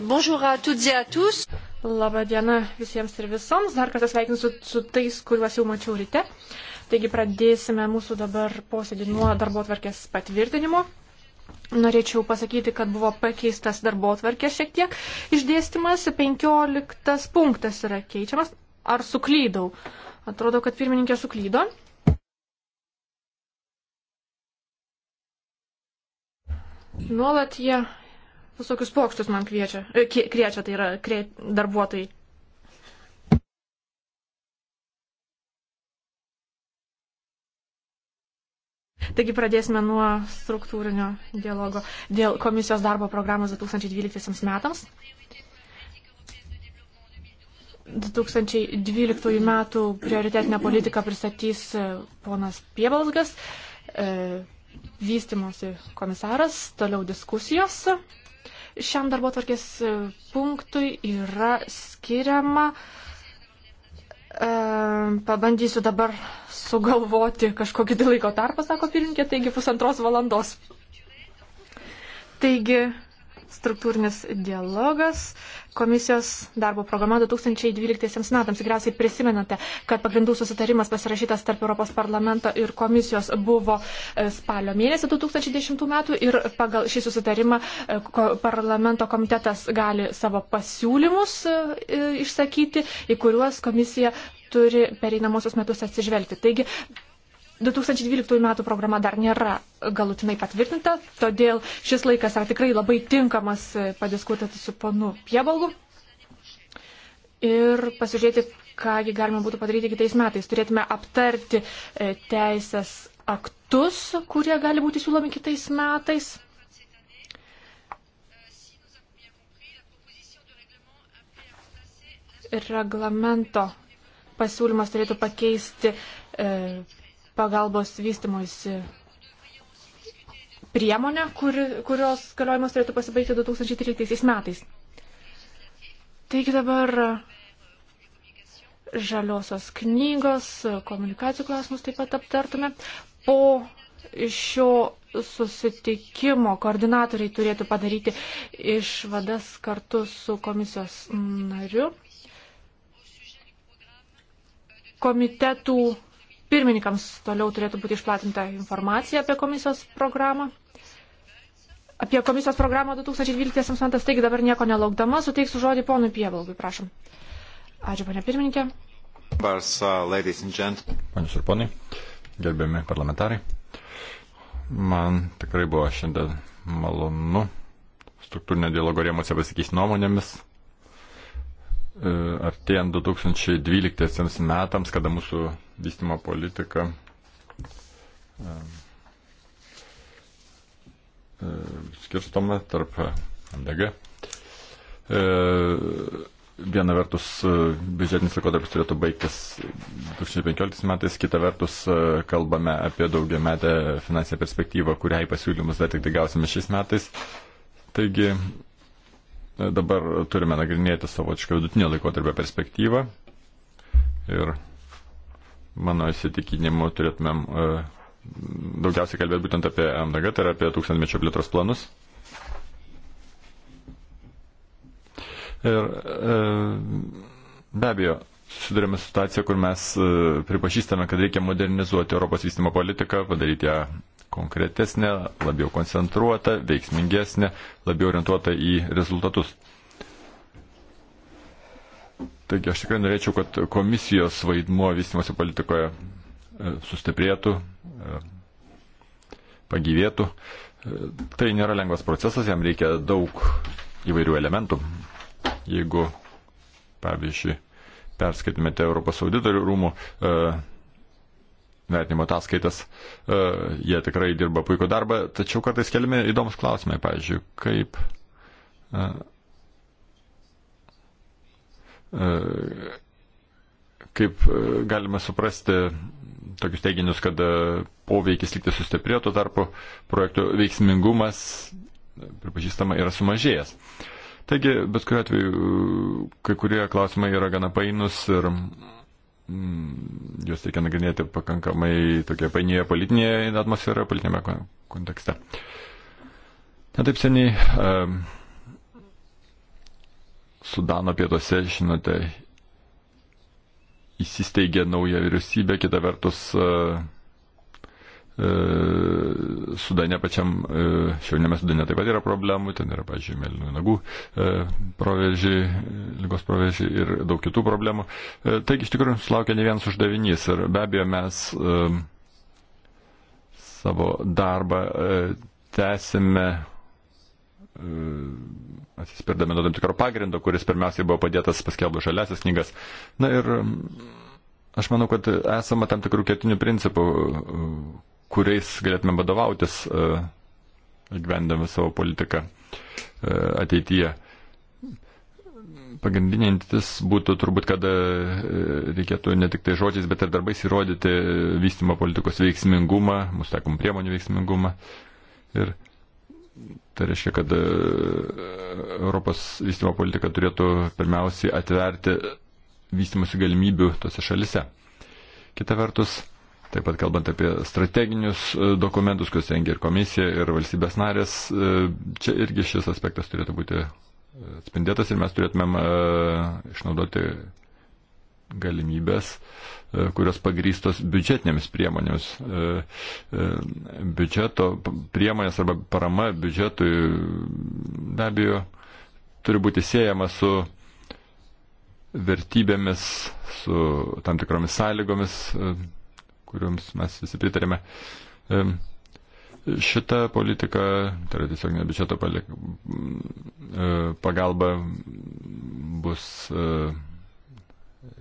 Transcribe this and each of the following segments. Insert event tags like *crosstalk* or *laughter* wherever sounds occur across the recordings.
Bonjour à toutes et à tous. Labą dieną visiems ir visoms. Dar kartą sveikinsiu su, su tais, kuriuos jau mačiau ryte. Taigi pradėsime mūsų dabar posėdį nuo darbo tvarkės patvirtinimo. Norėčiau pasakyti, kad buvo pakeistas darbo tvarkė šiek tiek. Išdėstymas 15 punktas yra keičiamas. Ar suklydau? Atrodo, kad pirmininkė suklydo. Nuolat jie visokius pokštus man kviečia, e, kviečia tai yra krie, darbuotojai. Taigi pradėsime nuo struktūrinio dialogo dėl komisijos darbo programos 2012 metams. 2012 metų prioritetinę politiką pristatys e, ponas Piebalsgas. E, vystimosi komisaras, toliau diskusijos. Šiam darbo tvarkės e, punktui yra skiriama, e, pabandysiu dabar sugalvoti kažkokį tai laiko tarpą, sako pirmininkė, taigi pusantros valandos. Taigi, struktūrinis dialogas, komisijos darbo programa 2012 metams. Tikriausiai prisimenate, kad pagrindų susitarimas pasirašytas tarp Europos parlamento ir komisijos buvo e, spalio mėnesį 2010 metų ir pagal šį susitarimą e, parlamento komitetas gali savo pasiūlymus e, išsakyti, į kuriuos komisija turi pereinamosios metus atsižvelgti. Taigi 2012 metų programa dar nėra galutinai patvirtinta, todėl šis laikas yra tikrai labai tinkamas e, padiskutuoti su ponu Piebalgu ir pasižiūrėti, kągi galima būtų padaryti kitais metais. Turėtume aptarti e, teisės aktus, kurie gali būti siūlomi kitais metais. Reglamento pasiūlymas turėtų pakeisti e, pagalbos vystimuisi priemonę, kuri, kurios galiojimas turėtų pasibaigti 2013 metais. Taigi dabar žaliosios knygos, komunikacijų klausimus taip pat aptartume. Po šio susitikimo koordinatoriai turėtų padaryti išvadas kartu su komisijos nariu. Komitetų pirmininkams toliau turėtų būti išplatinta informacija apie komisijos programą. Apie komisijos programą 2012 metais, taigi dabar nieko nelaukdama, suteiksiu žodį ponui Pievalgui, prašom. Ačiū, ponė pirmininkė. Panius uh, ir ponai, gerbiami parlamentarai, man tikrai buvo šiandien malonu struktūrinio dialogo rėmose pasikeisti nuomonėmis e, artėjant 2012 metams, kada mūsų vystimo politika e, skirstoma tarp MDG. E, viena vertus e, biudžetinis laikotarpis turėtų baigtis 2015 metais, kita vertus kalbame apie daugiametę finansinę perspektyvą, kuriai pasiūlymus dar tik tai gausime šiais metais. Taigi dabar turime nagrinėti savotišką vidutinio laikotarpio perspektyvą ir mano įsitikinimu, turėtumėm e, daugiausiai kalbėti būtent apie MDG, tai yra apie tūkstantmečio plėtros planus. Ir e, be abejo, susidurėme situaciją, kur mes e, pripažįstame, kad reikia modernizuoti Europos vystimo politiką, padaryti ją konkretesnė, labiau koncentruota, veiksmingesnė, labiau orientuota į rezultatus. Taigi aš tikrai norėčiau, kad komisijos vaidmuo vystimosi politikoje e, sustiprėtų, e, pagyvėtų. E, tai nėra lengvas procesas, jam reikia daug įvairių elementų. Jeigu, pavyzdžiui, perskaitumėte Europos auditorių rūmų e, vertinimo ataskaitas, e, jie tikrai dirba puikų darbą, tačiau kartais keliami įdomus klausimai, pavyzdžiui, kaip e, E, kaip e, galima suprasti tokius teiginius, kad e, poveikis likti sustiprėjo, tuo tarpu projektų veiksmingumas, pripažįstama, yra sumažėjęs. Taigi, bet kuriuo atveju, kai kurie klausimai yra gana painus ir mm, juos reikia nagrinėti pakankamai tokie painioje politinėje atmosferoje, politinėme kontekste. Netaip seniai. Uh, Sudano pietuose, žinote, įsisteigė nauja vyriausybė, kita vertus e, e, Sudane pačiam, e, šiaurinėme Sudane taip pat yra problemų, ten yra, pažiūrėjau, mėlynų nagų proveržiai, lygos proveržiai ir daug kitų problemų. Taigi iš tikrųjų sulaukia ne vienas uždavinys ir be abejo mes savo darbą tęsime atsispirdami nuo tam tikro pagrindo, kuris pirmiausiai buvo padėtas paskelbus žaliasias knygas. Na ir mm, aš manau, kad esama tam tikrų ketinių principų, mm, kuriais galėtume vadovautis mm, gyvendami savo politiką ateityje. Pagrindinė intis būtų turbūt, kad reikėtų ne tik tai žodžiais, bet ir darbais įrodyti vystimo politikos veiksmingumą, mūsų taikom priemonių veiksmingumą. Ir Tai reiškia, kad e, Europos vystimo politika turėtų pirmiausiai atverti vystimosi galimybių tose šalise. Kita vertus, taip pat kalbant apie strateginius e, dokumentus, kuriuos rengia ir komisija, ir valstybės narės, e, čia irgi šis aspektas turėtų būti spindėtas ir mes turėtumėm išnaudoti galimybės, e, kurios pagrystos biudžetinėmis priemonėmis. E, e, biudžeto priemonės arba parama biudžetui be abejo turi būti siejama su vertybėmis, su tam tikromis sąlygomis, kuriuoms mes visi pritarėme. Šita politika, tai yra tiesiog ne biudžeto pagalba, bus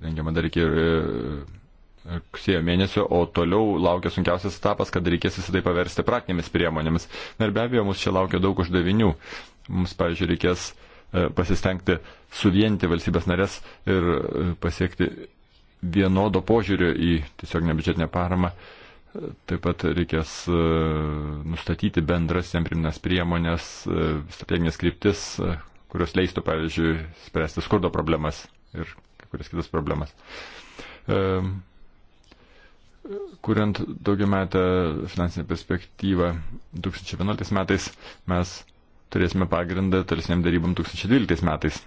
rengiama dar iki e, e, rugsėjo mėnesio, o toliau laukia sunkiausias etapas, kad reikės visą tai paversti praktinėmis priemonėmis. Na ir be abejo, mūsų čia laukia daug uždavinių. Mums, pavyzdžiui, reikės e, pasistengti suvienyti valstybės narės ir pasiekti vienodo požiūrio į tiesiog nebiudžetinę paramą. Taip pat reikės nustatyti bendras temprimines priemonės, strateginės kryptis, kurios leistų, pavyzdžiui, spręsti skurdo problemas ir kai kurias kitas problemas. Kuriant daugiametę finansinę perspektyvą 2011 metais mes turėsime pagrindą tolesniam darybam 2012 metais.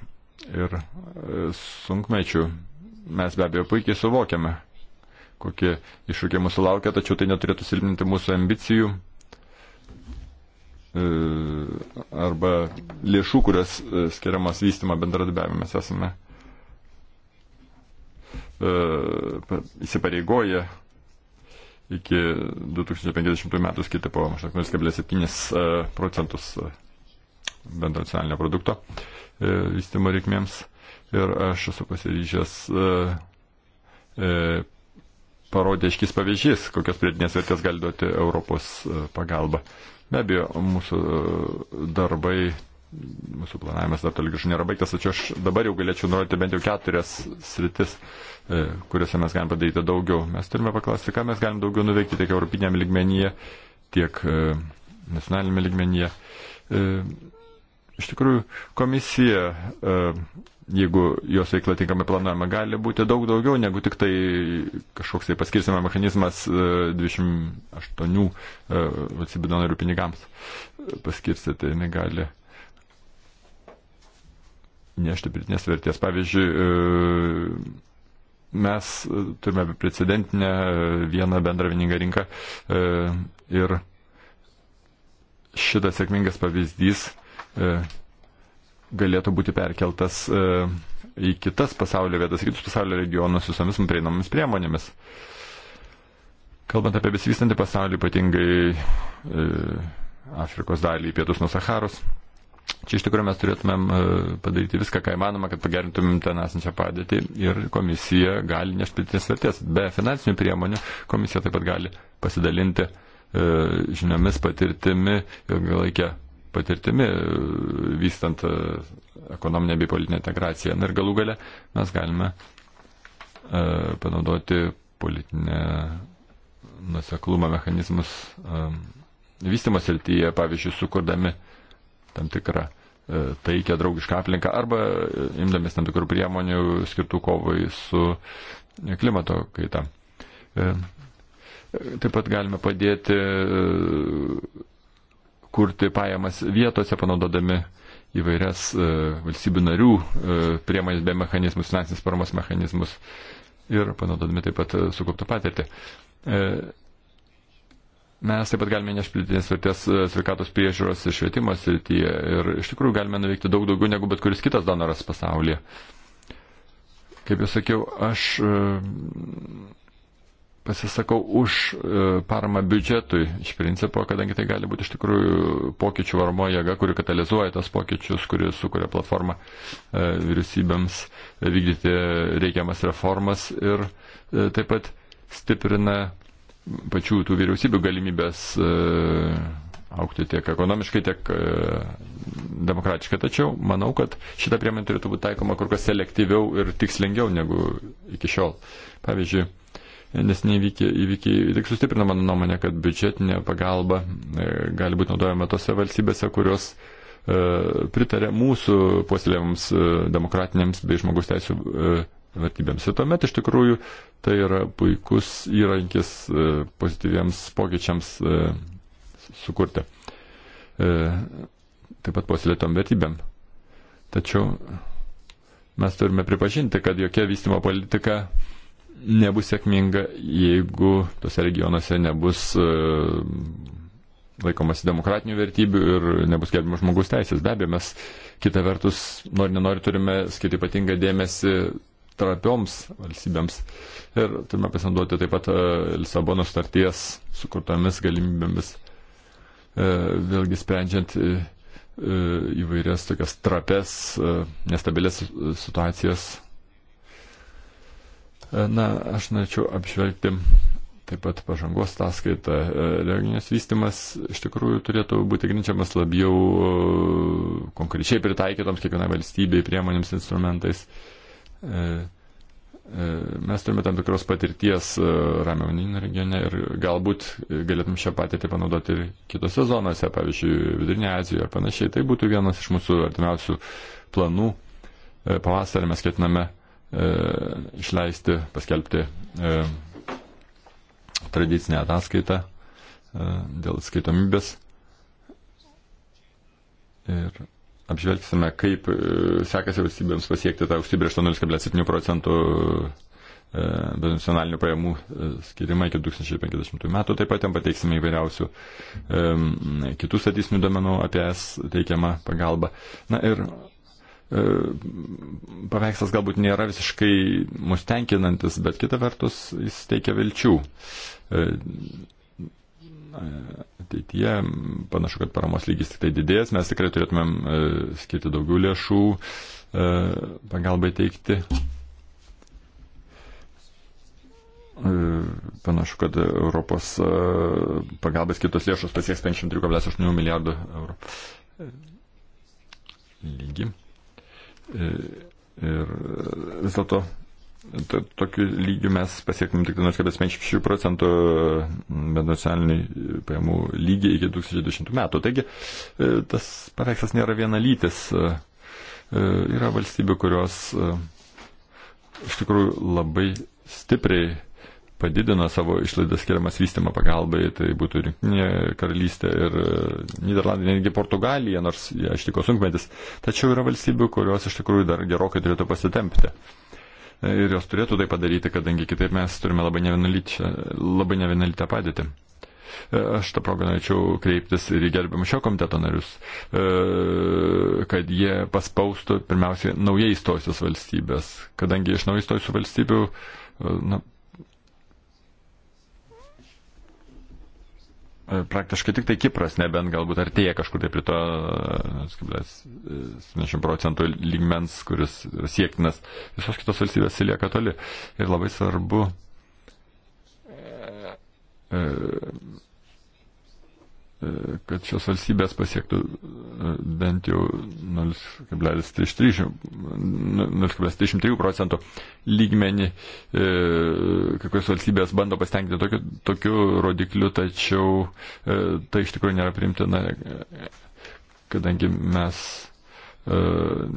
Ir e, sunkmečių mes be abejo puikiai suvokiame, kokie iššūkiai mūsų laukia, tačiau tai neturėtų silpninti mūsų ambicijų e, arba lėšų, kurias e, skiriamas vystymą bendradarbiavimą. Mes esame E, įsipareigoja iki 2050 metų skirti po maždaug 0,7 e, procentus e, bendro nacionalinio produkto vystimo reikmėms. Ir aš esu pasiryžęs parodė aiškis pavyzdys, kokios pridinės vertės gali duoti Europos pagalba. Be abejo, mūsų darbai mūsų planavimas dar toli gražu nėra baigtas, tačiau aš dabar jau galėčiau nurodyti bent jau keturias sritis, e, kuriuose mes galime padaryti daugiau. Mes turime paklausti, ką mes galim daugiau nuveikti tiek europinėme ligmenyje, tiek e, nacionalinėme ligmenyje. E, iš tikrųjų, komisija, jeigu jos veikla tinkamai planuojama, gali būti daug daugiau negu tik tai kažkoks tai paskirsimo mechanizmas 28 valstybių donorių pinigams paskirstyti. Tai jinai gali nešti pritinės vertės. Pavyzdžiui, e, mes turime precedentinę e, vieną bendrą vieningą rinką e, ir šitas sėkmingas pavyzdys galėtų būti perkeltas į kitas pasaulio vietas, kitus pasaulio regionus visomis prieinamomis priemonėmis. Kalbant apie besivystantį pasaulį, ypatingai e, Afrikos dalį, pietus nuo Saharos, Čia iš tikrųjų mes turėtumėm e, padaryti viską, ką įmanoma, kad pagerintumėm ten esančią padėtį ir komisija gali nešti pridėtinės vertės. Be finansinių priemonių komisija taip pat gali pasidalinti e, žiniomis, patirtimi, ilgalaikę patirtimi, e, vystant ekonominę bei politinę integraciją. Na ir galų gale mes galime panaudoti politinę nuseklumą mechanizmus vystimo srityje, pavyzdžiui, sukurdami uh, tam tikrą e, taikę draugišką aplinką arba e, imdamės tam tikrų priemonių skirtų kovai su e, klimato kaita. Taip pat galime padėti kurti pajamas vietose, panaudodami įvairias valstybių narių priemonės bei mechanizmus, finansinės paramos mechanizmus ir panaudodami taip pat sukauptą patirtį. Mes taip pat galime nešti pridėtinės vertės e, sveikatos priežiūros ir švietimo srityje ir iš tikrųjų galime nuveikti daug daugiau negu bet kuris kitas donoras pasaulyje. Kaip jau sakiau, aš e, pasisakau už e, paramą biudžetui iš principo, kadangi tai gali būti iš tikrųjų pokyčių varmo jėga, kuri katalizuoja tas pokyčius, kuri sukuria platformą vyriausybėms vykdyti reikiamas reformas ir taip pat stiprina pačių tų vyriausybių galimybės e, aukti tiek ekonomiškai, tiek e, demokratiškai. Tačiau manau, kad šita priemonė turėtų būti taikoma kur kas selektyviau ir tikslingiau negu iki šiol. Pavyzdžiui, nes neįvykiai įvykiai tik sustiprina mano nuomonę, kad biudžetinė pagalba e, gali būti naudojama tose valstybėse, kurios pritarė mūsų puoselėjams demokratinėms bei žmogus teisų vertybėms. Ir tuomet iš tikrųjų tai yra puikus įrankis e, pozityviems pokyčiams e, sukurti. E, taip pat puoselėtom vertybėm. Tačiau mes turime pripažinti, kad jokia vystimo politika nebus sėkminga, jeigu tose regionuose nebus laikomasi demokratinių vertybių ir nebus gerbimas žmogus teisės. Be abejo, mes kitą vertus, nori nenori, turime skirti ypatingą dėmesį trapioms valstybėms. Ir turime pasinduoti taip pat e, Lisabono starties sukurtomis galimybėmis, e, vėlgi sprendžiant e, įvairias tokias trapes, nestabilės situacijas. Na, aš norėčiau apžvelgti taip pat pažangos ataskaita, regionės vystimas iš tikrųjų turėtų būti grinčiamas labiau konkrečiai pritaikytoms kiekvienai valstybei priemonėms instrumentais. E, e, mes turime tam tikros patirties e, Ramioninio regione ir galbūt galėtum šią patirtį panaudoti ir kitose zonose, pavyzdžiui, Vidurinėje Azijoje ar panašiai. Tai būtų vienas iš mūsų artimiausių planų. Pavasarį mes ketiname išleisti, paskelbti tradicinę ataskaitą dėl skaitomybės. Ir apžvelgsime, kaip e, sekasi valstybėms pasiekti tą užsibrėžtą 0,7 procentų be nacionalinių pajamų e, skirimą iki 2050 metų. Taip pat ten pateiksime įvairiausių um, kitų statistinių domenų apie es teikiamą pagalbą. Na ir um, paveikslas galbūt nėra visiškai mus tenkinantis, bet kita vertus jis teikia vilčių. Um, ateityje panašu, kad paramos lygis tik tai didės, mes tikrai turėtumėm e, skirti daugiau lėšų e, pagalbai teikti. E, panašu, kad Europos pagalbai skirtos lėšos pasieks 53,8 milijardų eurų lygį. Ir vis dėlto tokiu lygiu mes pasiektum tik 0,56 procentų nacionalinių pajamų lygį iki 2010 metų. Taigi e, tas paveikslas nėra vienalytis. E, e, yra valstybių, kurios iš tikrųjų labai stipriai padidino savo išlaidas skiriamas vystimo pagalbai, tai būtų Rinktinė karalystė ir Niderlandai, netgi Portugalija, nors jie ištiko sunkmetis. Tačiau yra valstybių, kurios iš tikrųjų dar gerokai turėtų pasitempti. Uh, ir jos turėtų tai padaryti, kadangi kitaip mes turime labai nevienalytę padėtį. E, aš tą progą norėčiau kreiptis ir į gerbiamą šio komiteto narius, e, kad jie paspaustų pirmiausiai naujai įstojusios valstybės, kadangi iš naujai įstojusių valstybių e, na, E, praktiškai tik tai Kipras, nebent galbūt artėja kažkur tai prie to 70 procentų lygmens, kuris siektinas, visos kitos valstybės lieka toli. Ir labai svarbu. E, e, E, kad šios valstybės pasiektų e, bent jau 0,33 nu, procentų lygmenį. E, kai kurios valstybės bando pasitengti tokiu, tokiu rodikliu, tačiau tai iš tikrųjų nėra primtina, kadangi mes E,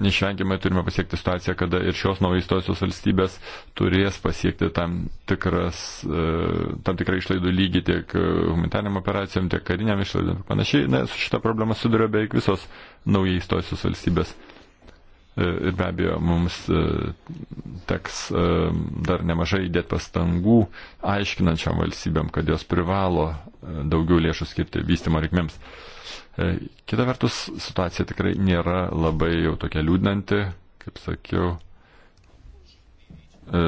neišvengiamai turime pasiekti situaciją, kada ir šios naujai įstojusios valstybės turės pasiekti tam, tikras, e, tam tikrą išlaidų lygį tiek humanitariniam operacijom, tiek kariniam išlaidom ir panašiai. Na, su šitą problemą suduria beveik visos naujai įstojusios valstybės. E, ir be abejo, mums teks dar nemažai įdėti pastangų aiškinančiam valstybėm, kad jos privalo daugiau lėšų skirti vystimo reikmėms. E, kita vertus, situacija tikrai nėra labai jau tokia liūdnanti, kaip sakiau. E,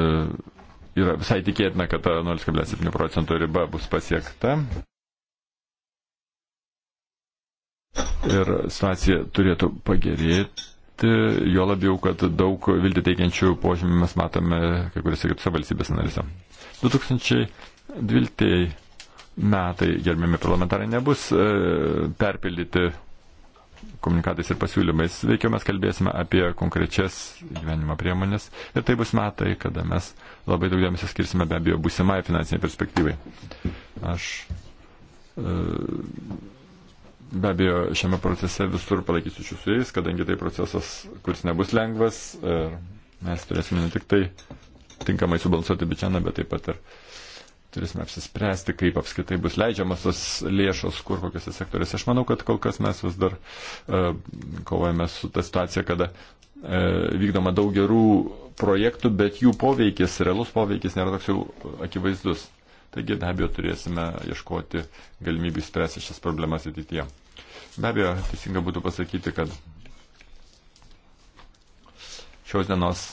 yra visai tikėtina, kad ta 0,7 procento riba bus pasiekta. Ir situacija turėtų pagerėti veikti, jo labiau, kad daug vilti teikiančių požymį mes matome kai kuriuose kitose valstybės narėse. 2012 metai, gerbiami parlamentarai, nebus e, perpildyti komunikatais ir pasiūlymais. Veikiau mes kalbėsime apie konkrečias gyvenimo priemonės ir tai bus metai, kada mes labai daug dėmesio skirsime be abejo būsimai finansiniai perspektyvai. Aš e, be abejo šiame procese visur palaikysiu šių su jais, kadangi tai procesas, kuris nebus lengvas ir mes turėsime ne tik tai tinkamai subalansuoti bičianą, bet taip pat ir turėsime apsispręsti, kaip apskaitai bus leidžiamas tos lėšos, kur kokiuose sektoriuose. Aš manau, kad kol kas mes vis dar e, kovojame su ta situacija, kada e, vykdoma daug gerų projektų, bet jų poveikis, realus poveikis nėra toks jau akivaizdus. Taigi, be abejo, turėsime ieškoti galimybių spręsti šias problemas ateityje. Be abejo, teisinga būtų pasakyti, kad šios dienos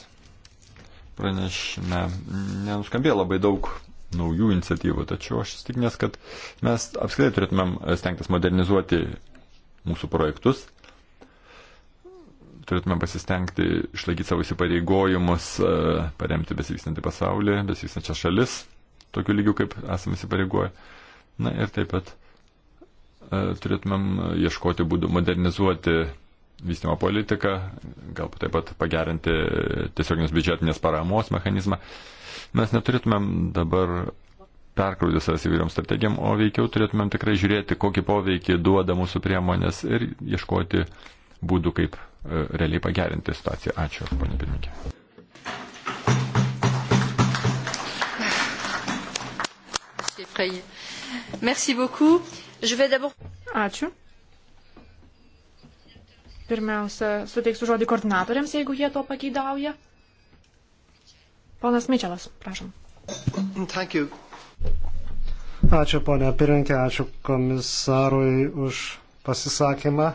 pranešime nenuskambėjo labai daug naujų iniciatyvų, tačiau aš įstikinęs, kad mes apskritai turėtumėm e, stengtis modernizuoti mūsų projektus, turėtumėm pasistengti išlaikyti savo įsipareigojimus, e, paremti besivystantį pasaulį, besivystančią šalis, tokiu lygiu, kaip esame įsipareigoję. Na ir taip pat e, turėtumėm ieškoti būdų modernizuoti vystimo politiką, galbūt taip pat pagerinti tiesioginės biudžetinės paramos mechanizmą. Uh, Mes neturėtumėm dabar perkrūdį savęs įvairiom strategijom, o veikiau turėtumėm tikrai žiūrėti, kokį poveikį duoda mūsų priemonės ir ieškoti būdų, kaip e, realiai pagerinti situaciją. Ačiū, ponė pirmininkė. Ačiū. Pirmiausia, suteiksiu žodį koordinatoriams, jeigu jie to pageidauja. Ponas Mičelas, prašom. Thank you. Ačiū ponia Pirinkė, ačiū komisarui už pasisakymą.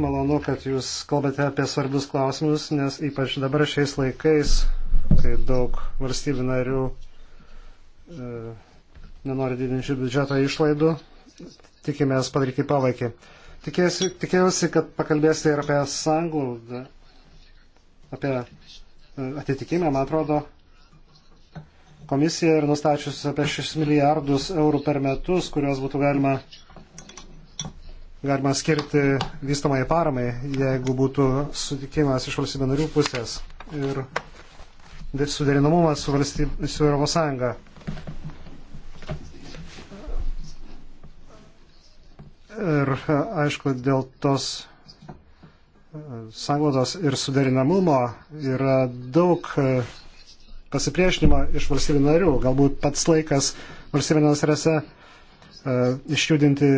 Malonu, kad jūs kalbate apie svarbius klausimus, nes ypač dabar šiais laikais, kai daug valstybių narių e, nenori didinti biudžeto išlaidų, tikimės padaryti palaikį. Tikėjusi, tikėjusi, kad pakalbėsite ir apie sanglaudą, apie atitikime, man atrodo, komisija ir nustačius apie 6 milijardus eurų per metus, kuriuos būtų galima, galima skirti vystamai paramai, jeigu būtų sutikimas iš valstybė narių pusės ir suderinamumas su, valstyb, su Europos Sąjunga. Ir aišku, dėl tos sanglodos ir suderinamumo yra daug e, pasipriešinimo iš valstybių narių. Galbūt pats laikas valstybinės rese e, išjudinti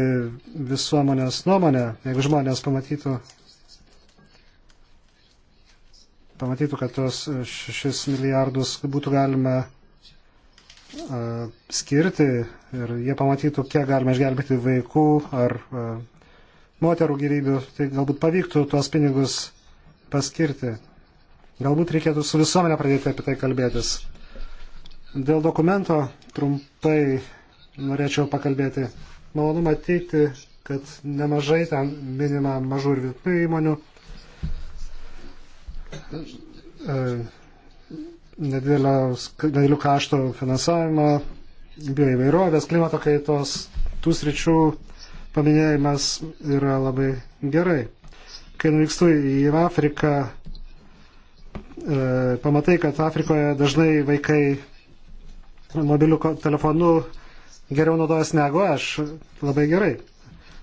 visuomenės nuomonę, jeigu žmonės pamatytų, pamatytų kad tos šešis milijardus būtų galima e, skirti ir jie pamatytų, kiek galima išgelbėti vaikų ar moterų gyvybių, tai galbūt pavyktų tuos pinigus paskirti. Galbūt reikėtų su visuomenė pradėti apie tai kalbėtis. Dėl dokumento trumpai norėčiau pakalbėti. Malonu matyti, kad nemažai ten minima mažų ir vidutinių įmonių, e, nedidelių kaštų finansavimo, bioįvairovės, klimato kaitos, tų sričių paminėjimas yra labai gerai. Kai nuvykstu į Afriką, e, pamatai, kad Afrikoje dažnai vaikai mobiliu telefonu geriau naudojas negu aš. Labai gerai.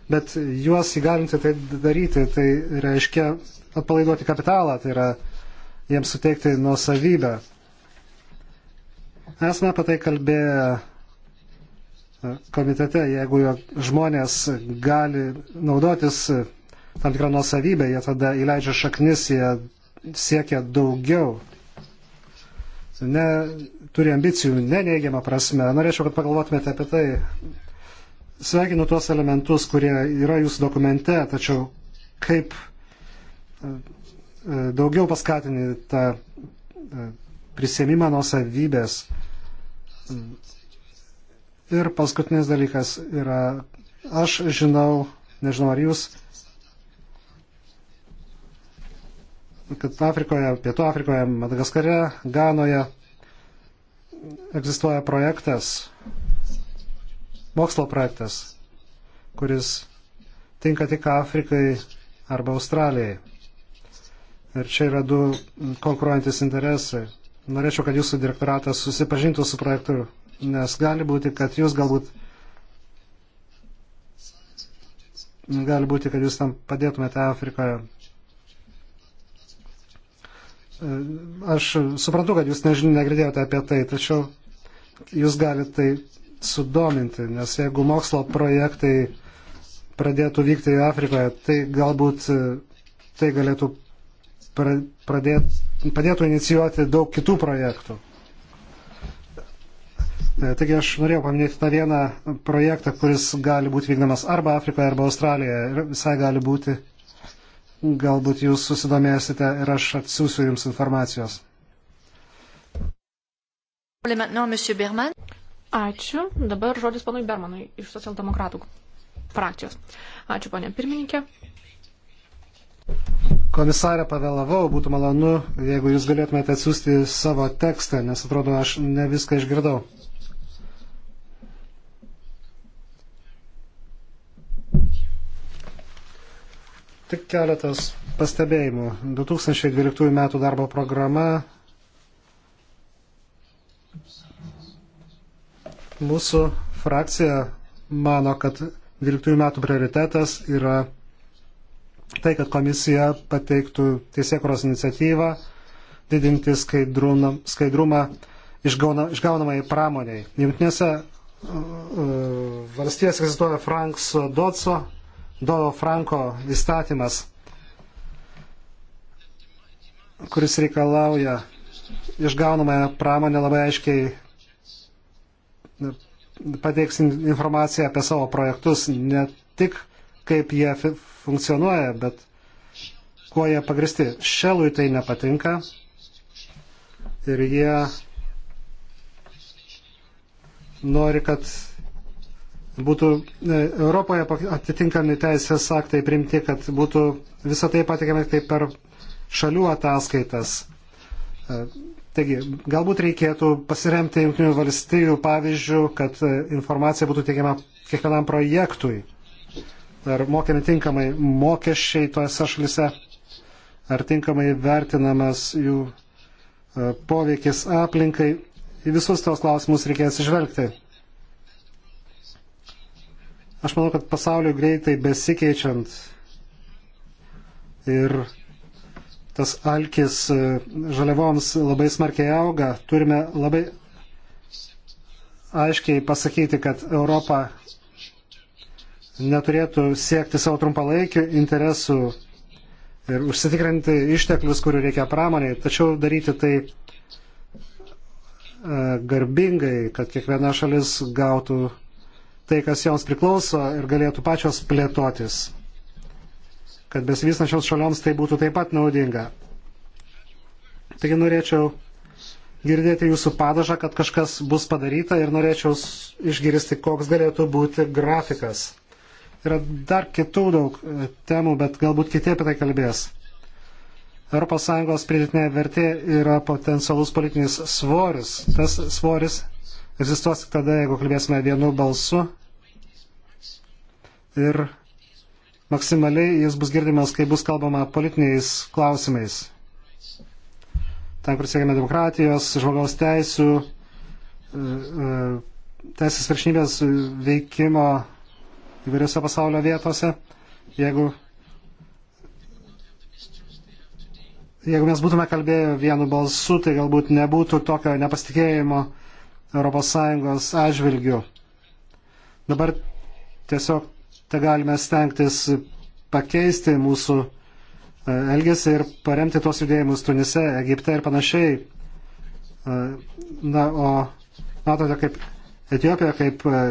Bet juos įgalinti tai daryti, tai reiškia atpalaiduoti kapitalą, tai yra jiems suteikti nuosavybę. Esame apie tai kalbėję komitete, jeigu žmonės gali naudotis tam tikrą nusavybę, jie tada įleidžia šaknis, jie siekia daugiau. Ne, turi ambicijų, neneigiamą prasme. Norėčiau, kad pagalvotumėte apie tai. Sveikinu tuos elementus, kurie yra jūsų dokumente, tačiau kaip e, e, daugiau paskatinti tą e, prisėmimą nusavybės Ir paskutinis dalykas yra, aš žinau, nežinau ar jūs, kad Afrikoje, Pietų Afrikoje, Madagaskare, Ganoje egzistuoja projektas, mokslo projektas, kuris tinka tik Afrikai arba Australijai. Ir čia yra du konkuruojantis interesai. Norėčiau, kad jūsų direktoratas susipažintų su projektu nes gali būti, kad jūs galbūt gali būti, kad jūs tam padėtumėte Afrikoje. E, aš suprantu, kad jūs negirdėjote apie tai, tačiau jūs galite tai sudominti, nes jeigu mokslo projektai pradėtų vykti Afrikoje, tai galbūt e, tai galėtų pradėt, padėtų inicijuoti daug kitų projektų. E, taigi aš norėjau paminėti tą vieną projektą, kuris gali būti vykdomas arba Afrikoje, arba Australijoje. Ir visai gali būti, galbūt jūs susidomėsite ir aš atsiųsiu jums informacijos. Ačiū. Dabar žodis panui Bermanui iš socialdemokratų frakcijos. Ačiū, ponė pirmininkė. Komisarė pavėlavau, būtų malonu, jeigu jūs galėtumėte atsiųsti savo tekstą, nes atrodo, aš ne viską išgirdau. Tik keletas pastebėjimų. 2012 m. darbo programa mūsų frakcija mano, kad 12 metų prioritetas yra tai, kad komisija pateiktų teisėkuros iniciatyvą didinti skaidrumą, skaidrumą išgauna, išgaunamai pramoniai. Jungtinėse uh, uh valstijose egzistuoja Franks Dodso Dolo Franko įstatymas, kuris reikalauja išgaunamąją pramonę labai aiškiai pateiks informaciją apie savo projektus, ne tik kaip jie funkcionuoja, bet kuo jie pagristi. Šelui tai nepatinka ir jie nori, kad būtų e, Europoje atitinkami teisės aktai primti, kad būtų visą tai patikiami kaip per šalių ataskaitas. E, taigi, galbūt reikėtų pasiremti Junktinių valstybių pavyzdžių, kad e, informacija būtų teikiama kiekvienam projektui. Ar mokėmi tinkamai mokesčiai tose šalise, ar tinkamai vertinamas jų poveikis aplinkai. Į visus tos klausimus reikės išvelgti. Aš manau, kad pasauliu greitai besikeičiant ir tas alkis e, žaliavoms labai smarkiai auga, turime labai aiškiai pasakyti, kad Europa neturėtų siekti savo trumpalaikių interesų ir užsitikrinti išteklius, kurių reikia pramoniai, tačiau daryti tai e, garbingai, kad kiekviena šalis gautų tai, kas joms priklauso ir galėtų pačios plėtotis, kad besivystančioms šalioms tai būtų taip pat naudinga. Taigi norėčiau girdėti jūsų padažą, kad kažkas bus padaryta ir norėčiau išgirsti, koks galėtų būti grafikas. Yra dar kitų daug e, temų, bet galbūt kiti apie tai kalbės. ES pridėtinė vertė yra potencialus politinis svoris. Tas svoris egzistuos tik tada, jeigu kalbėsime vienu balsu ir maksimaliai jis bus girdimas, kai bus kalbama politiniais klausimais. Ten, kur siekiame demokratijos, žmogaus teisų, e, e, teisės viršnybės veikimo įvairiose pasaulio vietose. Jeigu, jeigu mes būtume kalbėję vienu balsu, tai galbūt nebūtų tokio nepasitikėjimo ES atžvilgių. Dabar tiesiog te galime stengtis pakeisti mūsų e, elgesį ir paremti tuos judėjimus Tunise, Egipte ir panašiai. E, na, o matote, kaip Etijopija, kaip e,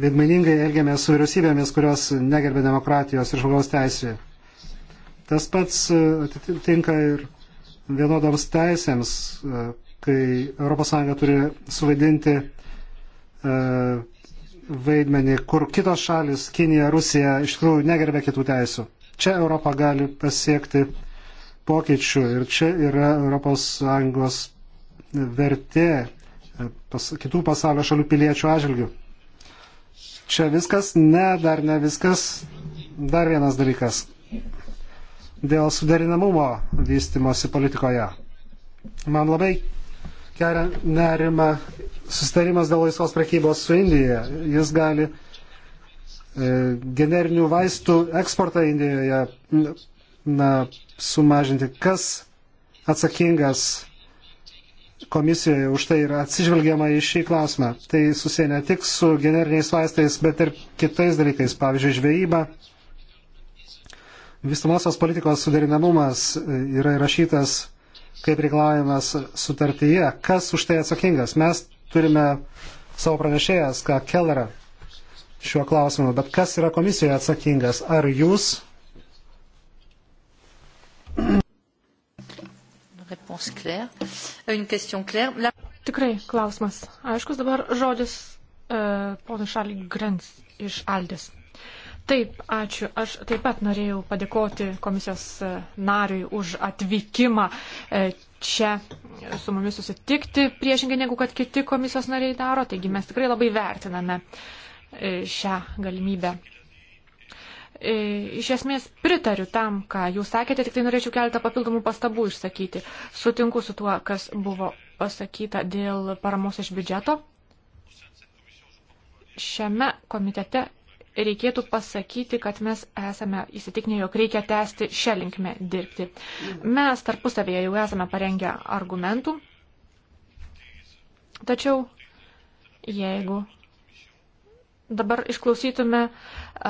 vidmainingai elgiamės su vyriausybėmis, kurios negerbė demokratijos ir žmogaus teisė. Tas pats atitinka ir vienodoms teisėms, kai ES turi suvaidinti vaidmenį, kur kitos šalis, Kinija, Rusija, iš tikrųjų negerbė kitų teisų. Čia Europa gali pasiekti pokyčių ir čia yra ES vertė e, pas, kitų pasaulio šalių piliečių atžvilgių. Čia viskas, ne, dar ne viskas, dar vienas dalykas. Dėl suderinamumo vystimosi politikoje. Man labai kelia nerima sustarimas dėl laisvos prekybos su Indija. Jis gali e, generinių vaistų eksportą Indijoje na, sumažinti. Kas atsakingas komisijoje už tai yra atsižvelgiama į šį klausimą. Tai susiję ne tik su generiniais vaistais, bet ir kitais dalykais, pavyzdžiui, žvejyba. Vystamosios politikos suderinamumas e, yra įrašytas kaip reikalaujamas sutartyje, kas už tai atsakingas. Mes turime savo pranešėją Ska Kellerą šiuo klausimu, bet kas yra komisijoje atsakingas? Ar jūs? Tikrai klausimas. Aiškus dabar žodis e, ponui Šalį Grens iš Aldės. Taip, ačiū. Aš taip pat norėjau padėkoti komisijos e, nariui už atvykimą e, čia su mumis susitikti, priešingai negu kad kiti komisijos nariai daro. Taigi mes tikrai labai vertiname e, šią galimybę. Iš esmės pritariu tam, ką jūs sakėte, tik tai norėčiau keletą papildomų pastabų išsakyti. Sutinku su tuo, kas buvo pasakyta dėl paramos iš biudžeto. Šiame komitete reikėtų pasakyti, kad mes esame įsitikinę, jog reikia tęsti šią linkmę dirbti. Mes tarpusavėje jau esame parengę argumentų, tačiau jeigu dabar išklausytume uh,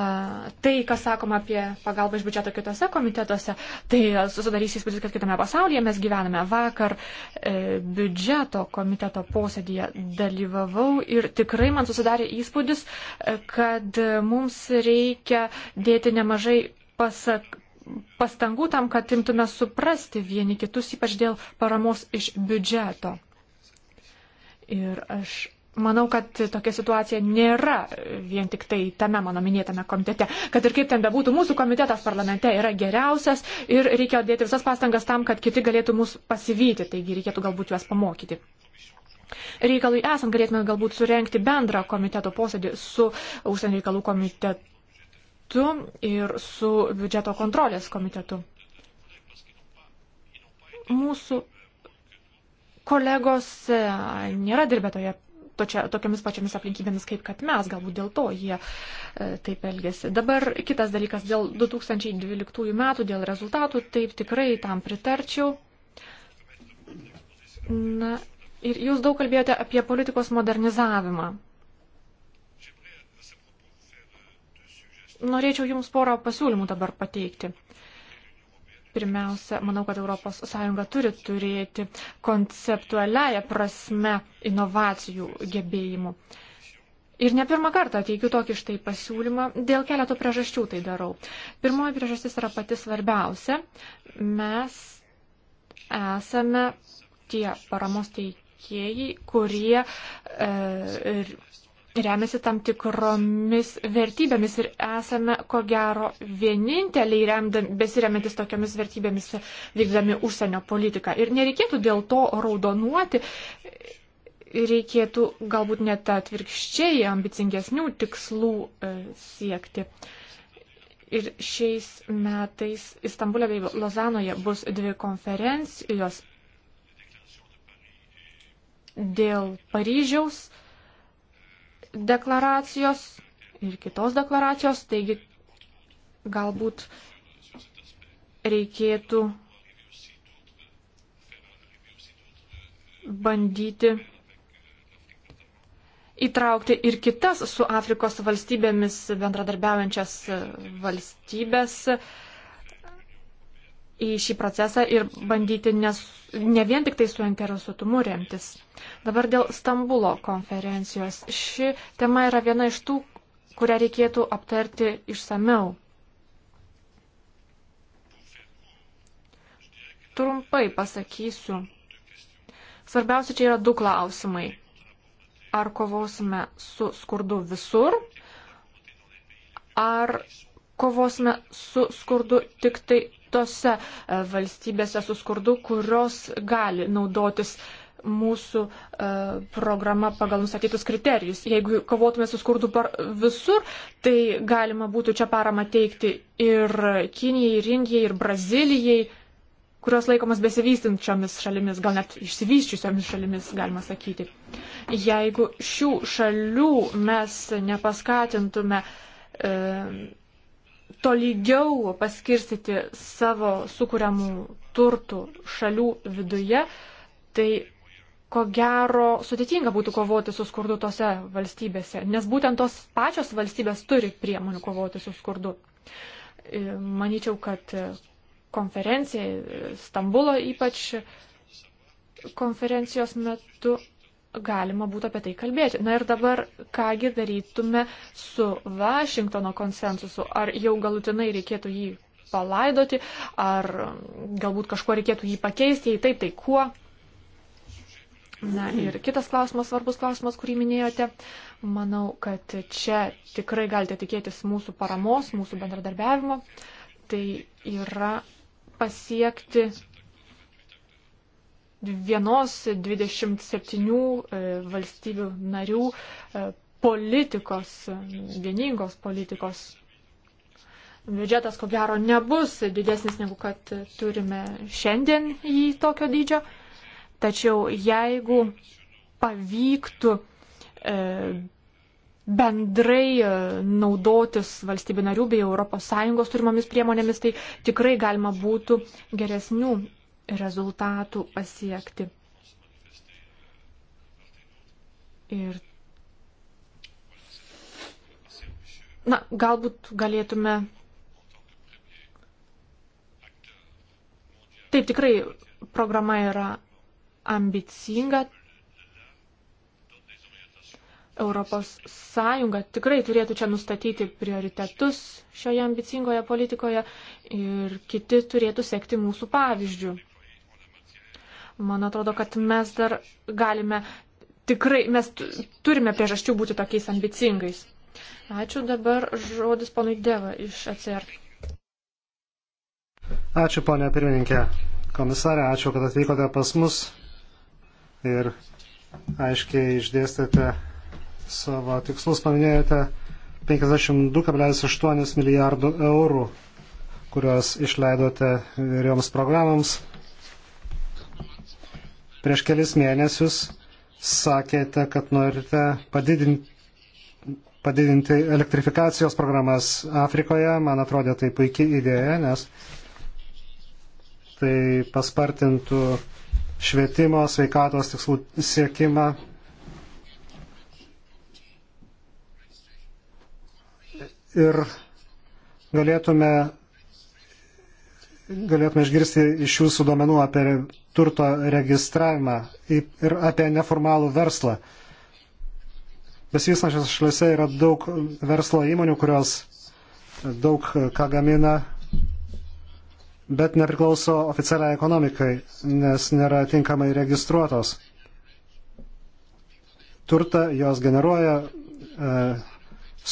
tai, kas sakoma apie pagalbą iš biudžeto kitose komitetuose, tai susidarys įspūdis, kad kitame pasaulyje mes gyvename. Vakar e, biudžeto komiteto posėdėje dalyvavau ir tikrai man susidarė įspūdis, e, kad e, mums reikia dėti nemažai pasak, pastangų tam, kad imtume suprasti vieni kitus, ypač dėl paramos iš biudžeto. Ir aš Manau, kad tokia situacija nėra vien tik tai tame mano minėtame komitete. Kad ir kaip ten bebūtų, mūsų komitetas parlamente yra geriausias ir reikia dėti visas pastangas tam, kad kiti galėtų mūsų pasivyti, taigi reikėtų galbūt juos pamokyti. Reikalui esant galėtume galbūt surenkti bendrą komiteto posėdį su užsienio reikalų komitetu ir su biudžeto kontrolės komitetu. Mūsų kolegos e, nėra dirbę toje točia, tokiamis pačiamis aplinkybėmis, kaip kad mes, galbūt dėl to jie e, taip elgesi. Dabar kitas dalykas dėl 2012 metų, dėl rezultatų, taip tikrai tam pritarčiau. Na, ir jūs daug kalbėjote apie politikos modernizavimą. Norėčiau Jums porą pasiūlymų dabar pateikti. Pirmiausia, manau, kad ES turi turėti konceptualiaja prasme inovacijų gebėjimų. Ir ne pirmą kartą teikiu tokį štai pasiūlymą, dėl keleto priežasčių tai darau. Pirmoji priežastis yra pati svarbiausia. Mes esame tie paramos teikėjai, kurie e, remiasi tam tikromis vertybėmis ir esame, ko gero, vieninteliai remdam, besiremiantis tokiamis vertybėmis vykdami užsienio politiką. Ir nereikėtų dėl to raudonuoti, reikėtų galbūt net atvirkščiai ambicingesnių tikslų e, siekti. Ir šiais metais Istambulė bei Lozanoje bus dvi konferencijos dėl Paryžiaus deklaracijos ir kitos deklaracijos, taigi galbūt reikėtų bandyti įtraukti ir kitas su Afrikos valstybėmis bendradarbiaujančias valstybės, uh, į šį procesą ir bandyti nes, ne vien tik tai suinteresuotumu remtis. Dabar dėl Stambulo konferencijos. Ši tema yra viena iš tų, kurią reikėtų aptarti išsameu. Trumpai pasakysiu. Svarbiausia čia yra du klausimai. Ar kovosime su skurdu visur, ar kovosime su skurdu tik tai tose e, valstybėse su skurdu, kurios gali naudotis mūsų e, programa pagal nustatytus kriterijus. Jeigu kovotume su skurdu visur, tai galima būtų čia paramą teikti ir Kinijai, ir Indijai, ir Brazilijai, kurios laikomas besivystinčiomis šalimis, gal net išsivyščiusiomis šalimis, galima sakyti. Jeigu šių šalių mes nepaskatintume e, tolygiau paskirstyti savo sukūriamų turtų šalių viduje, tai ko gero sudėtinga būtų kovoti su skurdu tose valstybėse, nes būtent tos pačios valstybės turi priemonių kovoti su skurdu. E, Maničiau, kad konferencija, Stambulo ypač konferencijos metu galima būtų apie tai kalbėti. Na ir dabar, kągi darytume su Vašingtono konsensusu, ar jau galutinai reikėtų jį palaidoti, ar mm, galbūt kažkuo reikėtų jį pakeisti, jei taip, tai kuo. Na ir kitas klausimas, svarbus klausimas, kurį minėjote. Manau, kad čia tikrai galite tikėtis mūsų paramos, mūsų bendradarbiavimo. Tai yra pasiekti vienos 27 e, valstybių narių e, politikos, vieningos politikos. Biudžetas, ko gero, nebus didesnis negu kad turime šiandien į tokio dydžio. Tačiau jeigu pavyktų e, bendrai e, naudotis valstybių narių bei ES turimomis priemonėmis, tai tikrai galima būtų geresnių rezultatų pasiekti. Ir Na, galbūt galėtume. Taip, tikrai programa yra ambicinga. Europos Sąjunga tikrai turėtų čia nustatyti prioritetus šioje ambicingoje politikoje ir kiti turėtų sekti mūsų pavyzdžių. Man atrodo, kad mes dar galime tikrai, mes turime priežasčių būti tokiais ambicingais. Ačiū dabar žodis ponui Deva iš ACR. E ačiū ponė pirmininkė. Komisarė, ačiū, kad atvykote pas mus ir aiškiai išdėstėte savo tikslus. Paminėjote 52,8 milijardų eurų, kuriuos išleidote vyrioms programams Prieš kelis mėnesius sakėte, kad norite padidinti, padidinti elektrifikacijos programas Afrikoje. Man atrodė tai puikiai idėja, nes tai paspartintų švietimo, sveikatos tikslų siekimą. Ir galėtume, galėtume išgirsti iš jūsų duomenų apie turto registravimą ir apie neformalų verslą. Besivystančios šalyse yra daug verslo įmonių, kurios daug e, ką gamina, bet nepriklauso oficialiai ekonomikai, nes nėra tinkamai registruotos. Turta jos generuoja, e,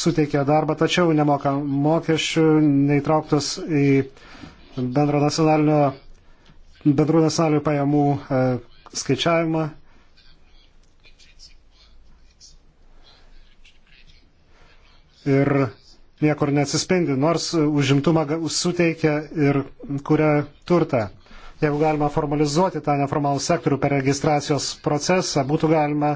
suteikia darbą, tačiau nemoka mokesčių, neįtrauktos į bendro nacionalinio bendrų nesalių pajamų e, skaičiavimą. Ir niekur neatsispindi, nors užimtumą suteikia ir kuria turtą. Jeigu galima formalizuoti tą neformalų sektorių per registracijos procesą, būtų galima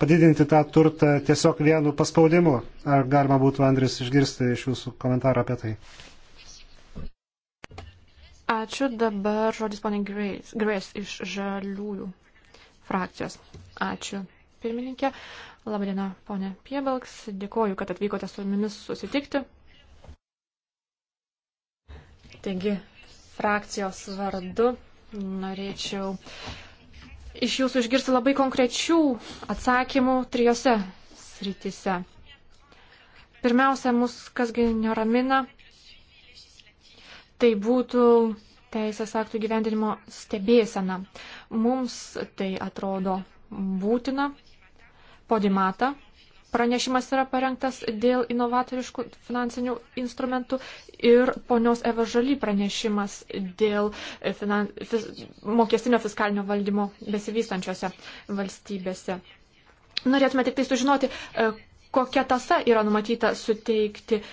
padidinti tą turtą tiesiog vienu paspaudimu. Ar galima būtų, Andris, išgirsti iš jūsų komentarą apie tai? Ačiū dabar žodis ponė Grace iš Žaliųjų frakcijos. Ačiū pirmininkė. Labadiena, ponė Piebalks. Dėkoju, kad atvykote su mumis susitikti. Taigi, frakcijos vardu norėčiau iš jūsų išgirsti labai konkrečių atsakymų trijose srityse. Pirmiausia, mus kasgi neramina tai būtų teisės aktų gyvendinimo stebėsena. Mums tai atrodo būtina. Podimata pranešimas yra parengtas dėl inovatoriškų finansinių instrumentų ir ponios Eva Žaly pranešimas dėl finan... fis... mokestinio fiskalinio valdymo besivystančiose valstybėse. Norėtume tik tai sužinoti, e, kokia tasa yra numatyta suteikti e,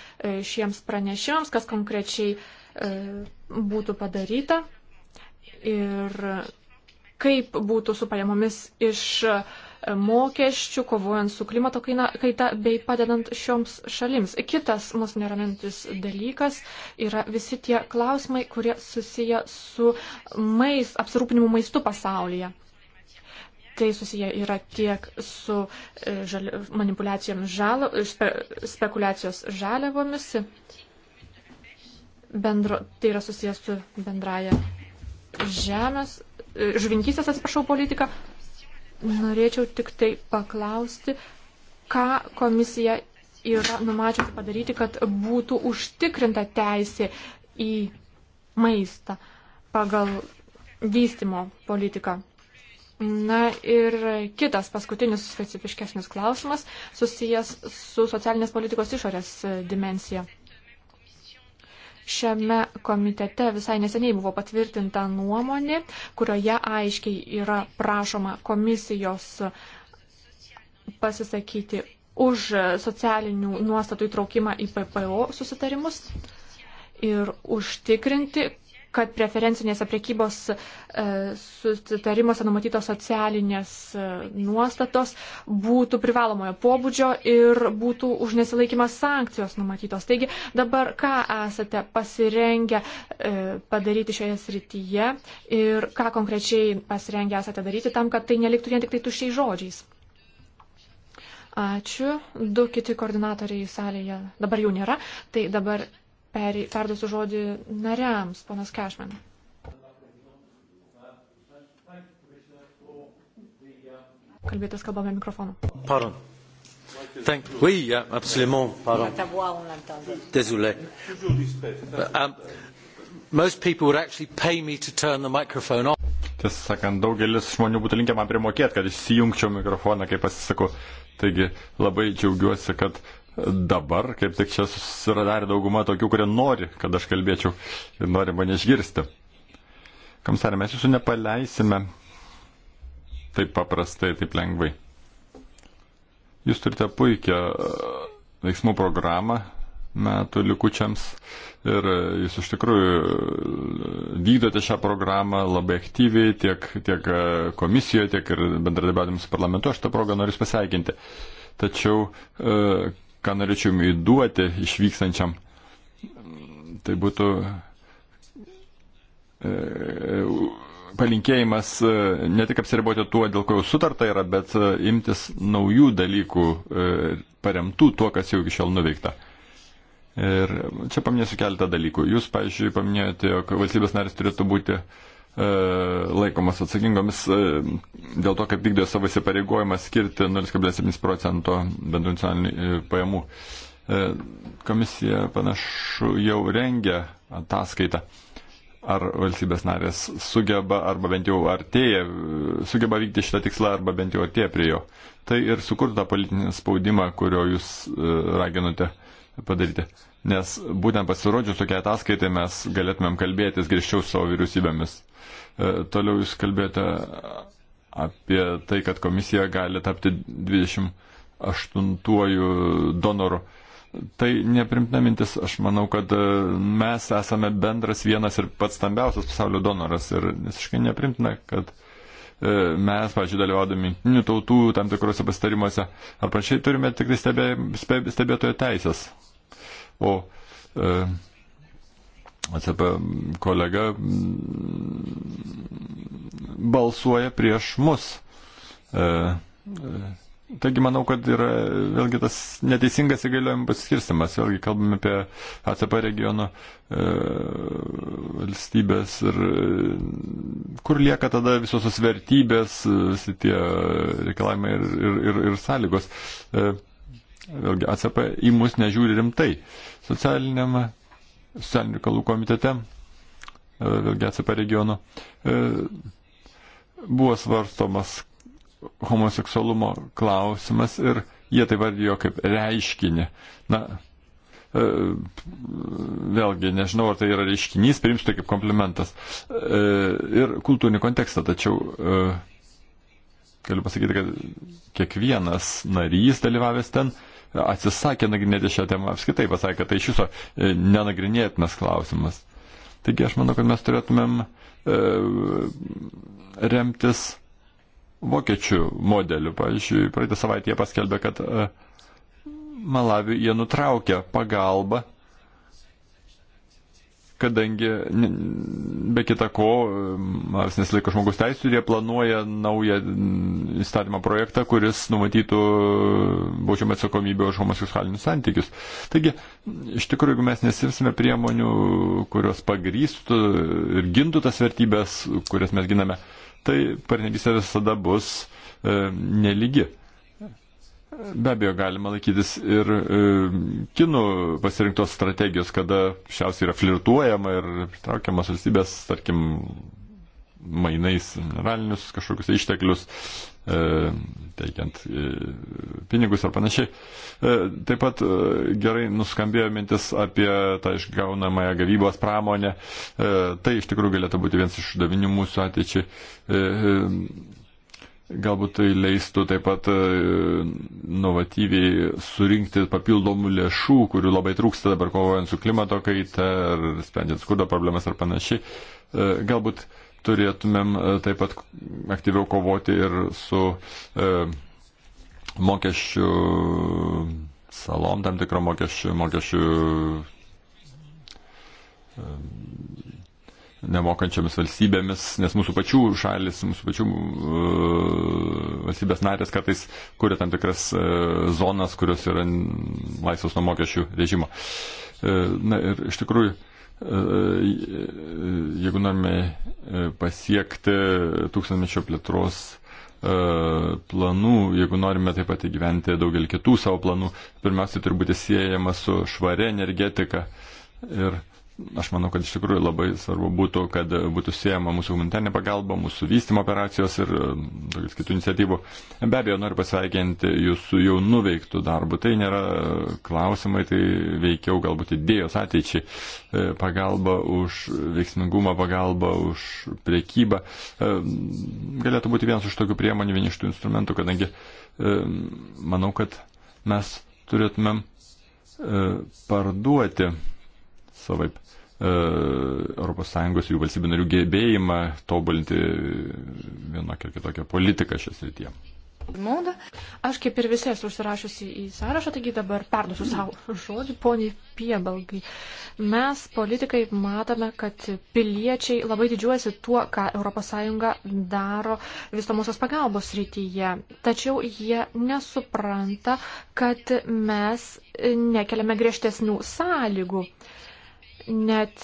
šiems pranešimams, kas konkrečiai E, būtų padaryta ir kaip būtų su pajamomis iš mokesčių, kovojant su klimato kaina, kaita bei padedant šioms šalims. Kitas mus neramintis dalykas yra visi tie klausimai, kurie susiję su mais, apsirūpinimu maistu pasaulyje. Tai susiję yra tiek su e, žali, manipulacijomis žalo, spe, spekulacijos žaliavomis, bendro, tai yra susijęs su bendraja žemės, e, žuvinkystės, atsiprašau, politika. Norėčiau tik tai paklausti, ką komisija yra numačiusi padaryti, kad būtų užtikrinta teisė į maistą pagal vystimo politiką. Na ir kitas paskutinis specifiškesnis klausimas susijęs su socialinės politikos išorės dimensija. Šiame komitete visai neseniai buvo patvirtinta nuomonė, kurioje aiškiai yra prašoma komisijos pasisakyti už socialinių nuostatų įtraukimą į PPO susitarimus ir užtikrinti, kad preferencinėse priekybos e, susitarimuose numatytos socialinės e, nuostatos būtų privalomojo pobūdžio ir būtų už nesilaikimas sankcijos numatytos. Taigi dabar ką esate pasirengę e, padaryti šioje srityje ir ką konkrečiai pasirengę esate daryti tam, kad tai neliktų vien tik tai tuščiai žodžiais. Ačiū. Du kiti koordinatoriai salėje dabar jau nėra. Tai dabar perduosiu žodį nariams, ponas Kešman. Kalbėtas kalbame mikrofonu. Pardon. Thank you. Oui, absolument, pardon. Désolé. Uh, um, most people would actually pay me to turn the microphone off. Tiesą sakant, daugelis žmonių būtų linkę man primokėti, kad išsijungčiau mikrofoną, kai pasisakau. Taigi labai džiaugiuosi, kad uh, dabar, kaip tik čia susidarė dauguma tokių, kurie nori, kad aš kalbėčiau ir nori mane išgirsti. Kamsarė, mes jūsų nepaleisime taip paprastai, taip lengvai. Jūs turite puikią e, veiksmų programą metų likučiams ir e, jūs iš tikrųjų e, vykdote šią programą labai aktyviai tiek, tiek komisijoje, tiek ir bendradarbiavimus su parlamentu. Aš tą progą noriu pasveikinti. Tačiau ką norėčiau įduoti išvykstančiam, tai būtų e, palinkėjimas e, ne tik apsiriboti tuo, dėl ko jau sutarta yra, bet e, imtis naujų dalykų paremtų tuo, kas jau iki šiol nuveikta. Ir čia paminėsiu keletą dalykų. Jūs, pavyzdžiui, paminėjote, jog valstybės narys turėtų būti uh, E, laikomas atsakingomis e, dėl to, kad vykdė savo įsipareigojimą skirti 0,7 procento bendrų nacionalinių e, pajamų. Komisija panašu jau rengia ataskaitą ar valstybės narės sugeba, arba bent jau artėja, sugeba vykti šitą tikslą, arba bent jau artėja prie jo. Tai ir sukurtų tą politinį spaudimą, kurio jūs raginote padaryti. Nes būtent pasirodžius tokia ataskaitai mes galėtumėm kalbėtis grįžčiau su savo vyriausybėmis. E, toliau jūs kalbėjote apie tai, kad komisija gali tapti 28-uoju donoru. Tai neprimtina mintis, aš manau, kad e, mes esame bendras vienas ir pats stambiausias pasaulio donoras ir visiškai neprimtina, kad e, mes, pažiūrėjau, dalyvaudami jungtinių tautų tam tikrose pastarimuose ar panašiai turime tik tai stebė, stebėtojo teisės. O e, ACP kolega balsuoja prieš mus. E, e, taigi manau, kad yra vėlgi tas neteisingas įgaliojimų pasiskirstimas. Vėlgi kalbame apie ACP regiono e, valstybės ir kur lieka tada visos tos vertybės, visi tie reikalavimai ir, ir, ir, ir sąlygos. Vėlgi ACP į mus nežiūri rimtai. Socialiniam socialinių reikalų komitete, e, vėlgi atsipa regiono, e, buvo svarstomas homoseksualumo klausimas ir jie tai vardijo kaip reiškinį. Na, e, vėlgi, nežinau, ar tai yra reiškinys, priimsiu tai kaip komplimentas. Ir kultūrinį kontekstą, tačiau galiu pasakyti, kad kiekvienas narys dalyvavęs ten atsisakė nagrinėti šią temą, apskaitai pasakė, kad tai iš viso e, nenagrinėtinas klausimas. Taigi aš manau, kad mes turėtumėm e, remtis vokiečių modeliu. Pavyzdžiui, praeitą savaitę jie paskelbė, kad e, Malaviui jie nutraukė pagalbą kadangi be kita ko, Maras nesilaiko žmogus teisų ir jie planuoja naują įstatymą projektą, kuris numatytų baudžiamą atsakomybę už homoseksualinius santykius. Taigi, iš tikrųjų, jeigu mes nesimsime priemonių, kurios pagrystų ir gintų tas vertybės, kurias mes giname, tai partnerystė visada bus e, neligi. Be abejo, galima laikytis ir e, kinų pasirinktos strategijos, kada šiausiai yra flirtuojama ir traukiamas valstybės, tarkim, mainais mineralinius kažkokius išteklius, e, teikiant e, pinigus ar panašiai. E, taip pat e, gerai nuskambėjo mintis apie tą išgaunamąją gavybos pramonę. E, tai iš tikrųjų galėtų būti vienas iš davinių mūsų ateičiai. E, e, Galbūt tai leistų taip pat e, novatyviai surinkti papildomų lėšų, kurių labai trūksta dabar kovojant su klimato kaita ar sprendžiant skurdo problemas ar panašiai. E, galbūt turėtumėm e, taip pat aktyviau kovoti ir su mokesčių salom, tam tikro mokesčių, mokesčių nemokančiamis valstybėmis, nes mūsų pačių šalis, mūsų pačių uh, valstybės narės kartais kuria tam tikras uh, zonas, kurios yra laisvos nuo mokesčių režimo. Uh, na ir iš tikrųjų, uh, jeigu norime uh, pasiekti tūkstantmečio plėtros uh, planų, jeigu norime taip pat įgyventi daugelį kitų savo planų, pirmiausiai turi būti siejama su švaria energetika. Ir uh, aš manau, kad iš tikrųjų labai svarbu būtų, kad būtų siejama mūsų humanitarinė pagalba, mūsų vystymo operacijos ir daugelis kitų iniciatyvų. Be abejo, noriu pasveikinti jūsų jau nuveiktų darbų. Tai nėra e, klausimai, tai veikiau galbūt idėjos ateičiai. E, pagalba už veiksmingumą, pagalba už priekybą. E, galėtų būti vienas iš tokių priemonių, vieni iš tų instrumentų, kadangi manau, kad mes turėtumėm parduoti savaip E, ES jų valstybių narių gebėjimą tobulinti vienokią ir kitokią politiką šią srityje. Monda. Aš kaip ir visi esu užsirašusi į sąrašą, taigi dabar perduosiu savo žodį, poniai Piebalgai. Mes, politikai, matome, kad piliečiai labai didžiuojasi tuo, ką ES daro vystomosios pagalbos rytyje. Tačiau jie nesupranta, kad mes nekeliame griežtesnių sąlygų. Uh, net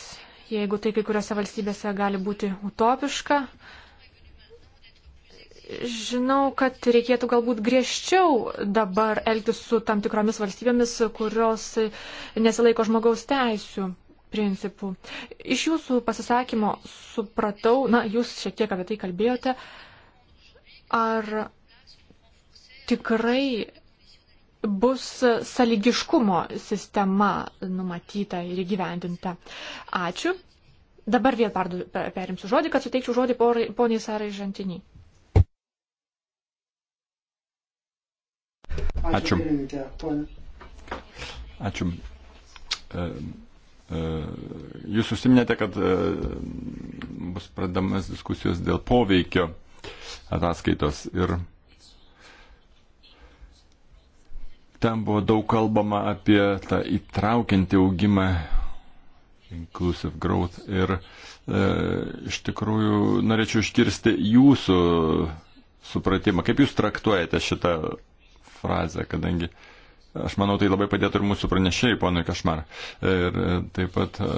jeigu tai kai kuriuose valstybėse gali būti utopiška. Žinau, kad reikėtų galbūt griežčiau dabar elgtis su tam tikromis valstybėmis, kurios nesilaiko žmogaus teisų principų. Iš jūsų pasisakymo supratau, na, jūs šiek tiek apie tai kalbėjote, ar tikrai bus saligiškumo sistema numatyta ir įgyvendinta. Ačiū. Dabar vėl perimsiu žodį, kad suteikčiau žodį poniai Sarai Žantiniai. Ačiū. Ačiū. E, e, jūs užsiminėte, kad e, bus pradamas diskusijos dėl poveikio ataskaitos ir Ten buvo daug kalbama apie tą įtraukiantį augimą, inclusive growth. Ir e, iš tikrųjų norėčiau iškirsti jūsų supratimą, kaip jūs traktuojate šitą frazę, kadangi aš manau, tai labai padėtų ir mūsų pranešėjai, ponui Kašmar. Ir e, taip pat e,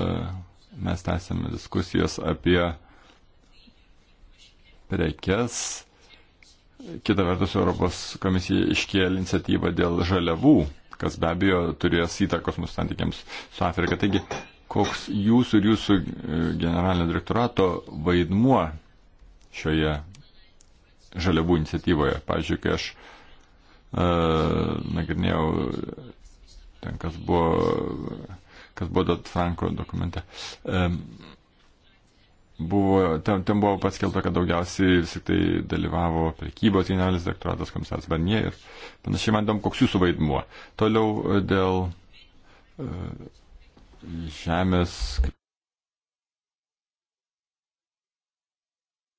mes tęsėme diskusijas apie prekes Kita vertus, Europos komisija iškėlė iniciatyvą dėl žaliavų, kas be abejo turės įtakos mūsų santykiams su Afrika. Taigi, koks jūsų ir jūsų e, generalinio direktorato vaidmuo šioje žaliavų iniciatyvoje? Pavyzdžiui, kai aš uh, nagrinėjau ten, kas buvo, kas buvo Dot Franko dokumente. Um, buvo, ten, ten buvo paskelta, kad daugiausiai vis tik tai dalyvavo prekybos generalinis direktoratas komisaras Barnie ir panašiai man įdomu, koks jūsų vaidmuo. Toliau e, dėl uh, žemės.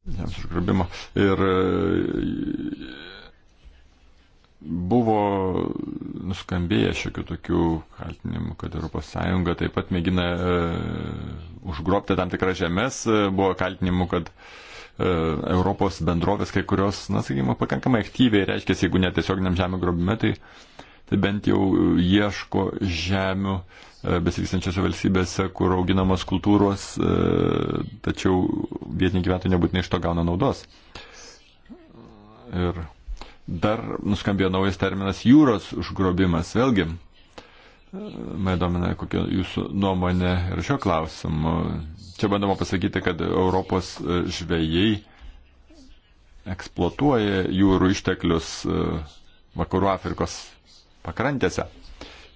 Žemės užgrabimo. Ir uh, Buvo nuskambėję šiokių tokių kaltinimų, kad ES taip pat mėgina e, užgrobti tam tikras žemės. E, buvo kaltinimų, kad e, Europos bendrovės kai kurios, na, sakykime, pakankamai aktyviai reiškia, jeigu ne tiesioginiam žemė grobime, tai, tai bent jau ieško žemių e, besivystančiose valstybėse, kur auginamos kultūros, e, tačiau vietiniai gyventojai nebūtinai iš to gauna naudos. Ir dar nuskambėjo naujas terminas jūros užgrobimas. Vėlgi, mane domina, kokia jūsų nuomonė ir šio klausimu. Čia bandoma pasakyti, kad Europos e, žvėjai eksploatuoja jūrų išteklius e, vakarų Afrikos pakrantėse.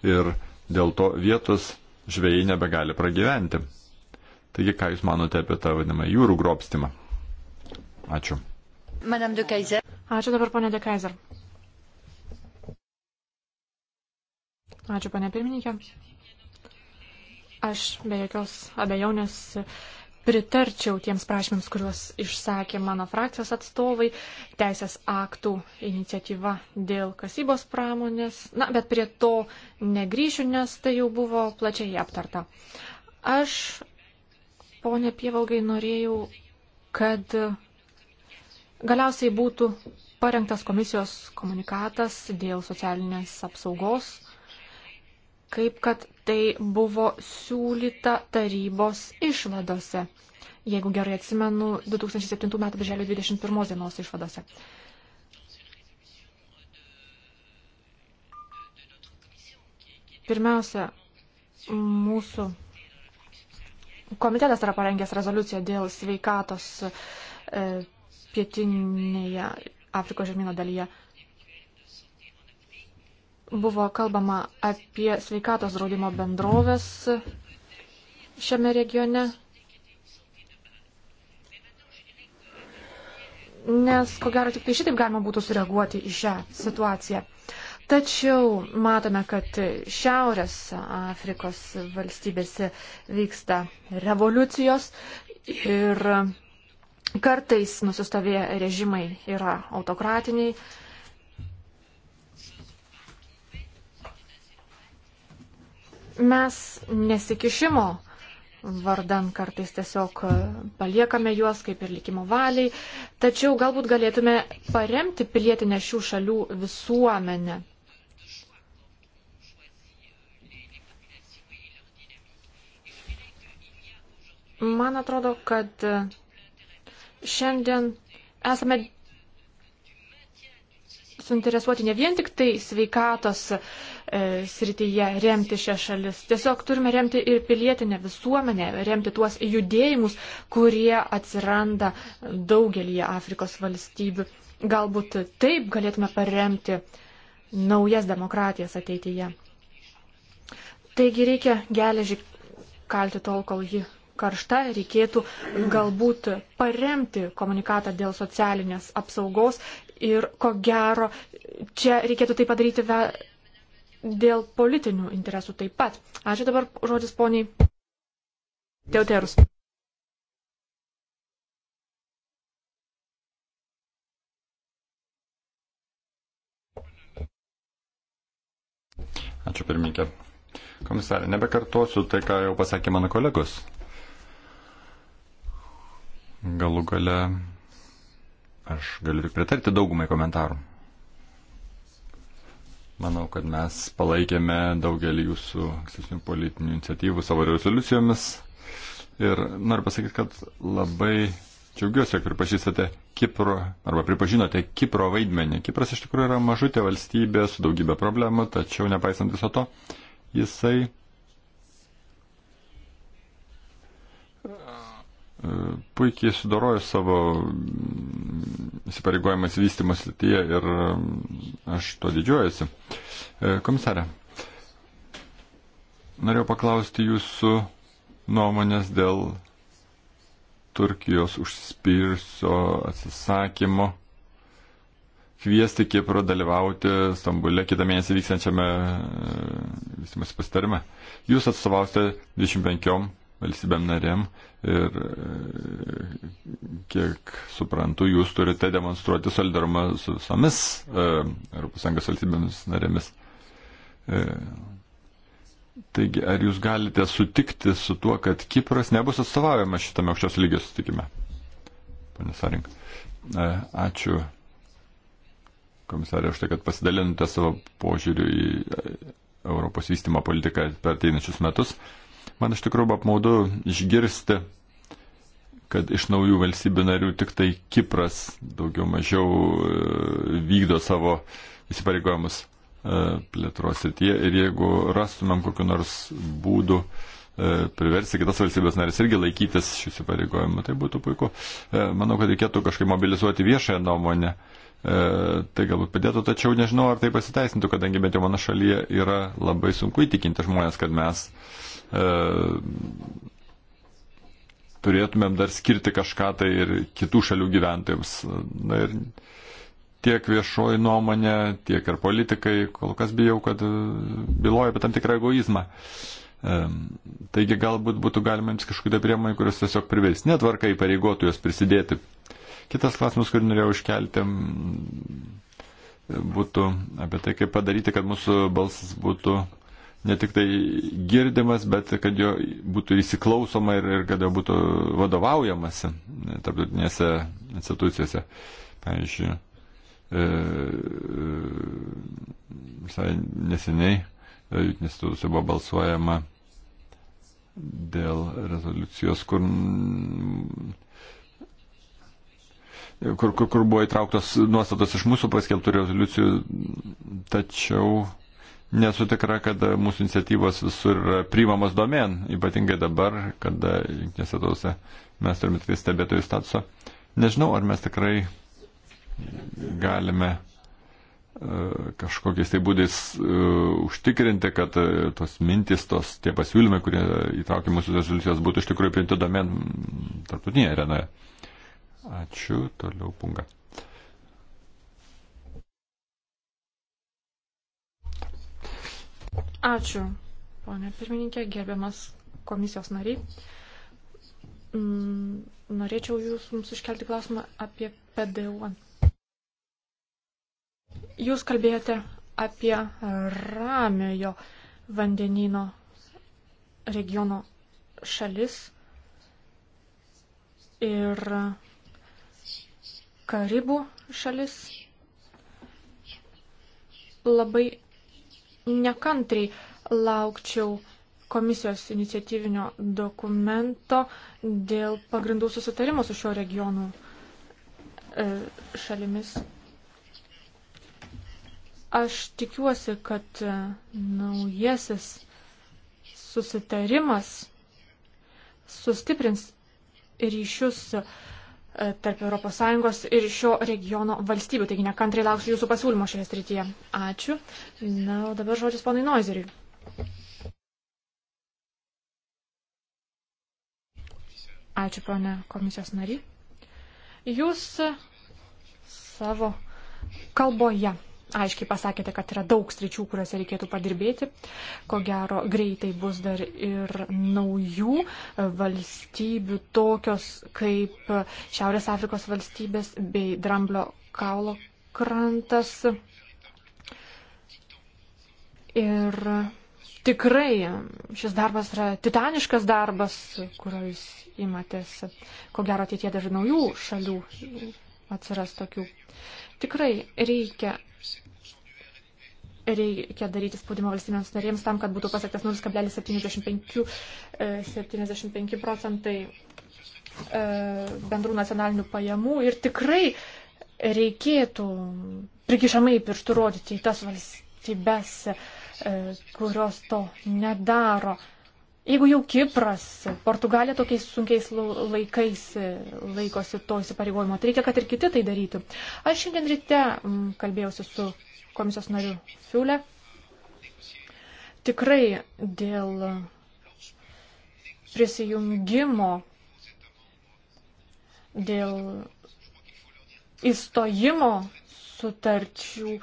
Ir dėl to vietos žvėjai nebegali pragyventi. Taigi, ką Jūs manote apie tą vadinamą jūrų grobstimą? Ačiū. Madame de Kaiser. Ačiū dabar, ponė Dekaiser. Ačiū, ponė pirmininkė. Aš be jokios abejonės pritarčiau tiems prašymams, kuriuos išsakė mano frakcijos atstovai, teisės aktų iniciatyva dėl kasybos pramonės. Na, bet prie to negryšiu, nes tai jau buvo plačiai aptarta. Aš, ponė Pievalgai, norėjau, kad Galiausiai būtų parengtas komisijos komunikatas dėl socialinės apsaugos, kaip kad tai buvo siūlyta tarybos išvadose, jeigu gerai atsimenu, 2007 m. birželio 21 dienos išvadose. Pirmiausia, mūsų komitetas yra parengęs rezoliuciją dėl sveikatos e, pietinėje Afrikos žemynų dalyje. Buvo kalbama apie sveikatos draudimo bendrovės šiame regione. Nes, ko gero, tik tai šitaip galima būtų sureaguoti į šią situaciją. Tačiau matome, kad Šiaurės Afrikos valstybėse vyksta revoliucijos ir Kartais nusistovėję režimai yra autokratiniai. Mes nesikišimo vardan kartais tiesiog paliekame juos kaip ir likimo valiai, tačiau galbūt galėtume paremti pilietinę šių šalių visuomenę. Man atrodo, kad šiandien esame suinteresuoti ne vien tik tai sveikatos e, srityje remti šią šalis, tiesiog turime remti ir pilietinę visuomenę, remti tuos judėjimus, kurie atsiranda daugelį Afrikos valstybių. Galbūt taip galėtume paremti naujas demokratijas ateityje. Taigi reikia geležį kalti tol, kol ji karšta, reikėtų galbūt paremti komunikatą dėl socialinės apsaugos ir ko gero čia reikėtų tai padaryti ve... dėl politinių interesų taip pat. Ačiū dabar žodis poniai Teuterus. Ačiū pirmininkė. Komisarė, nebekartosiu tai, ką jau pasakė mano kolegos. Galų gale aš galiu tik pritarti daugumai komentarų. Manau, kad mes palaikėme daugelį jūsų ankstesnių politinių iniciatyvų savo rezoliucijomis. Ir noriu pasakyti, kad labai džiaugiuosi, jog pripažįstate Kipro, arba pripažinote Kipro vaidmenį. Kipras iš tikrųjų yra mažutė valstybė su daugybė problemų, tačiau nepaisant viso to, jisai puikiai sudorojo savo įsipareigojimas vystimo srityje ir aš to didžiuojasi. E, Komisarė, norėjau paklausti jūsų nuomonės dėl Turkijos užsispyrsio atsisakymo kviesti Kiprą dalyvauti Stambulė kitą mėnesį vykstančiame e, vystimas pasitarime. Jūs atstovausite 25 valstybėm narėm ir e, kiek suprantu, jūs turite demonstruoti solidarumą su visomis ES valstybėmis narėmis. E, taigi, ar jūs galite sutikti su tuo, kad Kipras nebus atstovaujamas šitame aukščios lygio sutikime? Pane Sarink, e, ačiū komisarė už tai, kad pasidalinote savo požiūriu į Europos vystimo politiką per ateinančius metus. Uh, Man iš tikrųjų apmaudu išgirsti, kad iš naujų valstybių narių tik tai Kipras daugiau mažiau e, vykdo savo įsipareigojimus e, plėtros srityje. Ir jeigu rastumėm kokiu nors būdu e, priversti kitas valstybės narės irgi laikytis šių įsipareigojimų, tai būtų puiku. Manau, kad reikėtų kažkaip mobilizuoti viešąją nuomonę. Tai galbūt padėtų, tačiau nežinau, ar tai pasiteisintų, kadangi bent jau mano šalyje yra labai sunku įtikinti žmonės, kad mes uh, e, turėtumėm dar skirti kažką tai ir kitų šalių gyventojams. Na ir tiek viešoji nuomonė, tiek ir politikai, kol kas bijau, kad e, byloja apie tam tikrą egoizmą. E, taigi galbūt būtų galima jums kažkokių tai priemonių, kurios tiesiog priveis netvarkai pareigotų jos prisidėti. Kitas klausimas, kurį norėjau iškelti, būtų apie tai, kaip padaryti, kad mūsų balsas būtų ne tik tai girdimas, bet kad jo būtų įsiklausoma ir, ir kad jo būtų vadovaujamasi tarptautinėse institucijose. Pavyzdžiui, e, e visai neseniai e, jungtinės tautos buvo balsuojama dėl rezoliucijos, kur, kur, kur, kur buvo įtrauktos nuostatos iš mūsų paskelbtų rezoliucijų, tačiau nesu tikra, kad mūsų iniciatyvos visur yra priimamos domen, ypatingai dabar, kada jungtinėse tautose mes turime tik stebėtojų statusą. Nežinau, ar mes tikrai galime e, kažkokiais tai būdais uh, užtikrinti, kad uh, tos mintis, tos tie pasiūlymai, kurie įtraukia mūsų rezoliucijos, būtų iš tikrųjų priimti domen tarptautinėje arenoje. Ačiū, toliau punga. Ačiū, ponė pirmininkė, gerbiamas komisijos nariai. Mm, norėčiau jūs mums iškelti klausimą apie PDU. Jūs kalbėjote apie ramiojo vandenino regiono šalis ir Karibų šalis labai nekantriai laukčiau komisijos iniciatyvinio dokumento dėl pagrindų susitarimo su šio regionų e, šalimis. Aš tikiuosi, kad e, naujasis susitarimas sustiprins ryšius tarp ES ir šio regiono valstybių. Taigi nekantrai lauksiu jūsų pasiūlymo šioje srityje. Ačiū. Na, o dabar žodis ponai Noizeriui. Ačiū, ponė komisijos nary. Jūs savo kalboje aiškiai pasakėte, kad yra daug sričių, kuriuose reikėtų padirbėti. Ko gero, greitai bus dar ir naujų valstybių, tokios kaip Šiaurės Afrikos valstybės bei Dramblio kaulo krantas. Ir tikrai šis darbas yra titaniškas darbas, kurio jūs įmatės. Ko gero, ateitie dar naujų šalių atsiras tokių. Tikrai reikia reikia daryti spaudimą valstybėms narėms tam, kad būtų pasiektas 0,75 e, procentai e, bendrų nacionalinių pajamų ir tikrai reikėtų prikišamai pirštų rodyti į tas valstybės, e, kurios to nedaro. Jeigu jau Kipras, Portugalija tokiais sunkiais laikais laikosi to įsipareigojimo, tai reikia, kad ir kiti tai darytų. Aš šiandien ryte kalbėjausi su komisijos narių Fiulė. Tikrai dėl prisijungimo, dėl įstojimo sutarčių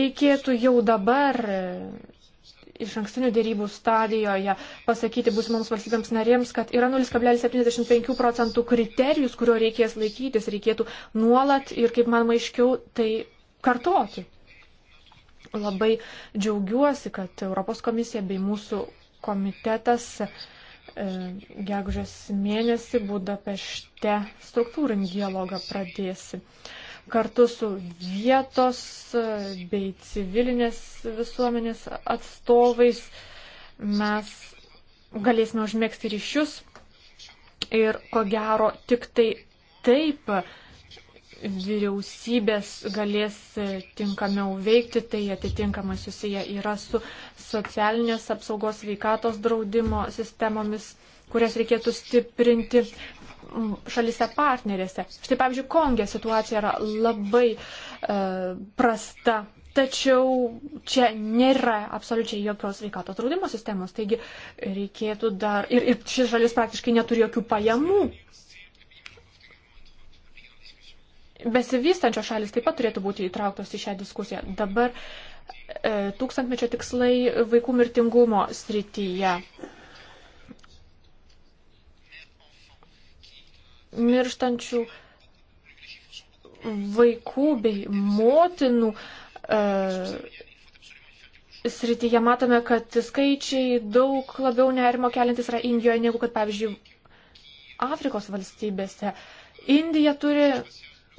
reikėtų jau dabar iš ankstinių dėrybų stadijoje pasakyti būsimoms valstybėms narėms, kad yra 0,75 procentų kriterijus, kurio reikės laikytis, reikėtų nuolat ir, kaip man aiškiau, tai kartoti. Labai džiaugiuosi, kad Europos komisija bei mūsų komitetas e, gegužės mėnesį Budapešte struktūrinį dialogą pradėsi. Kartu su vietos e, bei civilinės visuomenės atstovais mes galėsime užmėgsti ryšius ir ko gero tik tai taip vyriausybės galės e, tinkamiau veikti, tai atitinkamai susiję yra su socialinės apsaugos veikatos draudimo sistemomis, kurias reikėtų stiprinti šalise partnerėse. Štai pavyzdžiui, Kongė situacija yra labai e, prasta, tačiau čia nėra absoliučiai jokios veikatos draudimo sistemos, taigi reikėtų dar ir, ir šis šalis praktiškai neturi jokių pajamų besivystančios šalis taip pat turėtų būti įtrauktos į šią diskusiją. Dabar e, tūkstantmečio tikslai vaikų mirtingumo srityje. Mirštančių vaikų bei motinų e, srityje matome, kad skaičiai daug labiau nerimo keliantis yra Indijoje negu kad, pavyzdžiui, Afrikos valstybėse. Indija turi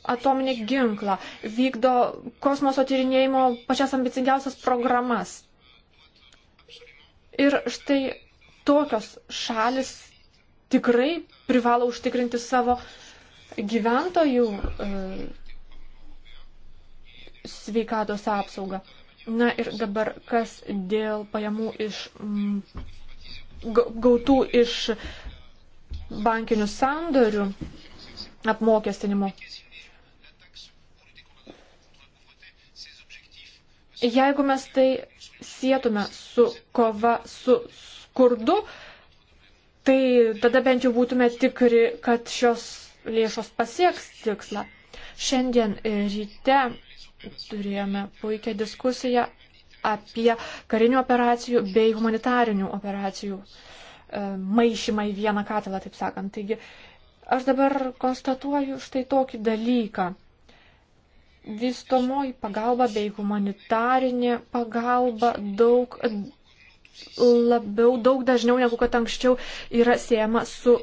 atominį ginklą, vykdo kosmoso tyrinėjimo pačias ambicingiausias programas. Ir štai tokios šalis tikrai privalo užtikrinti savo gyventojų e, sveikatos apsaugą. Na ir dabar kas dėl pajamų iš m, gautų iš bankinių sandorių apmokestinimo. Jeigu mes tai sėtume su kova su skurdu, tai tada bent jau būtume tikri, kad šios lėšos pasieks tikslą. Šiandien ryte turėjome puikią diskusiją apie karinių operacijų bei humanitarinių operacijų e, maišymą į vieną katilą, taip sakant. Taigi, aš dabar konstatuoju štai tokį dalyką vystomoji pagalba bei humanitarinė pagalba daug labiau, daug dažniau negu kad anksčiau yra siejama su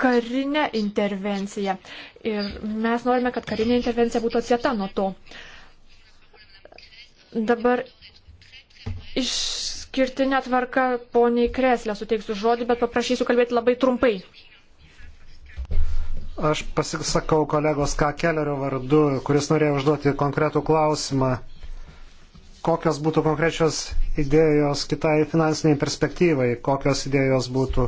karinė intervencija. Ir mes norime, kad karinė intervencija būtų atsieta nuo to. Dabar išskirtinė tvarka poniai Kreslė suteiksiu žodį, bet paprašysiu kalbėti labai trumpai. Aš pasisakau kolegos K. Kellerio vardu, kuris norėjo užduoti konkretų klausimą. Kokios būtų konkrečios idėjos kitai finansiniai perspektyvai, kokios idėjos būtų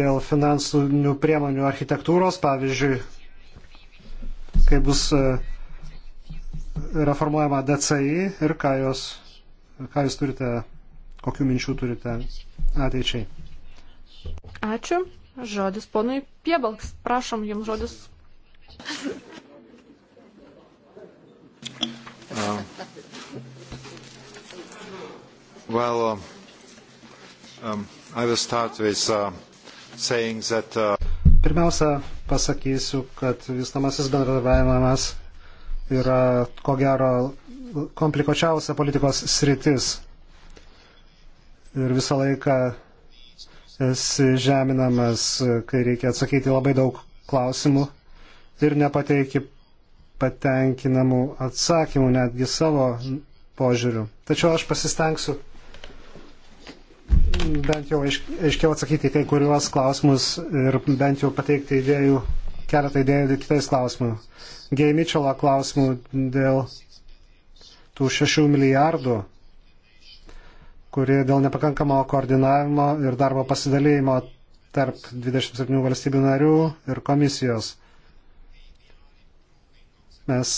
dėl finansinių priemonių architektūros, pavyzdžiui, kai bus e, reformuojama DCI ir ką jūs, ką jūs turite, kokių minčių turite ateičiai. Ačiū. Žodis ponui Piebalks. Prašom, jums žodis. Uh, well, um, um, I will start with uh, saying that. Uh... Pirmiausia, pasakysiu, kad vystamasis bendradarbiavimas yra ko gero komplikuočiausia politikos sritis. Ir visą laiką esi žeminamas, kai reikia atsakyti labai daug klausimų ir nepateiki patenkinamų atsakymų netgi savo požiūrių. Tačiau aš pasistengsiu bent jau aiškiau atsakyti kai kuriuos klausimus ir bent jau pateikti idėjų, keletą idėjų kitais klausimais. Gei Mičelo klausimų dėl tų šešių milijardų kuri dėl nepakankamo koordinavimo ir darbo pasidalėjimo tarp 27 valstybių narių ir komisijos. Mes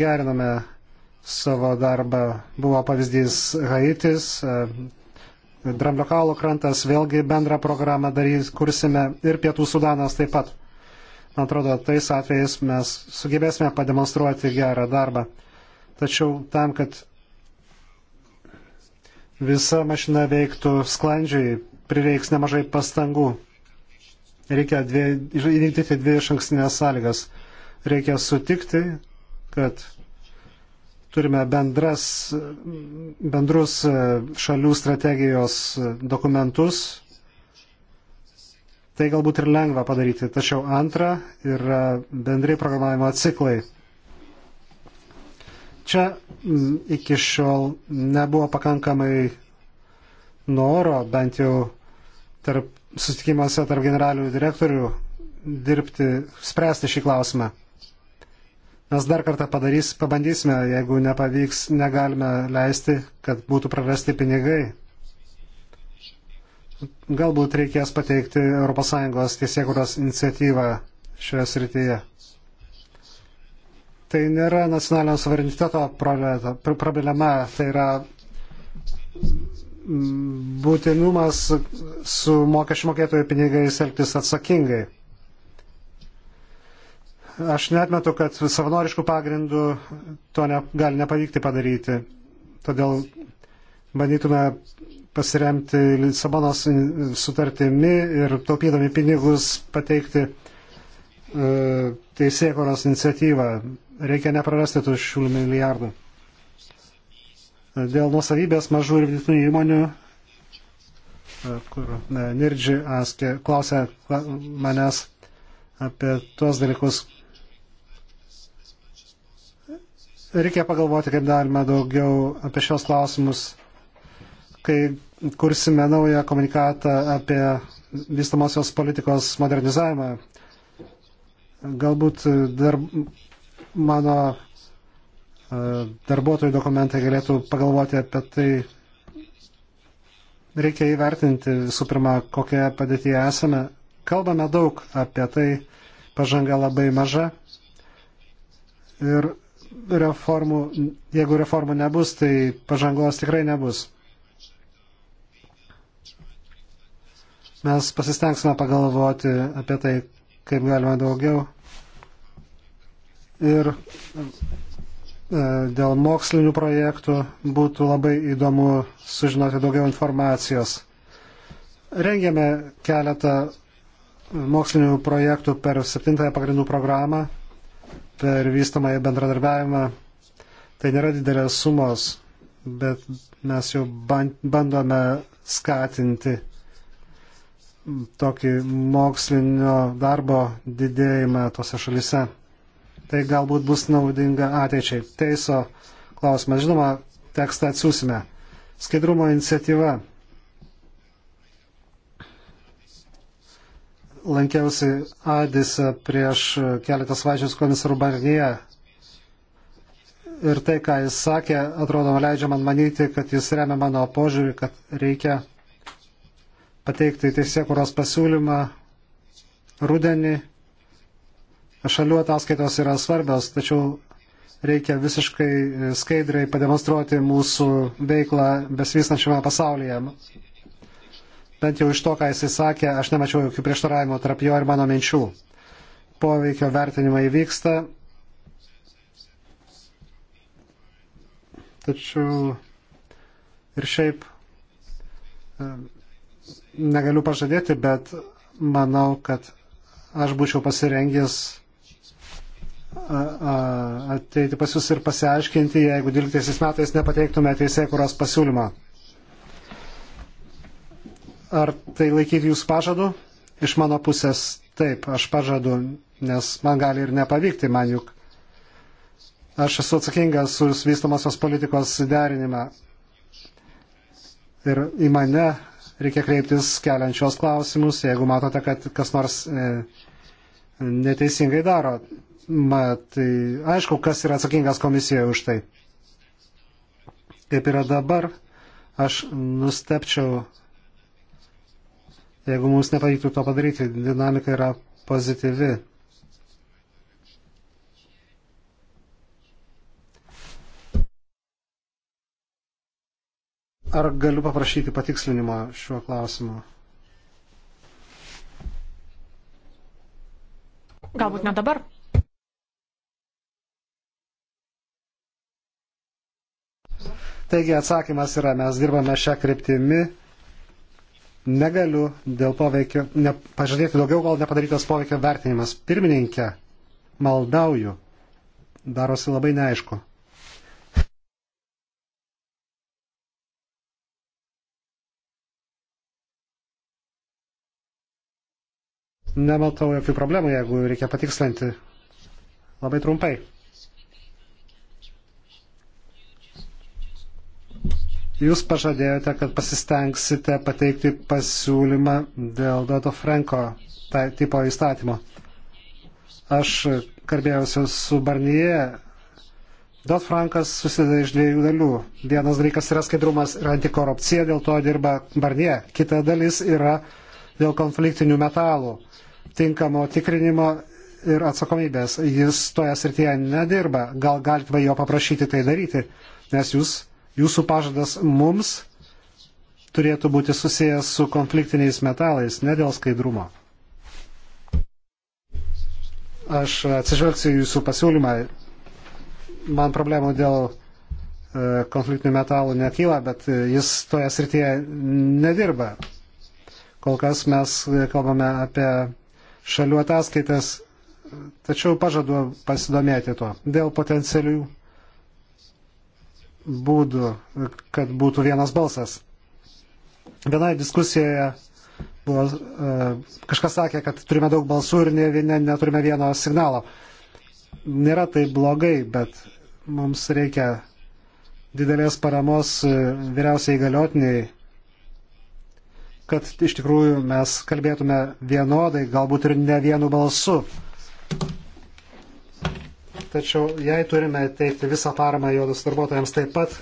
geriname savo darbą. Buvo pavyzdys Haitis, e, Dramblio kaulo krantas, vėlgi bendrą programą darys, kursime ir Pietų Sudanas taip pat. Man atrodo, tais atvejais mes sugebėsime pademonstruoti gerą darbą. Tačiau tam, kad visa mašina veiktų sklandžiai, prireiks nemažai pastangų. Reikia įvykdyti dvi iš ankstinės sąlygas. Reikia sutikti, kad turime bendras, bendrus e, šalių strategijos dokumentus. Tai galbūt ir lengva padaryti. Tačiau antra yra bendri programavimo ciklai. Čia mm, iki šiol nebuvo pakankamai noro, bent jau tarp susitikimuose tarp generalių direktorių dirbti, spręsti šį klausimą. Mes dar kartą padarys, pabandysime, jeigu nepavyks, negalime leisti, kad būtų prarasti pinigai. Galbūt reikės pateikti ES teisėkuros iniciatyvą šioje srityje tai nėra nacionalinio suvereniteto problema, tai yra mm, būtinumas su mokesčių mokėtojų pinigais elgtis atsakingai. Aš netmetu, kad savanoriškų pagrindų to ne, gali nepavykti padaryti. Todėl bandytume pasiremti Lisabonos sutartimi ir taupydami pinigus pateikti e, teisėkoros iniciatyvą. Reikia neprarasti tų šių milijardų. Dėl nusavybės mažų ir vidutinių įmonių, e, kur e, Nirdži askė, klausė manęs apie tuos dalykus. Reikia pagalvoti, kaip galima daugiau apie šios klausimus, kai kursime naują komunikatą apie vystamosios politikos modernizavimą. Galbūt dar mano e, darbuotojų dokumentai galėtų pagalvoti apie tai. Reikia įvertinti visų pirma, kokią padėtį esame. Kalbame daug apie tai, pažanga labai maža. Ir reformų, jeigu reformų nebus, tai pažangos tikrai nebus. Mes pasistengsime pagalvoti apie tai, kaip galima daugiau ir e, dėl mokslinių projektų būtų labai įdomu sužinoti daugiau informacijos. Rengėme keletą mokslinių projektų per septintąją pagrindų programą, per vystamąją bendradarbiavimą. Tai nėra didelės sumos, bet mes jau bandome skatinti tokį mokslinio darbo didėjimą tose šalise tai galbūt bus naudinga ateičiai. Teiso klausimas. Žinoma, tekstą atsiūsime. Skaidrumo iniciatyva. Lankiausi Adis prieš keletą savaičių su komisaru Barnyje. Ir tai, ką jis sakė, atrodo, leidžia man manyti, kad jis remia mano požiūrį, kad reikia pateikti teisėkuros pasiūlymą rudenį Šalių ataskaitos yra svarbios, tačiau reikia visiškai skaidriai pademonstruoti mūsų veiklą besivystančiame pasaulyje. Bent jau iš to, ką jisai sakė, aš nemačiau jokių prieštaravimų tarp jo ir mano minčių. Poveikio vertinimai vyksta. Tačiau ir šiaip e, negaliu pažadėti, bet manau, kad aš būčiau pasirengęs ateiti pas jūs ir pasiaiškinti, jeigu 12 metais nepateiktume teisėkuros pasiūlymą. Ar tai laikyti jūsų pažadu? Iš mano pusės taip, aš pažadu, nes man gali ir nepavykti, man juk. Aš esu atsakingas už vystamosios politikos derinimą. Ir į mane reikia kreiptis keliančios klausimus, jeigu matote, kad kas nors e, neteisingai daro tai aišku, kas yra atsakingas komisijoje už tai. Kaip yra dabar, aš nustepčiau, jeigu mums nepavyktų to padaryti, dinamika yra pozityvi. Ar galiu paprašyti patikslinimo šiuo klausimu? Galbūt ne dabar. Taigi atsakymas yra, mes dirbame šią kryptimį. Negaliu dėl poveikio, nepažadėti daugiau, kol nepadarytas poveikio vertinimas. Pirmininkė, maldauju, darosi labai neaišku. Nematau jokių problemų, jeigu reikia patikslinti. Labai trumpai. Jūs pažadėjote, kad pasistengsite pateikti pasiūlymą dėl Dodo Franko tai, tipo įstatymo. Aš kalbėjausiu su Barnyje. Dot Frankas susideda iš dviejų dalių. Vienas dalykas yra skaidrumas ir antikorupcija, dėl to dirba Barnyje. Kita dalis yra dėl konfliktinių metalų, tinkamo tikrinimo ir atsakomybės. Jis toje srityje nedirba. Gal galite jo paprašyti tai daryti, nes jūs jūsų pažadas mums turėtų būti susijęs su konfliktiniais metalais, ne dėl skaidrumo. Aš atsižvelgsiu jūsų pasiūlymą. Man problemų dėl e, konfliktinių metalų nekyla, bet e, jis toje srityje nedirba. Kol kas mes e, kalbame apie šalių ataskaitas, tačiau pažadu pasidomėti tuo dėl potencialių būdų, kad būtų vienas balsas. Vienoje diskusijoje buvo, e, kažkas sakė, kad turime daug balsų ir ne, ne, neturime vieno signalo. Nėra tai blogai, bet mums reikia didelės paramos e, vyriausiai galiotiniai, kad iš tikrųjų mes kalbėtume vienodai, galbūt ir ne vienu balsu tačiau jei turime teikti visą paramą juodus darbuotojams taip pat,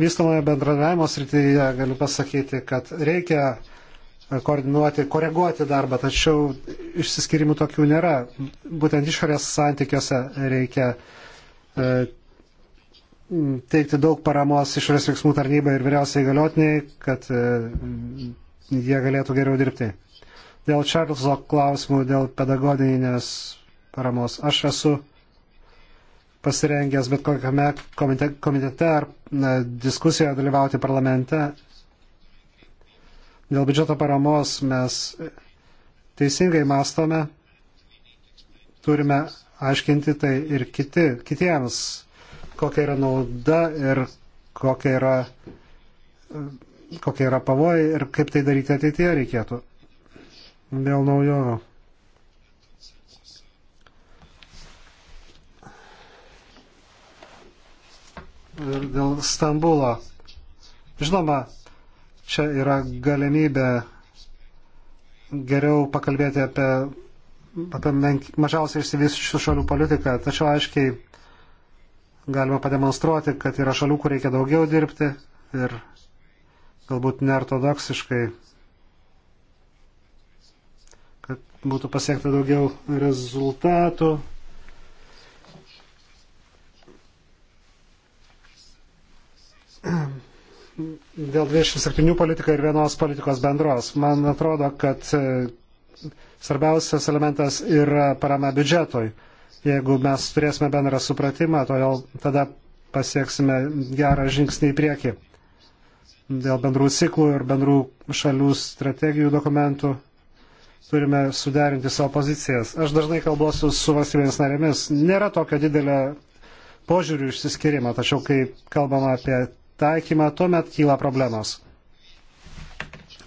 vystomojo bendradavimo srityje galiu pasakyti, kad reikia koordinuoti, koreguoti darbą, tačiau išsiskirimų tokių nėra. Būtent išorės santykiuose reikia e, teikti daug paramos išorės veiksmų tarnybai ir vyriausiai galiotiniai, kad e, jie galėtų geriau dirbti. Dėl Čarlzo klausimų, dėl pedagoginės paramos. Aš esu pasirengęs bet kokiame komitete, komitete ar na, diskusijoje dalyvauti parlamente. Dėl biudžeto paramos mes teisingai mastome, turime aiškinti tai ir kiti, kitiems, kokia yra nauda ir kokia yra, kokia yra pavojai ir kaip tai daryti ateityje reikėtų. Dėl naujojo. ir dėl Stambulo. Žinoma, čia yra galimybė geriau pakalbėti apie, apie menk, mažiausiai išsivysiusių šalių politiką, tačiau aiškiai galima pademonstruoti, kad yra šalių, kur reikia daugiau dirbti ir galbūt neortodoksiškai, kad būtų pasiekta daugiau rezultatų dėl 27 politikai ir vienos politikos bendros. Man atrodo, kad e, svarbiausias elementas yra parama biudžetoj. Jeigu mes turėsime bendrą supratimą, todėl tada pasieksime gerą žingsnį į priekį dėl bendrų ciklų ir bendrų šalių strategijų dokumentų turime suderinti savo pozicijas. Aš dažnai kalbuosiu su valstybėmis narėmis. Nėra tokio didelio požiūrių išsiskirimo, tačiau kai kalbama apie taikymą, tuomet kyla problemos.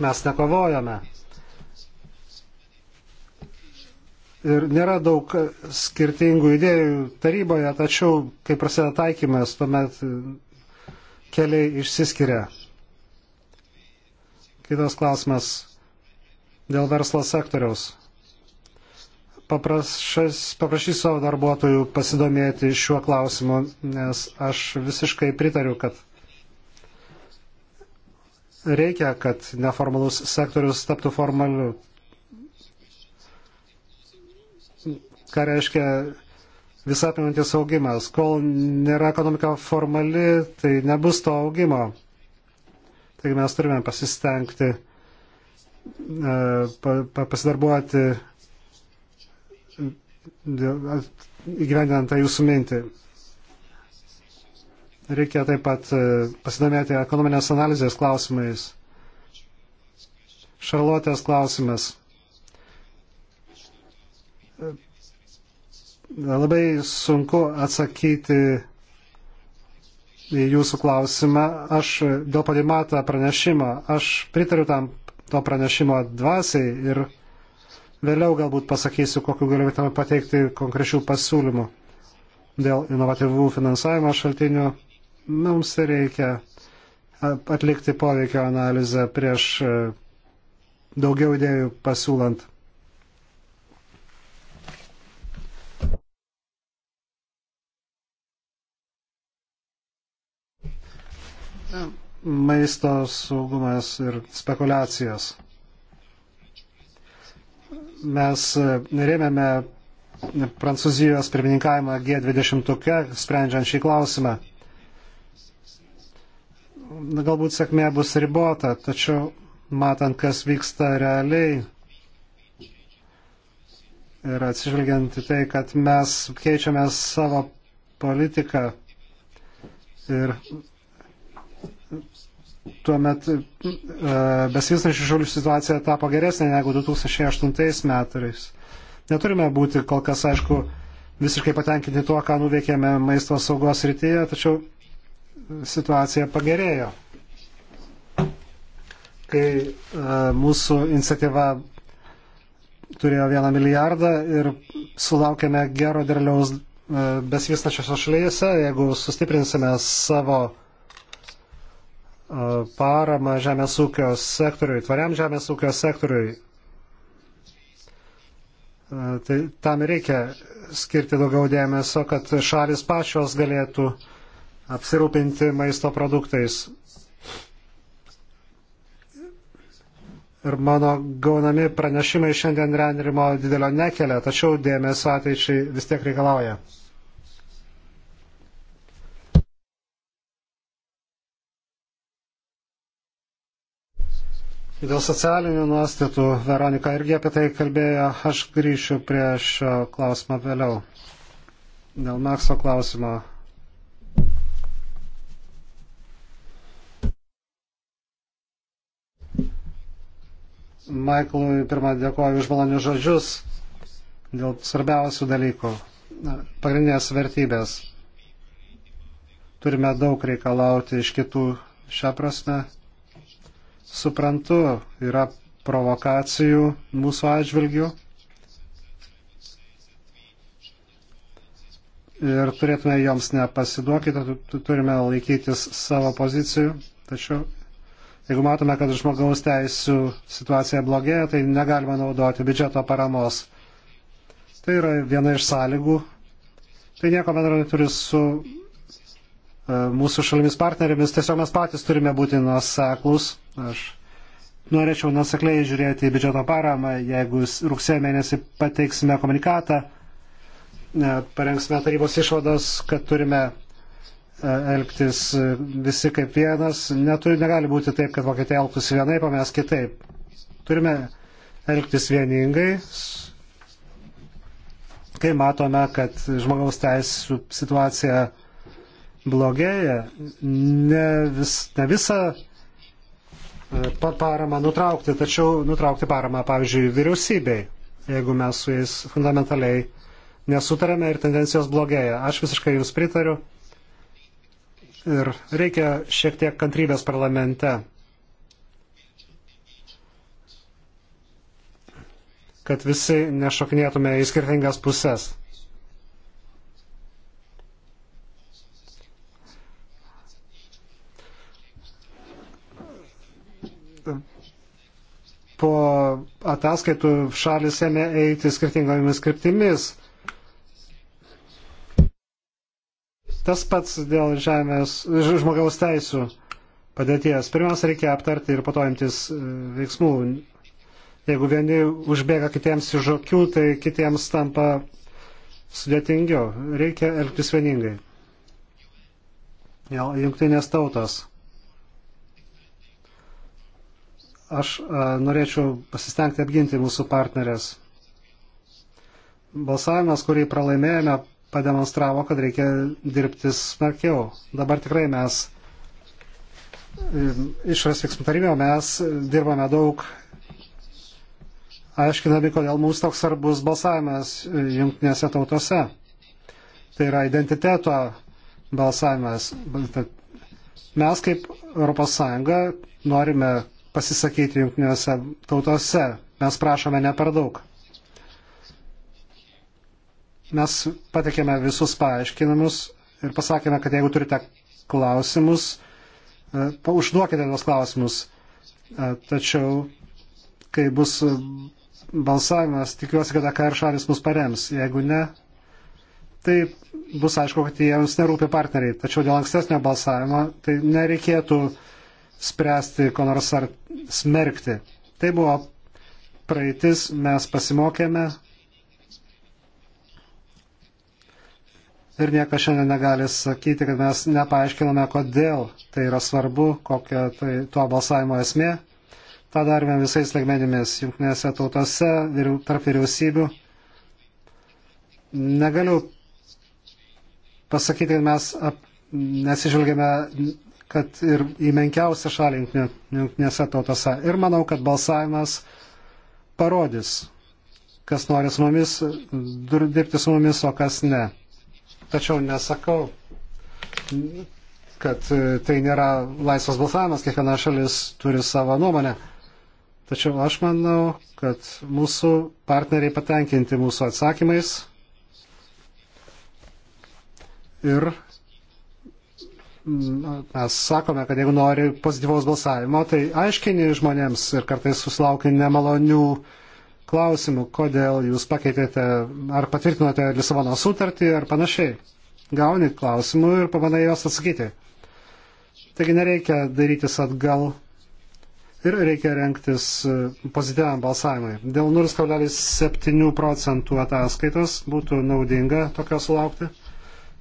Mes nekovojame. Ir nėra daug skirtingų idėjų taryboje, tačiau, kai prasideda taikymas, tuomet keliai išsiskiria. Kitas klausimas dėl verslo sektoriaus. Paprašys, paprašysiu savo darbuotojų pasidomėti šiuo klausimu, nes aš visiškai pritariu, kad reikia, kad neformalus sektorius taptų formaliu. Ką reiškia visapimantis augimas? Kol nėra ekonomika formali, tai nebus to augimo. Taigi mes turime pasistengti, e, pasidarbuoti e, įgyvendinant tą jūsų mintį. Reikia taip pat e, pasidomėti ekonominės analizės klausimais. Šarlotės klausimas. E, labai sunku atsakyti į jūsų klausimą. Aš dėl padimatą pranešimą, aš pritariu tam to pranešimo dvasiai ir vėliau galbūt pasakysiu, kokiu galėtume pateikti konkrečių pasiūlymų dėl inovatyvų finansavimo šaltinių mums reikia atlikti poveikio analizę prieš e, daugiau idėjų pasiūlant. Maisto saugumas ir spekulacijos. Mes rėmėme Prancūzijos pirmininkavimą G20, sprendžiant šį klausimą galbūt sėkmė bus ribota, tačiau matant, kas vyksta realiai ir atsižvelgiant į tai, kad mes keičiame savo politiką ir tuomet e, besivystančių šalių situacija tapo geresnė negu 2008 metais. Neturime būti kol kas, aišku, visiškai patenkinti tuo, ką nuveikėme maisto saugos rytyje, tačiau situacija pagerėjo. Kai e, mūsų iniciatyva turėjo vieną milijardą ir sulaukėme gero derliaus e, besivystačiose šalyse, jeigu sustiprinsime savo e, paramą žemės ūkio sektoriui, tvariam žemės ūkio sektoriui, tai tam reikia skirti daugiau dėmesio, kad šalis pačios galėtų uh, apsirūpinti maisto produktais. Ir mano gaunami pranešimai šiandien renrimo didelio nekelia, tačiau dėmesio ateičiai vis tiek reikalauja. Dėl socialinių nuostatų Veronika irgi apie tai kalbėjo, aš grįšiu prie šio klausimo vėliau. Dėl Makso klausimo Maiklui pirmą dėkoju už malonius žodžius dėl svarbiausių dalykų, pagrindinės vertybės. Turime daug reikalauti iš kitų šią prasme. Suprantu, yra provokacijų mūsų atžvilgių. ir turėtume joms nepasiduokite, turime laikytis savo pozicijų, tačiau Jeigu matome, kad žmogaus teisų situacija blogėja, tai negalima naudoti biudžeto paramos. Tai yra viena iš sąlygų. Tai nieko bendro neturi su e, mūsų šalimis partnerėmis. Tiesiog mes patys turime būti nuoseklus. Aš norėčiau nuosekliai žiūrėti į biudžeto paramą. Jeigu rugsėjo mėnesį pateiksime komunikatą, e, parengsime tarybos išvados, kad turime E, elgtis e, visi kaip vienas. Neturi, negali būti taip, kad Vokietija elgtųsi vienaip, o mes kitaip. Turime elgtis vieningai, kai matome, kad žmogaus teisų situacija blogėja, ne, vis, ne visą e, paramą nutraukti, tačiau nutraukti paramą, pavyzdžiui, vyriausybei, jeigu mes su jais fundamentaliai nesutarėme ir tendencijos blogėja. Aš visiškai Jums pritariu. Ir reikia šiek tiek kantrybės parlamente, kad visi nešokinėtume į skirtingas puses. po ataskaitų šalis ėmė eiti skirtingomis kryptimis. Tas pats dėl žemės, žmogaus teisų padėties. Pirmiausia, reikia aptarti ir po to imtis e, veiksmų. Jeigu vieni užbėga kitiems iš žokių, tai kitiems tampa sudėtingiau. Reikia elgtis vieningai. Jungtinės tautos. Aš a, e, norėčiau pasistengti apginti mūsų partnerės. Balsavimas, kurį pralaimėjome, pademonstravo, kad reikia dirbti smarkiau. Dabar tikrai mes, e, išras veiksmų tarybėjo, mes dirbame daug, aiškinami, kodėl mums toks svarbus balsavimas e, jungtinėse tautose. Tai yra identiteto balsavimas. Mes kaip ES norime pasisakyti jungtinėse tautose. Mes prašome ne per daug. Mes patikėme visus paaiškinimus ir pasakėme, kad jeigu turite klausimus, e, užduokite tos klausimus. E, tačiau, kai bus e, balsavimas, tikiuosi, kad AKR šalis mus parems. Jeigu ne, tai bus aišku, kad jiems nerūpi partneriai. Tačiau dėl ankstesnio balsavimo, tai nereikėtų spręsti, ko nors ar smerkti. Tai buvo praeitis, mes pasimokėme, ir niekas šiandien negali sakyti, kad mes nepaaiškiname, kodėl tai yra svarbu, kokia tai tuo balsavimo esmė. Ta darome visais legmenimis, jungtinėse tautose, vyriau, tarp vyriausybių. Negaliu pasakyti, kad mes ap, nesižvelgėme, kad ir į menkiausią šalį jungtinėse tautose. Ir manau, kad balsavimas parodys, kas nori su mumis dirbti su mumis, o kas ne. Tačiau nesakau, kad e, tai nėra laisvas balsavimas, kiekviena šalis turi savo nuomonę. Tačiau aš manau, kad mūsų partneriai patenkinti mūsų atsakymais ir mm, mes sakome, kad jeigu nori pozityvaus balsavimo, tai aiškini žmonėms ir kartais susilaukia nemalonių uh, klausimų, kodėl jūs pakeitėte, ar patvirtinote Lisabono sutartį ar panašiai. Gauni klausimų ir pabandai juos atsakyti. Taigi nereikia darytis atgal ir reikia renktis e, pozityviam balsavimui. Dėl 0,7 procentų ataskaitos būtų naudinga tokio sulaukti.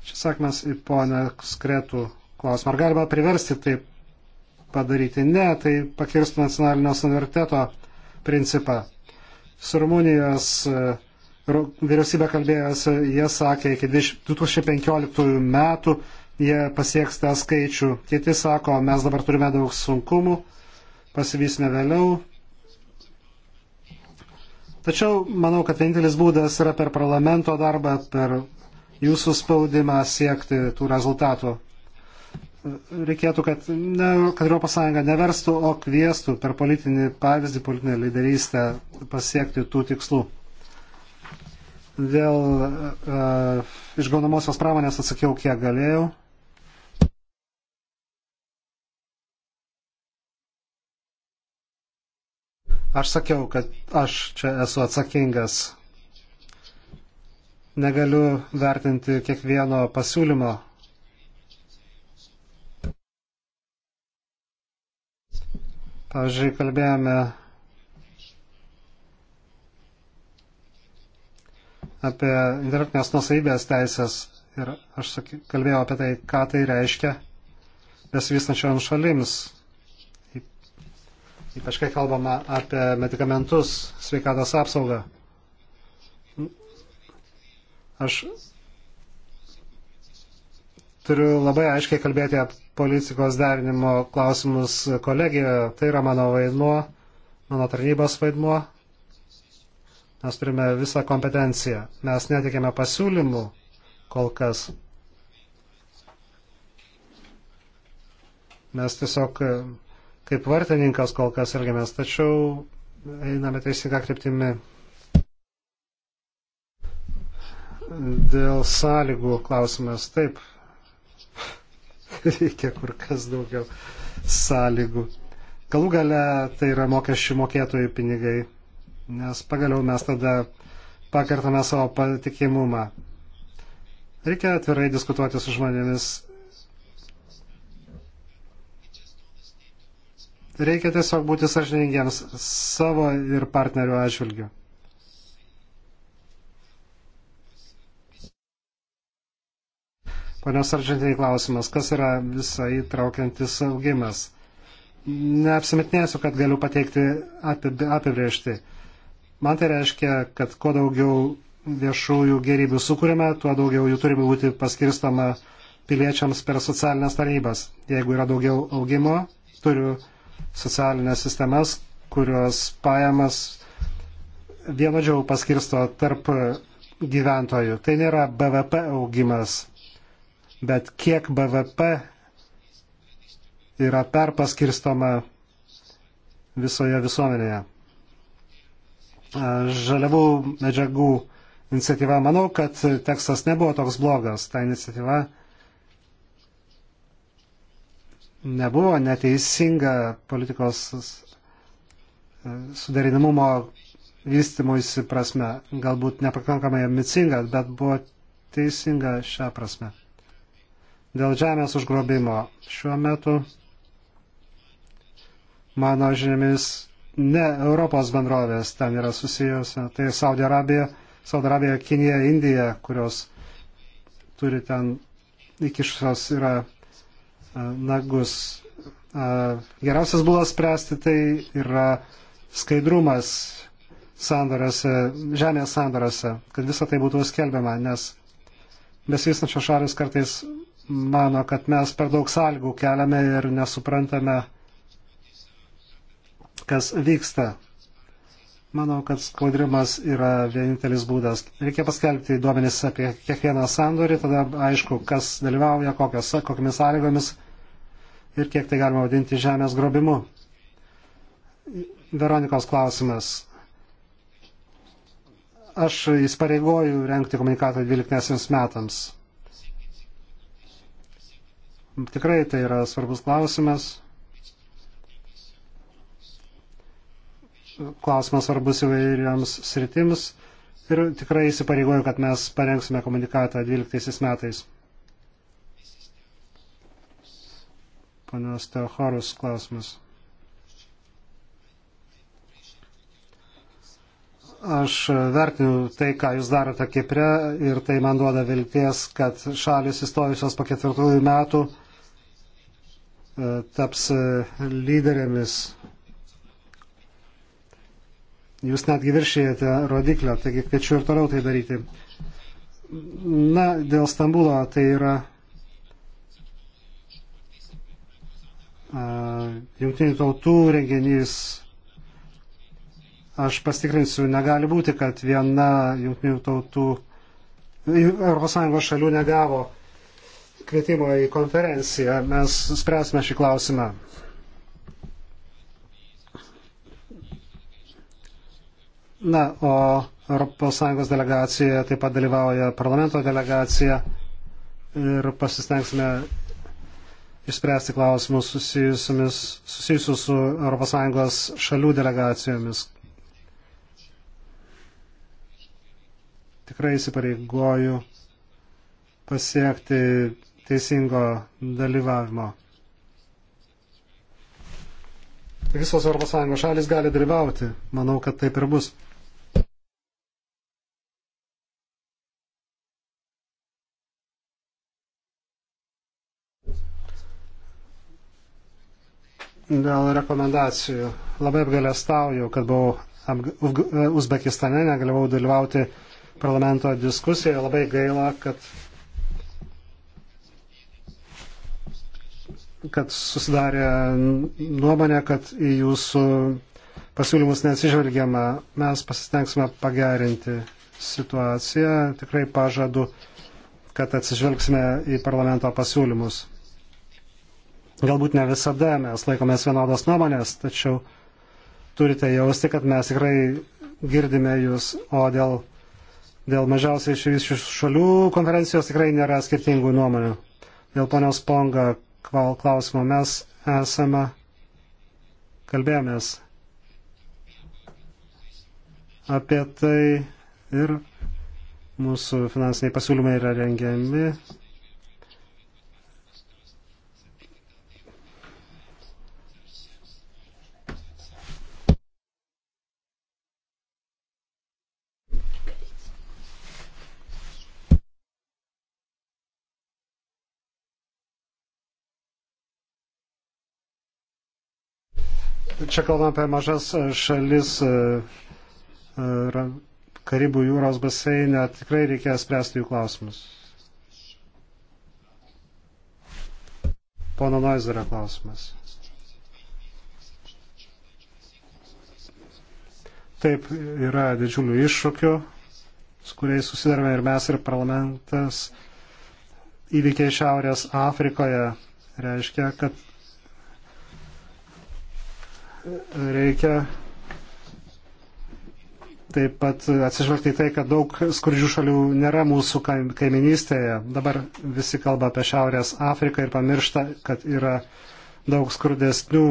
Čia sakymas į ponę skretų klausimą. Ar galima priversti taip padaryti? Ne, tai pakirstų nacionalinio suveriteto principą su Rumunijos e, vyriausybė kalbėjęs, jie sakė, iki 2015 metų jie pasieks tą skaičių. Kiti sako, mes dabar turime daug sunkumų, pasivysime vėliau. Tačiau manau, kad vienintelis būdas yra per parlamento darbą, per jūsų spaudimą siekti tų rezultatų reikėtų, kad, ne, kad Europos Sąjunga neverstų, o kvieštų per politinį pavyzdį, politinę lyderystę pasiekti tų tikslų. Dėl uh, išgaunamosios pramonės atsakiau, kiek galėjau. Aš sakiau, kad aš čia esu atsakingas. Negaliu vertinti kiekvieno pasiūlymo Pavyzdžiui, kalbėjome apie intelektinės nusaibės teisės ir aš kalbėjau apie tai, ką tai reiškia besivystančioms šalims. Ypač kai kalbama apie medikamentus, sveikatos apsaugą. Aš turiu labai aiškiai kalbėti politikos derinimo klausimus kolegijoje. Tai yra mano vaidmuo, mano tarnybos vaidmuo. Mes turime visą kompetenciją. Mes netikėme pasiūlymų kol kas. Mes tiesiog kaip vartininkas kol kas elgiamės, tačiau einame teisinga kryptimi. Dėl sąlygų klausimas taip. *laughs* reikia kur kas daugiau sąlygų. Galų gale tai yra mokesčių mokėtojų pinigai, nes pagaliau mes tada pakartame savo patikimumą. Reikia atvirai diskutuoti su žmonėmis. Reikia tiesiog būti sažiningiems savo ir partnerių atžvilgiu. Ponios Argentinai klausimas, kas yra visai traukiantis augimas? Neapsimetinėsiu, kad galiu pateikti apibriežti. Man tai reiškia, kad kuo daugiau viešųjų gerybių sukūrėme, tuo daugiau jų turi būti paskirstama piliečiams per socialinės tarnybas. Jeigu yra daugiau augimo, turiu socialinės sistemas, kurios pajamas vienodžiau paskirsto tarp gyventojų. Tai nėra BVP augimas, bet kiek BVP yra perpaskirstoma visoje visuomenėje. Žaliavų medžiagų iniciatyva, manau, kad tekstas nebuvo toks blogas. Ta iniciatyva nebuvo neteisinga politikos e, suderinimumo vystimuisi prasme. Galbūt nepakankamai ambicinga, bet buvo teisinga šią prasme. Dėl žemės užgrobimo šiuo metu, mano žiniomis, ne Europos bendrovės ten yra susijęs, tai Saudė Arabija, Saudė Arabija, Kinija, Indija, kurios turi ten įkišusios yra e, nagus. E, geriausias būdas spręsti tai yra skaidrumas sandorose, žemės sandorose, kad visa tai būtų skelbiama, nes besivystančios šalis kartais mano, kad mes per daug sąlygų keliame ir nesuprantame, kas vyksta. Manau, kad skaudrimas yra vienintelis būdas. Reikia paskelbti duomenis apie kiekvieną sandorį, tada aišku, kas dalyvauja, kokios, kokiamis sąlygomis ir kiek tai galima vadinti žemės grobimu. Veronikos klausimas. Aš įsipareigoju renkti komunikatą 12 metams. Tikrai tai yra svarbus klausimas. Klausimas svarbus įvairiams sritims ir tikrai įsipareigoju, kad mes parengsime komunikatą 12 metais. Panios Teohorus klausimas. Aš vertinu tai, ką jūs darote Kipre ir tai man duoda vilties, kad šalis įstojusios po ketvirtųjų metų taps e, lyderėmis. Jūs netgi viršėjate rodiklio, taigi kviečiu ir toliau tai daryti. Na, dėl Stambulo tai yra e, jungtinių tautų renginys. Aš pastikrinsiu, negali būti, kad viena jungtinių tautų ES šalių negavo kvietimo į konferenciją. Mes spręsime šį klausimą. Na, o ES delegacija taip pat dalyvauja parlamento delegacija ir pasistengsime išspręsti klausimus susijusius su ES šalių delegacijomis. Tikrai įsipareigoju pasiekti teisingo dalyvavimo. Visos ES šalis gali dalyvauti. Manau, kad taip ir bus. dėl rekomendacijų. Labai apgalėstauju, kad buvau Uzbekistane, negalėjau dalyvauti parlamento diskusijoje. Labai gaila, kad kad susidarė nuomonė, kad į jūsų pasiūlymus neatsižvelgiama. Mes pasistengsime pagerinti situaciją. Tikrai pažadu, kad atsižvelgsime į parlamento pasiūlymus. Galbūt ne visada mes laikomės vienodos nuomonės, tačiau turite jausti, kad mes tikrai girdime jūs, o dėl, dėl mažiausiai iš visų šalių konferencijos tikrai nėra skirtingų nuomonių. Dėl ponios Ponga klausimo. Mes esame kalbėjomės apie tai ir mūsų finansiniai pasiūlymai yra rengiami čia kalbam apie mažas e, šalis e, e, Karibų jūros baseinę, tikrai reikės spręsti jų klausimus. Pono Noizerio klausimas. Taip, yra didžiulių iššūkių, su kuriais susidarėme ir mes, ir parlamentas. Įvykiai Šiaurės Afrikoje reiškia, kad reikia taip pat atsižvelgti į tai, kad daug skurdžių šalių nėra mūsų kaiminystėje. Dabar visi kalba apie Šiaurės Afriką ir pamiršta, kad yra daug skurdesnių,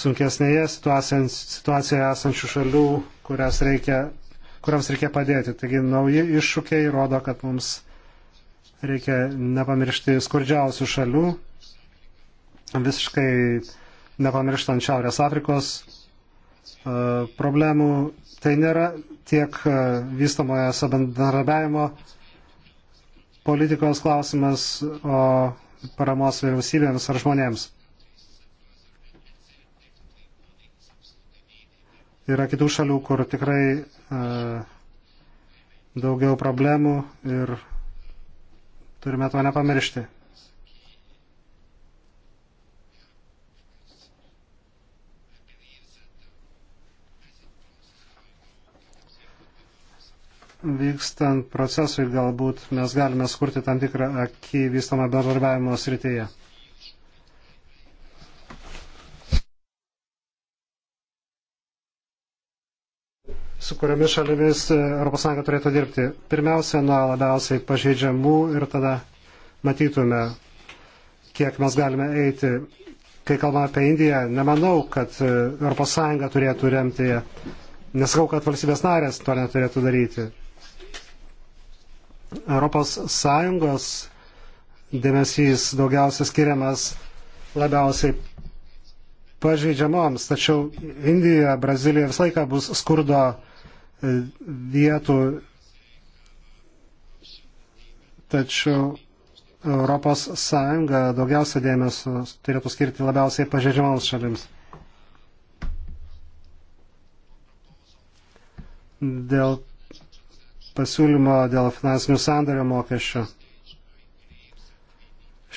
sunkesnėje situacijoje esančių šalių, reikia, kuriams reikia padėti. Taigi nauji iššūkiai rodo, kad mums reikia nepamiršti skurdžiausių šalių. Visiškai nepamirštant Šiaurės Afrikos e, problemų. Tai nėra tiek e, vystamoje sabandarbiavimo politikos klausimas, o paramos vyriausybėms ar žmonėms. Yra kitų šalių, kur tikrai e, daugiau problemų ir turime to nepamiršti. vykstant procesui galbūt mes galime skurti tam tikrą akį vystamą bendradarbiavimo srityje. su kuriomis šalimis ES turėtų dirbti. Pirmiausia, nuo labiausiai pažeidžiamų ir tada matytume, kiek mes galime eiti. Kai kalbame apie Indiją, nemanau, kad ES turėtų remti ją. Nesakau, kad valstybės narės to neturėtų daryti. ES dėmesys daugiausia skiriamas labiausiai pažeidžiamoms, tačiau Indija, Brazilija visą laiką bus skurdo e, vietų, tačiau Europos Sąjunga daugiausia dėmesio turėtų skirti labiausiai pažeidžiamoms šalims. Dėl pasiūlymo dėl finansinių sandario mokesčio.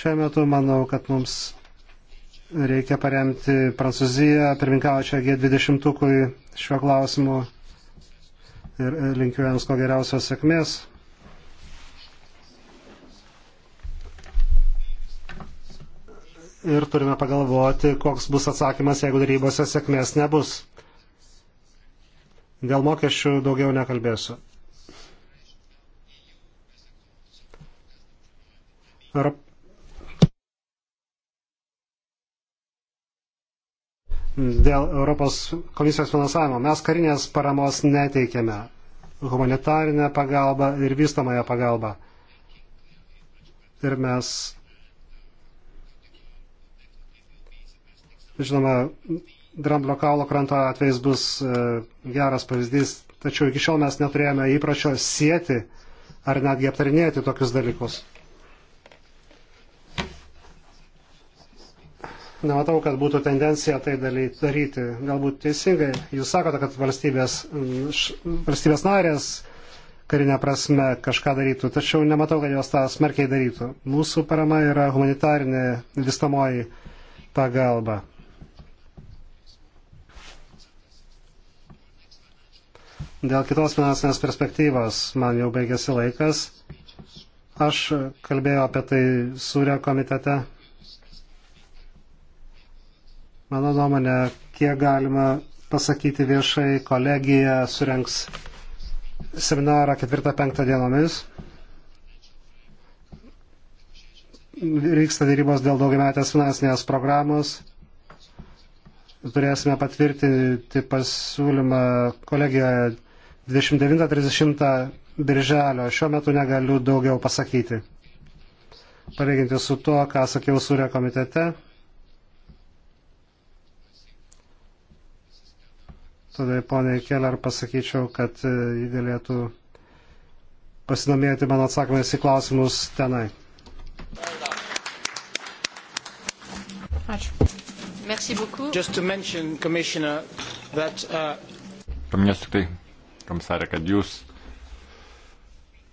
Šiuo metu manau, kad mums reikia paremti Prancūziją, pirminkaujančią G20 šiuo klausimu ir linkiu jiems ko geriausios sėkmės. Ir turime pagalvoti, koks bus atsakymas, jeigu darybose sėkmės nebus. Dėl mokesčių daugiau nekalbėsiu. Ar dėl Europos komisijos finansavimo mes karinės paramos neteikėme. Humanitarinę pagalbą ir vystamąją pagalbą. Ir mes Žinoma, Dramblio kaulo kranto atvejs bus e, geras pavyzdys, tačiau iki šiol mes neturėjome įpračio sieti ar netgi aptarinėti tokius dalykus. nematau, kad būtų tendencija tai daryti. Galbūt teisingai, jūs sakote, kad valstybės, mm, valstybės narės karinė prasme kažką darytų, tačiau nematau, kad jos tą smarkiai darytų. Mūsų parama yra humanitarinė vystamoji pagalba. Dėl kitos finansinės perspektyvos man jau baigėsi laikas. Aš kalbėjau apie tai Sūrio komitete Mano nuomonė, kiek galima pasakyti viešai, kolegija surenks seminarą 4-5 dienomis. Vyksta dėrybos dėl daugiametės finansinės programos. Turėsime patvirtinti pasiūlymą kolegijoje 29-30 birželio. Šiuo metu negaliu daugiau pasakyti. Palyginti su tuo, ką sakiau surė komitete. Tada poniai Keller pasakyčiau, kad e, jį galėtų pasidomėti mano atsakymais į klausimus tenai. Ačiū. Merci beaucoup. Just to mention, Commissioner, that... Uh... Paminėsiu tik tai, komisarė, kad jūs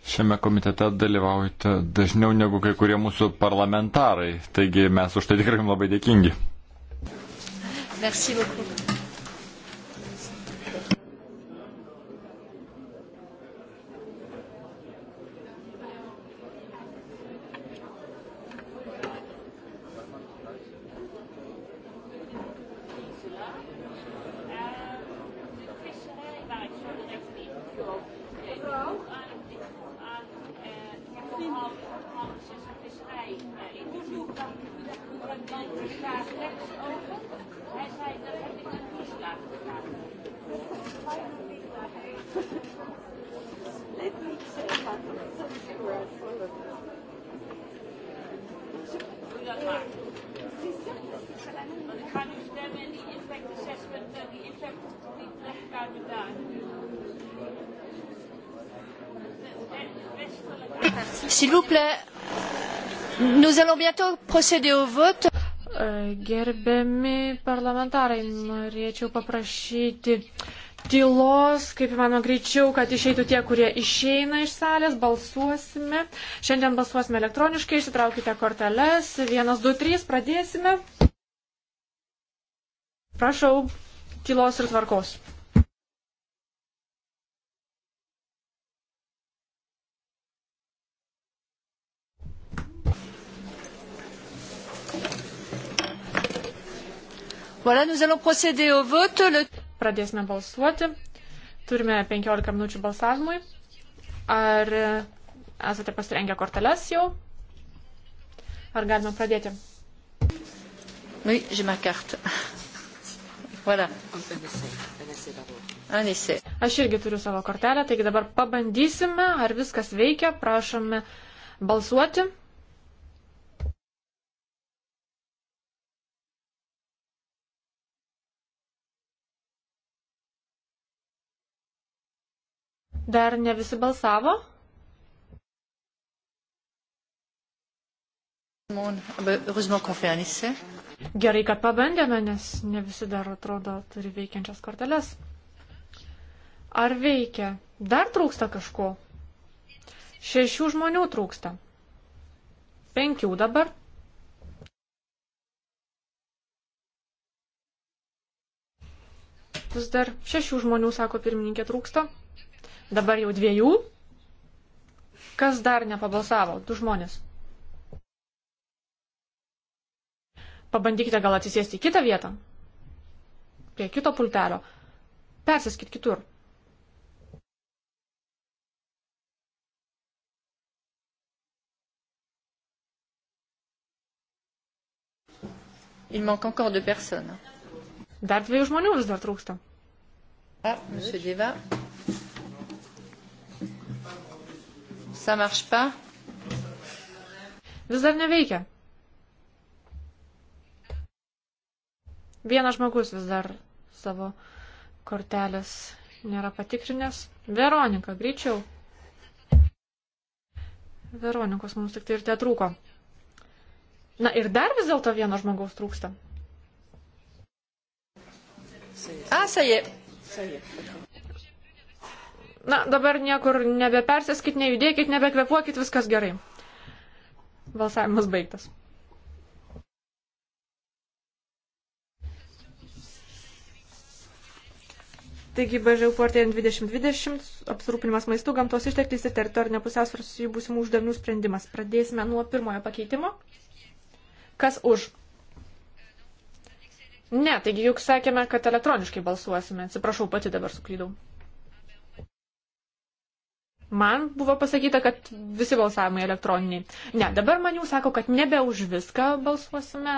šiame komitete dalyvaujate dažniau negu kai kurie mūsų parlamentarai, taigi mes už tai tikrai jums labai dėkingi. Merci beaucoup. bientôt procéder au vote. Gerbiami parlamentarai, norėčiau paprašyti tylos, kaip įmanoma greičiau, kad išeitų tie, kurie išeina iš salės, balsuosime. Šiandien balsuosime elektroniškai, išsitraukite korteles. 1, 2, 3, pradėsime. Prašau tylos ir tvarkos. Voilà, nous allons procéder au vote. Le... Pradėsime balsuoti. Turime 15 minučių balsavimui. Ar e, esate pasirengę korteles jau? Ar galime pradėti? Oui, j'ai ma carte. Voilà. Un essai. Aš irgi turiu savo kortelę, taigi dabar pabandysime, ar viskas veikia. Prašome balsuoti. Dar ne visi balsavo? Gerai, kad pabandėme, nes ne visi dar atrodo turi veikiančias korteles. Ar veikia? Dar trūksta kažko. Šešių žmonių trūksta. Penkių dabar. Vis dar šešių žmonių, sako pirmininkė, trūksta. Dabar jau dviejų. Kas dar nepabalsavo? Du žmonės. Pabandykite gal atsisėsti į kitą vietą. Prie kito pultelio. Persiskit kitur. Il manque encore deux personnes. Dar dviejų žmonių vis dar trūksta. Ah, monsieur Deva. Ça marche pas? Vis dar neveikia. Vienas žmogus vis dar savo kortelės nėra patikrinęs. Veronika, greičiau. Veronikos mums tik tai ir te trūko. Na ir dar vis dėlto vieno žmogaus trūksta. Ah, ça y est. Ça y est. Okay. Na, dabar niekur nebepersiskit, nejudėkit, nebekvepuokit, viskas gerai. Balsavimas baigtas. Taigi, BŽUP artėjant 2020, apsirūpinimas maistų, gamtos ištekliais ir teritorinė pusiausvėra su jų būsimų uždavinių sprendimas. Pradėsime nuo pirmojo pakeitimo. Kas už? Ne, taigi juk sakėme, kad elektroniškai balsuosime. Atsiprašau, pati dabar suklydau. Man buvo pasakyta, kad visi balsavimai elektroniniai. Ne, dabar man jau sako, kad nebe už viską balsuosime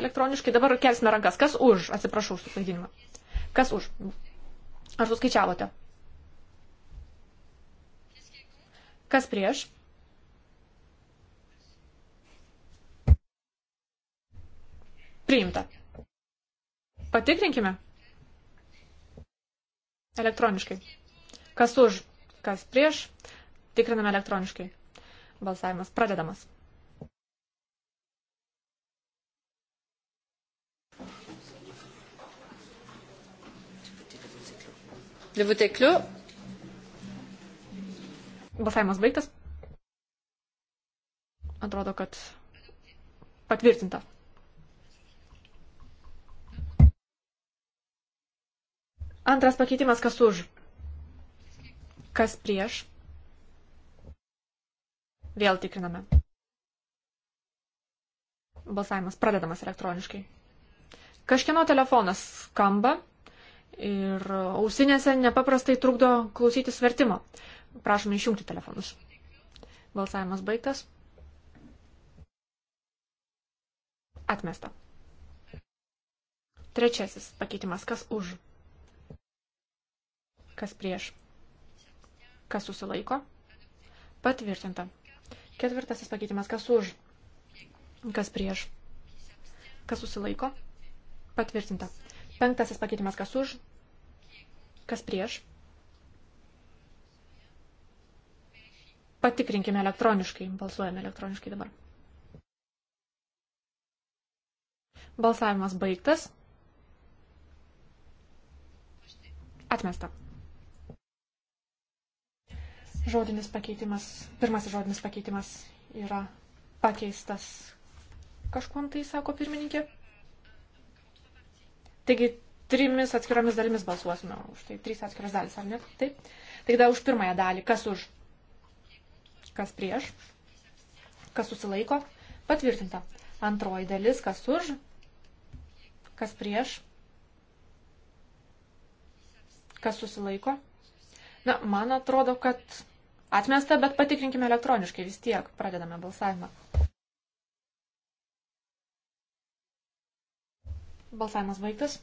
elektroniškai. Dabar kelsime rankas. Kas už? Atsiprašau, suklaidinimą. Kas už? Ar suskaičiavote? Kas prieš? Priimta. Patikrinkime. Elektroniškai. Kas už? kas prieš, tikriname elektroniškai. Balsavimas pradedamas. Le vote est clos. Balsavimas baigtas. Atrodo, kad patvirtinta. Antras pakeitimas, kas už? Kas prieš? Vėl tikriname. Balsavimas pradedamas elektroniškai. Kažkieno telefonas skamba ir ausinėse nepaprastai trukdo klausytis vertimo. Prašome išjungti telefonus. Balsavimas baigtas. Atmesta. Trečiasis pakeitimas. Kas už? Kas prieš? Kas susilaiko? Patvirtinta. Ketvirtasis pakeitimas. Kas už? Kas prieš? Kas susilaiko? Patvirtinta. Penktasis pakeitimas. Kas už? Kas prieš? Patikrinkime elektroniškai. Balsuojame elektroniškai dabar. Balsavimas baigtas. Atmesta. Žodinis pakeitimas, pirmasis žodinis pakeitimas yra pakeistas kažkuom tai, sako pirmininkė. Taigi, trimis atskiromis dalimis balsuosime. Už tai trys atskiros dalis, ar ne? Taip. Tai tada už pirmąją dalį. Kas už? Kas prieš? Kas susilaiko? Patvirtinta. Antroji dalis. Kas už? Kas prieš? Kas susilaiko? Na, man atrodo, kad Atmesta, bet patikrinkime elektroniškai vis tiek. Pradedame balsavimą. Balsavimas baigtas.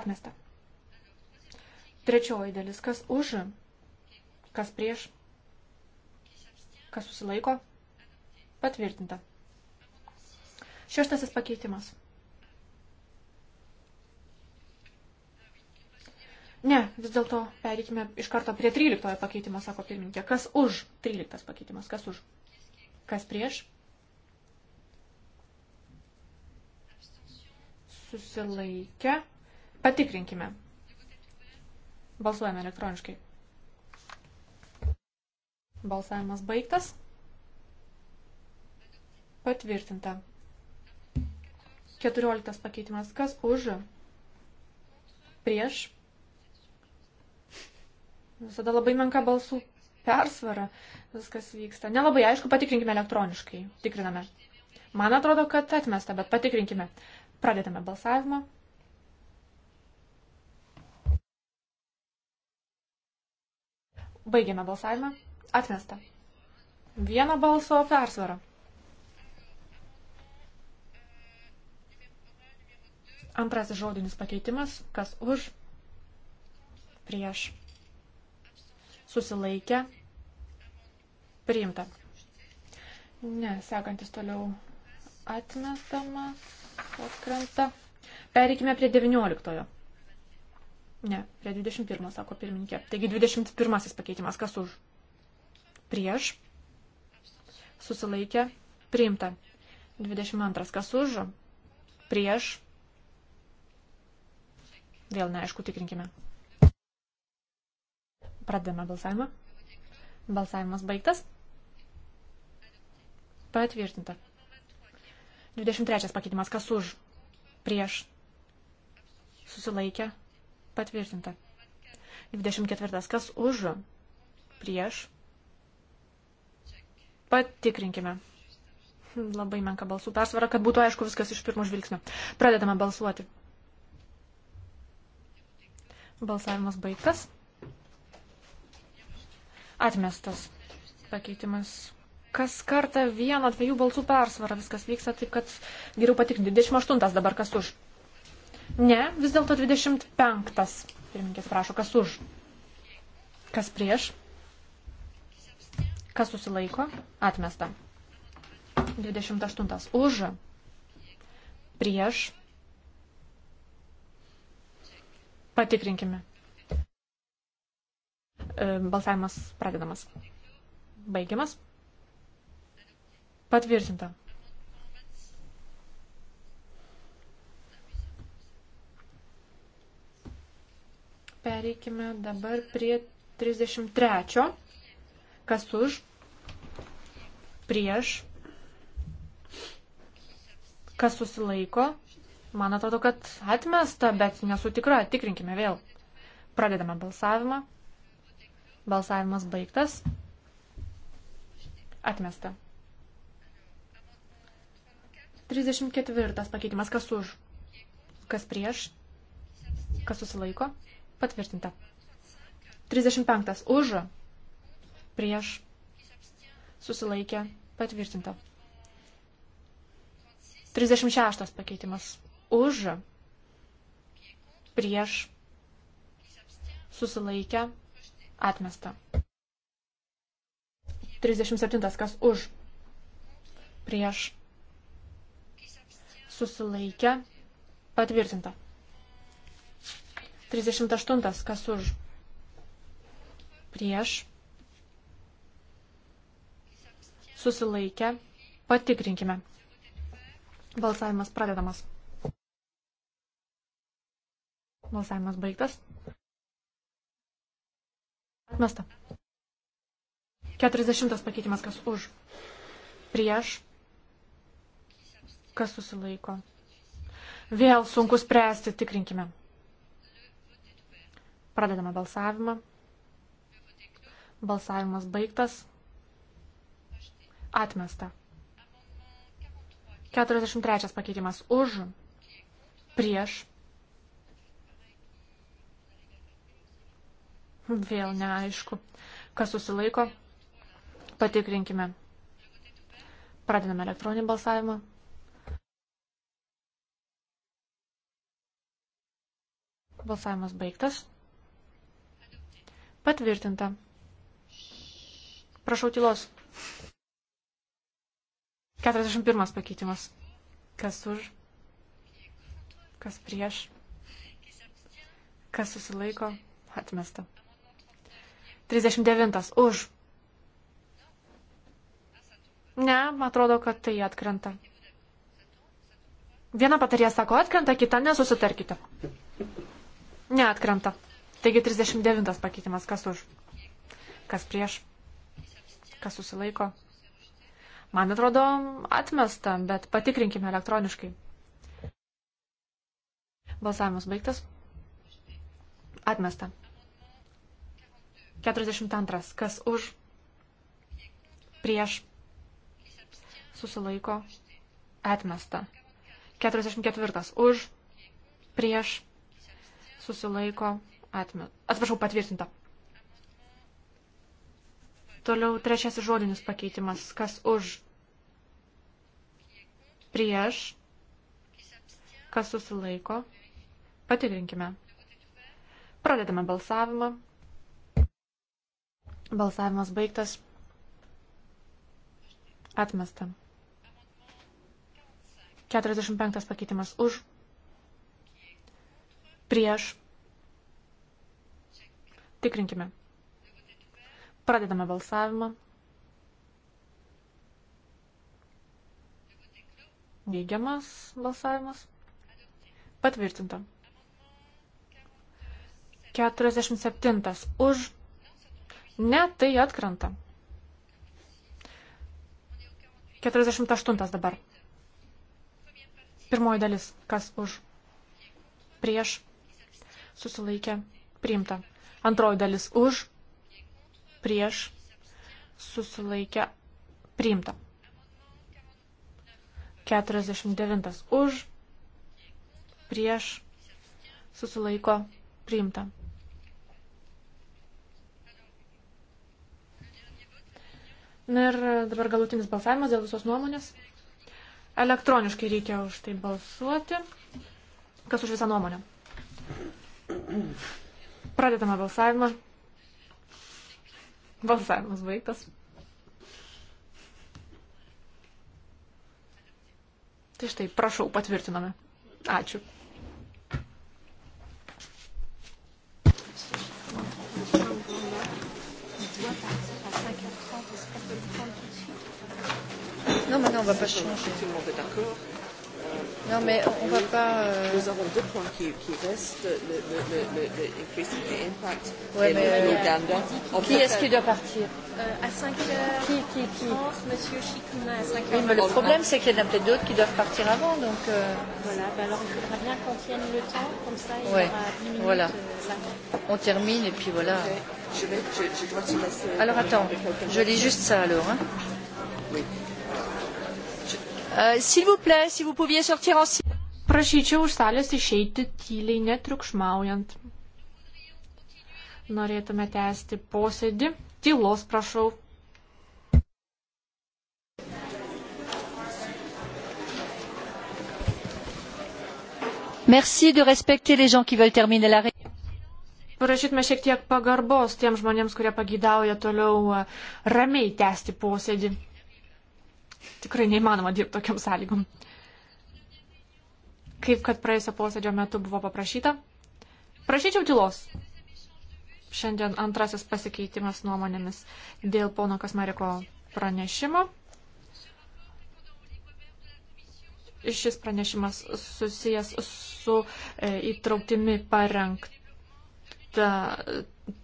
Atmesta. Trečioji dalis. Kas už? Kas prieš? Kas susilaiko? Patvirtinta. Šeštasis pakeitimas. Ne, vis dėlto pereikime iš karto prie 13 pakeitimo, sako pirmininkė. Kas už 13 pakeitimas? Kas už? Kas prieš? Susilaikę. Patikrinkime. Balsuojame elektroniškai. Balsavimas baigtas. Patvirtinta. 14 pakeitimas. Kas už? Prieš? Visada labai menka balsų persvara viskas vyksta. Nelabai aišku, patikrinkime elektroniškai. Tikriname. Man atrodo, kad atmesta, bet patikrinkime. Pradedame balsavimą. Baigiame balsavimą. Atmesta. Vieno balso persvara. Antrasis žodinis pakeitimas. Kas už? Prieš susilaikę, priimta. Ne, sekantis toliau atmestama, atkrenta. Pereikime prie 19. Ne, prie 21, sako pirmininkė. Taigi 21 pakeitimas, kas už? Prieš, susilaikė, priimta. 22, kas už? Prieš, vėl neaišku, tikrinkime. Pradedame balsavimą. Balsavimas baigtas. Patvirtinta. 23 pakeitimas. Kas už? Prieš. Susilaikė. Patvirtinta. 24. Kas už? Prieš. Patikrinkime. Labai menka balsų persvara, kad būtų aišku viskas iš pirmo žvilgsnio. Pradedame balsuoti. Balsavimas baigtas. Atmestas pakeitimas. Kas kartą vieno, dviejų balsų persvara viskas vyksta, taip kad geriau patikrinti. 28 dabar kas už. Ne, vis dėlto 25. Pirminkės prašo, kas už. Kas prieš. Kas susilaiko? Atmesta. 28. Už. Prieš. Patikrinkime. E, balsavimas pradedamas. Baigiamas. Patvirtinta. Pereikime dabar prie 33. Kas už? Prieš. Kas susilaiko? Man atrodo, kad atmesta, bet nesu tikra. Tikrinkime vėl. Pradedame balsavimą. Balsavimas baigtas. Atmesta. 34 pakeitimas. Kas už? Kas prieš? Kas susilaiko? Patvirtinta. 35. Už. Prieš. Susilaikė. Patvirtinta. 36 pakeitimas. Už. Prieš. Susilaikę. Atmesta. 37. Kas už? Prieš. Susilaikę. Patvirtinta. 38. Kas už? Prieš. Susilaikę. Patikrinkime. Balsavimas pradedamas. Balsavimas baigtas. Atmesta. 40 pakeitimas, kas už. Prieš. Kas susilaiko. Vėl sunku spręsti, tikrinkime. Pradedame balsavimą. Balsavimas baigtas. Atmesta. 43 pakeitimas už. Prieš Vėl neaišku. Kas susilaiko? Patikrinkime. Pradedame elektroninį balsavimą. Balsavimas baigtas. Patvirtinta. Prašau tylos. 41 pakeitimas. Kas už? Kas prieš? Kas susilaiko? Atmesta. 39 už. Ne, atrodo, kad tai atkrenta. Viena patarėja sako atkrenta, kita nesusitarkite. Neatkrenta. Taigi 39 pakeitimas, kas už, kas prieš, kas susilaiko. Man atrodo, atmesta, bet patikrinkime elektroniškai. Balsavimas baigtas. Atmesta. 42. Kas už? Prieš. Susilaiko. Atmesta. 44. Už. Prieš. Susilaiko. Atmesta. Atsiprašau, patvirtinta. Toliau trečiasis žodinis pakeitimas. Kas už? Prieš. Kas susilaiko? Patikrinkime. Pradedame balsavimą. Balsavimas baigtas. Atmesta. 45 pakeitimas už. Prieš. Tikrinkime. Pradedame balsavimą. Neigiamas balsavimas. Patvirtinta. 47 už Ne, tai atkrenta. 48 dabar. Pirmoji dalis. Kas už? Prieš. Susilaikė. Priimta. Antroji dalis. Už. Prieš. Susilaikė. Priimta. 49. Už. Prieš. Susilaiko. Priimta. Na ir dabar galutinis balsavimas dėl visos nuomonės. Elektroniškai reikia už tai balsuoti. Kas už visą nuomonę? Pradedame balsavimą. Balsavimas baigtas. Tai štai, prašau, patvirtiname. Ačiū. on ne va pas changer. Tout le monde est d'accord. Non, mais on ne va euh, pas. Euh... Nous avons deux points qui, qui restent le, le, le, le, le increasing the impact ouais, et mais, le Uganda. Euh, qui est-ce qui doit partir euh, À 5 heures. Qui, qui, qui 30, Monsieur Chikuma à 5 heures. Oui, mais le problème, c'est qu'il y en a peut-être d'autres qui doivent partir avant. Donc, euh... Voilà, ben alors il faudra bien qu'on tienne le temps, comme ça il ouais, y aura 10 minutes. Voilà. Euh, là. On termine et puis voilà. Okay. Je vais, je, je dois te laisser. Alors attends, je lis juste ça alors. Hein. Oui. Euh, s'il vous plaît, si vous pouviez sortir en silence. Prašyčiau už salės išeiti tyliai netriukšmaujant. Norėtume tęsti posėdį. Tylos prašau. Merci de respecter les gens qui veulent terminer la réunion. Parašytume šiek tiek pagarbos tiem žmonėms, kurie pagydauja toliau uh, ramiai tęsti posėdį. Tikrai neįmanoma dirbti tokiam sąlygom. Kaip kad praėjusio posėdžio metu buvo paprašyta. Prašyčiau tylos. Šiandien antrasis pasikeitimas nuomonėmis dėl pono Kasmariko pranešimo. Šis pranešimas susijęs su e, įtrauktimi parengta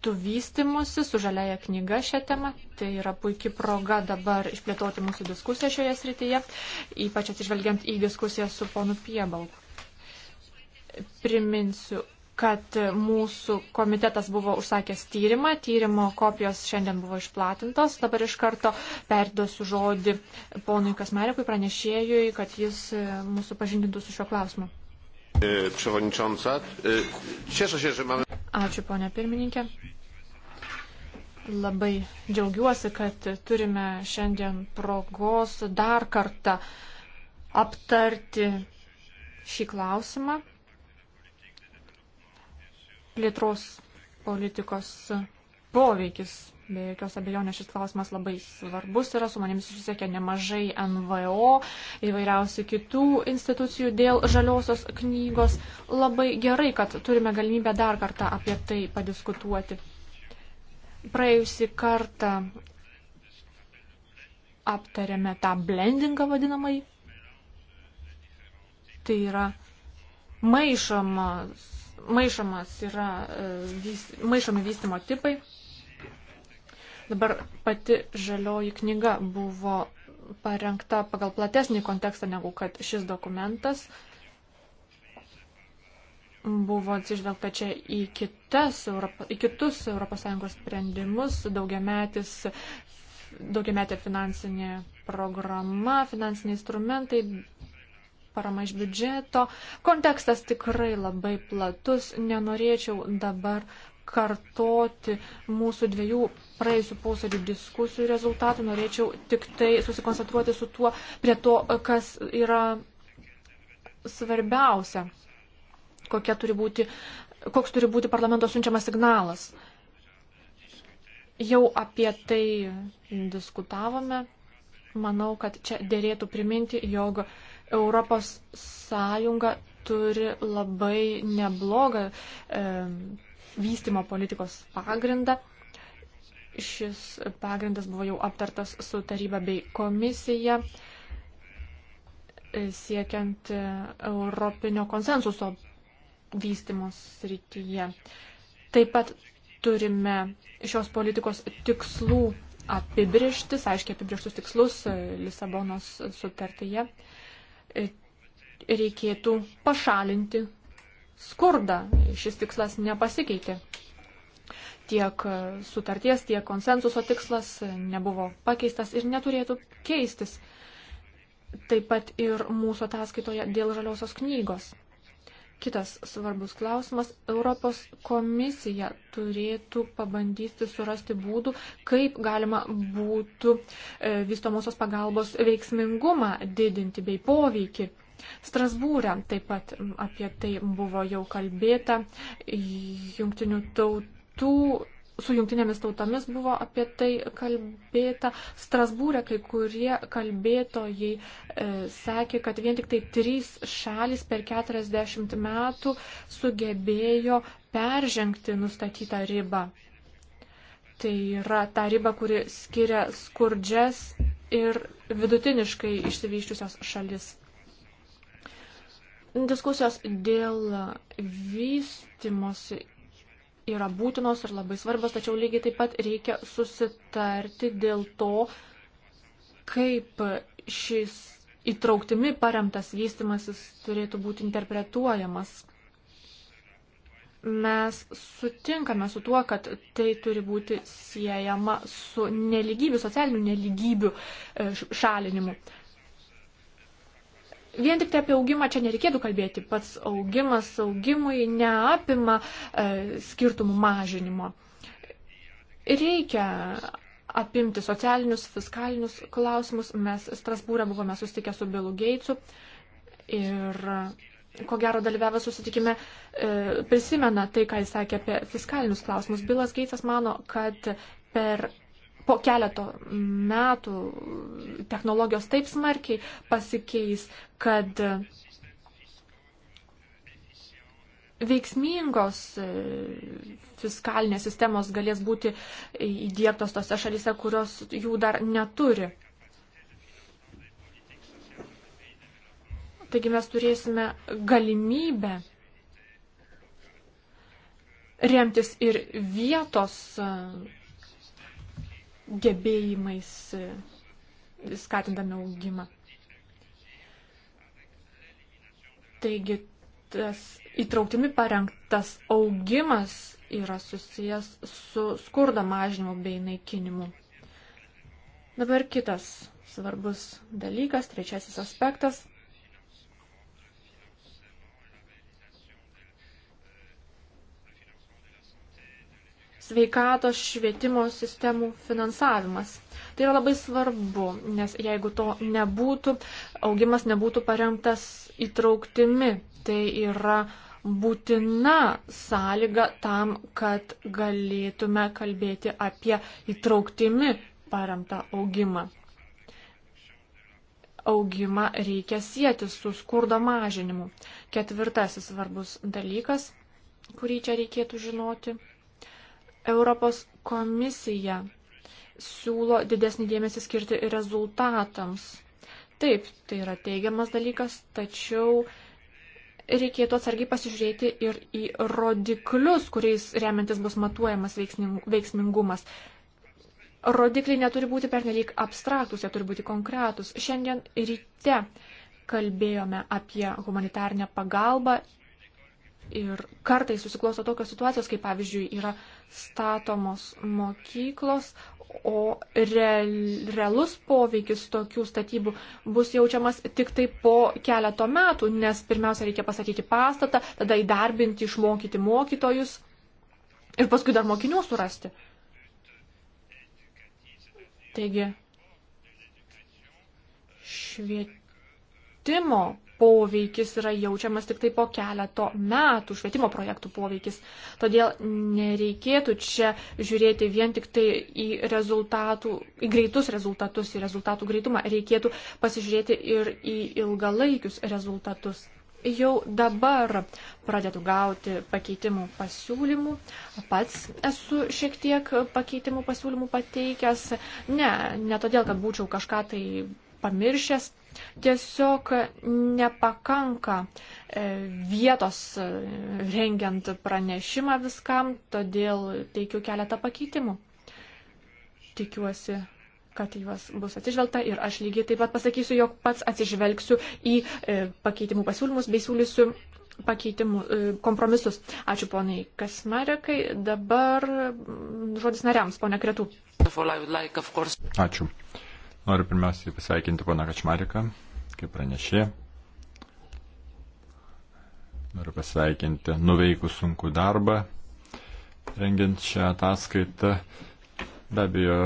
tų vystimusi su žaliaja knyga šią temą. Tai yra puikia proga dabar išplėtoti mūsų diskusiją šioje srityje, ypač atsižvelgiant į diskusiją su ponu Piebalku. Priminsiu, kad mūsų komitetas buvo užsakęs tyrimą, tyrimo kopijos šiandien buvo išplatintos. Dabar iš karto perduosiu žodį ponui Kasmerikui pranešėjui, kad jis mūsų pažindintų su šiuo klausimu. E, e, Ačiū, ponia pirmininkė. Labai džiaugiuosi, kad turime šiandien progos dar kartą aptarti šį klausimą plėtros politikos poveikis Be jokios abejonės šis klausimas labai svarbus yra, su manimi susisiekė nemažai NVO, įvairiausių kitų institucijų dėl žaliosios knygos. Labai gerai, kad turime galimybę dar kartą apie tai padiskutuoti. Praėjusi kartą aptarėme tą blendingą vadinamai. Tai yra maišomas, maišomas yra, e, vys, maišomi vystimo tipai Dabar pati žalioji knyga buvo parengta pagal platesnį kontekstą negu kad šis dokumentas. Buvo atsižvelgta čia į, kitas, į kitus ES sprendimus, daugiametis daugiametė finansinė programa, finansiniai instrumentai, parama iš biudžeto. Kontekstas tikrai labai platus. Nenorėčiau dabar kartoti mūsų dviejų praėjusių posėdžių diskusijų rezultatų. Norėčiau tik tai susikoncentruoti su tuo, prie to, kas yra svarbiausia, kokia turi būti, koks turi būti parlamento siunčiamas signalas. Jau apie tai diskutavome. Manau, kad čia dėrėtų priminti, jog Europos Sąjunga turi labai neblogą e, vystimo politikos pagrindą. Šis pagrindas buvo jau aptartas su taryba bei komisija e, siekiant e, europinio konsensuso vystimos srityje. Taip pat turime šios politikos tikslų apibrištis, aiškiai apibrištus tikslus e, Lisabonos sutartyje reikėtų pašalinti skurdą. Šis tikslas nepasikeitė. Tiek sutarties, tiek konsensuso tikslas nebuvo pakeistas ir neturėtų keistis. Taip pat ir mūsų ataskaitoje dėl žaliosios knygos. Kitas svarbus klausimas - Europos komisija turėtų pabandyti surasti būdų, kaip galima būtų e, vystomosios pagalbos veiksmingumą didinti bei poveikį Strasbūrė taip pat apie tai buvo jau kalbėta. Jungtinių tautų, su jungtinėmis tautomis buvo apie tai kalbėta. Strasbūrė kai kurie kalbėtojai e, sakė, kad vien tik tai trys šalis per 40 metų sugebėjo peržengti nustatytą ribą. Tai yra ta riba, kuri skiria skurdžias ir vidutiniškai išsivyščiusios šalis. Diskusijos dėl vystimosi yra būtinos ir labai svarbios, tačiau lygiai taip pat reikia susitarti dėl to, kaip šis įtrauktimi paremtas vystimasis turėtų būti interpretuojamas. Mes sutinkame su tuo, kad tai turi būti siejama su neligybių, socialinių neligybių e, šalinimu. Vien tik tai apie augimą čia nereikėtų kalbėti. Pats augimas augimui neapima e, skirtumų mažinimo. Reikia apimti socialinius, fiskalinius klausimus. Mes Strasbūrė buvome susitikę su Bilu Geitsu ir ko gero dalyvavę susitikime e, prisimena tai, ką jis sakė apie fiskalinius klausimus. Bilas Geitsas mano, kad per po keleto metų technologijos taip smarkiai pasikeis, kad veiksmingos e, fiskalinės sistemos galės būti įdėktos tose šalyse, kurios jų dar neturi. Taigi mes turėsime galimybę remtis ir vietos e, gebėjimais, e, skatindami augimą. Taigi tas įtrauktimi parengtas augimas yra susijęs su skurdo mažinimu bei naikinimu. Dabar kitas svarbus dalykas, trečiasis aspektas sveikatos švietimo sistemų finansavimas. Tai yra labai svarbu, nes jeigu to nebūtų, augimas nebūtų paremtas įtrauktimi. Tai yra būtina sąlyga tam, kad galėtume kalbėti apie įtrauktimi paremtą augimą. Augimą reikia sieti su skurdo mažinimu. Ketvirtasis svarbus dalykas, kurį čia reikėtų žinoti Europos komisija siūlo didesnį dėmesį skirti rezultatams. Taip, tai yra teigiamas dalykas, tačiau reikėtų atsargiai pasižiūrėti ir į rodiklius, kuriais remiantis bus matuojamas veiksmingumas. Rodikliai neturi būti pernelyg abstraktus, jie turi būti konkretus. Šiandien ryte kalbėjome apie humanitarnę pagalbą Ir kartais susiklosto tokios situacijos, kaip pavyzdžiui yra statomos mokyklos, o real, realus poveikis tokių statybų bus jaučiamas tik tai po keleto metų, nes pirmiausia reikia pasakyti pastatą, tada įdarbinti, išmokyti mokytojus ir paskui dar mokinių surasti. Taigi, švietimo poveikis yra jaučiamas tik tai po keleto metų, švietimo projektų poveikis. Todėl nereikėtų čia žiūrėti vien tik tai į, į greitus rezultatus, į rezultatų greitumą. Reikėtų pasižiūrėti ir į ilgalaikius rezultatus. Jau dabar pradedu gauti pakeitimų pasiūlymų. Pats esu šiek tiek pakeitimų pasiūlymų pateikęs. Ne, ne todėl, kad būčiau kažką tai pamiršęs, Tiesiog nepakanka e, vietos e, rengiant pranešimą viskam, todėl teikiu keletą pakeitimų. Tikiuosi, kad juos bus atsižvelgta ir aš lygiai taip pat pasakysiu, jog pats atsižvelgsiu į e, pakeitimų pasiūlymus bei siūlysiu pakeitimų, kompromisus. Ačiū poniai Kasmarekai. Dabar žodis nariams, ponia Kretų. Ačiū. Noriu pirmiausiai pasveikinti poną Kačmariką, kaip pranešė. Noriu pasveikinti nuveikus sunkų darbą, rengiant šią ataskaitą. Be abejo,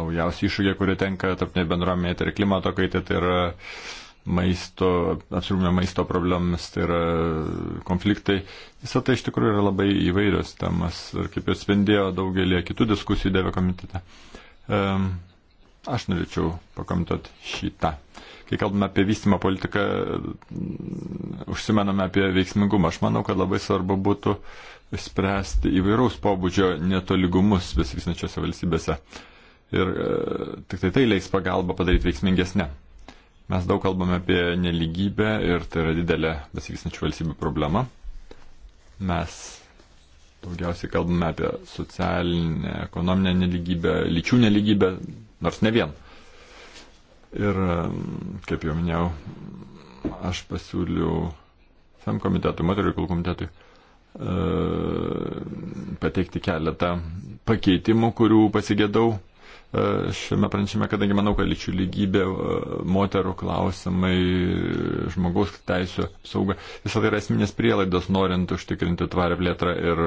naujausi iššūkiai, kurie tenka tarptinė bendruomenė, tai yra klimato kaita, tai yra maisto, apsirūpinimo maisto problemas, tai yra konfliktai. Visą tai iš tikrųjų yra labai įvairios temas ir kaip jau spindėjo daugelį kitų diskusijų dėvė komitete. Um, Aš norėčiau pakomentuoti šitą. Kai kalbame apie vystimo politiką, užsimename apie veiksmingumą. Aš manau, kad labai svarbu būtų spręsti įvairaus pobūdžio netoligumus besivystančiose valstybėse. Ir e, tik tai tai leis pagalbą padaryti veiksmingesnę. Mes daug kalbame apie neligybę ir tai yra didelė besivystančių valstybių problema. Mes daugiausiai kalbame apie socialinę, ekonominę neligybę, lyčių neligybę, nors ne vien. Ir, kaip jau minėjau, aš pasiūliau FEM komitetui, moterų reikalų komitetui, e, pateikti keletą pakeitimų, kurių pasigėdau e, šiame pranešime, kadangi manau, kad lyčių lygybė, e, moterų klausimai, žmogaus teisų sauga, visą tai yra esminės prielaidos norint užtikrinti tvarę plėtrą ir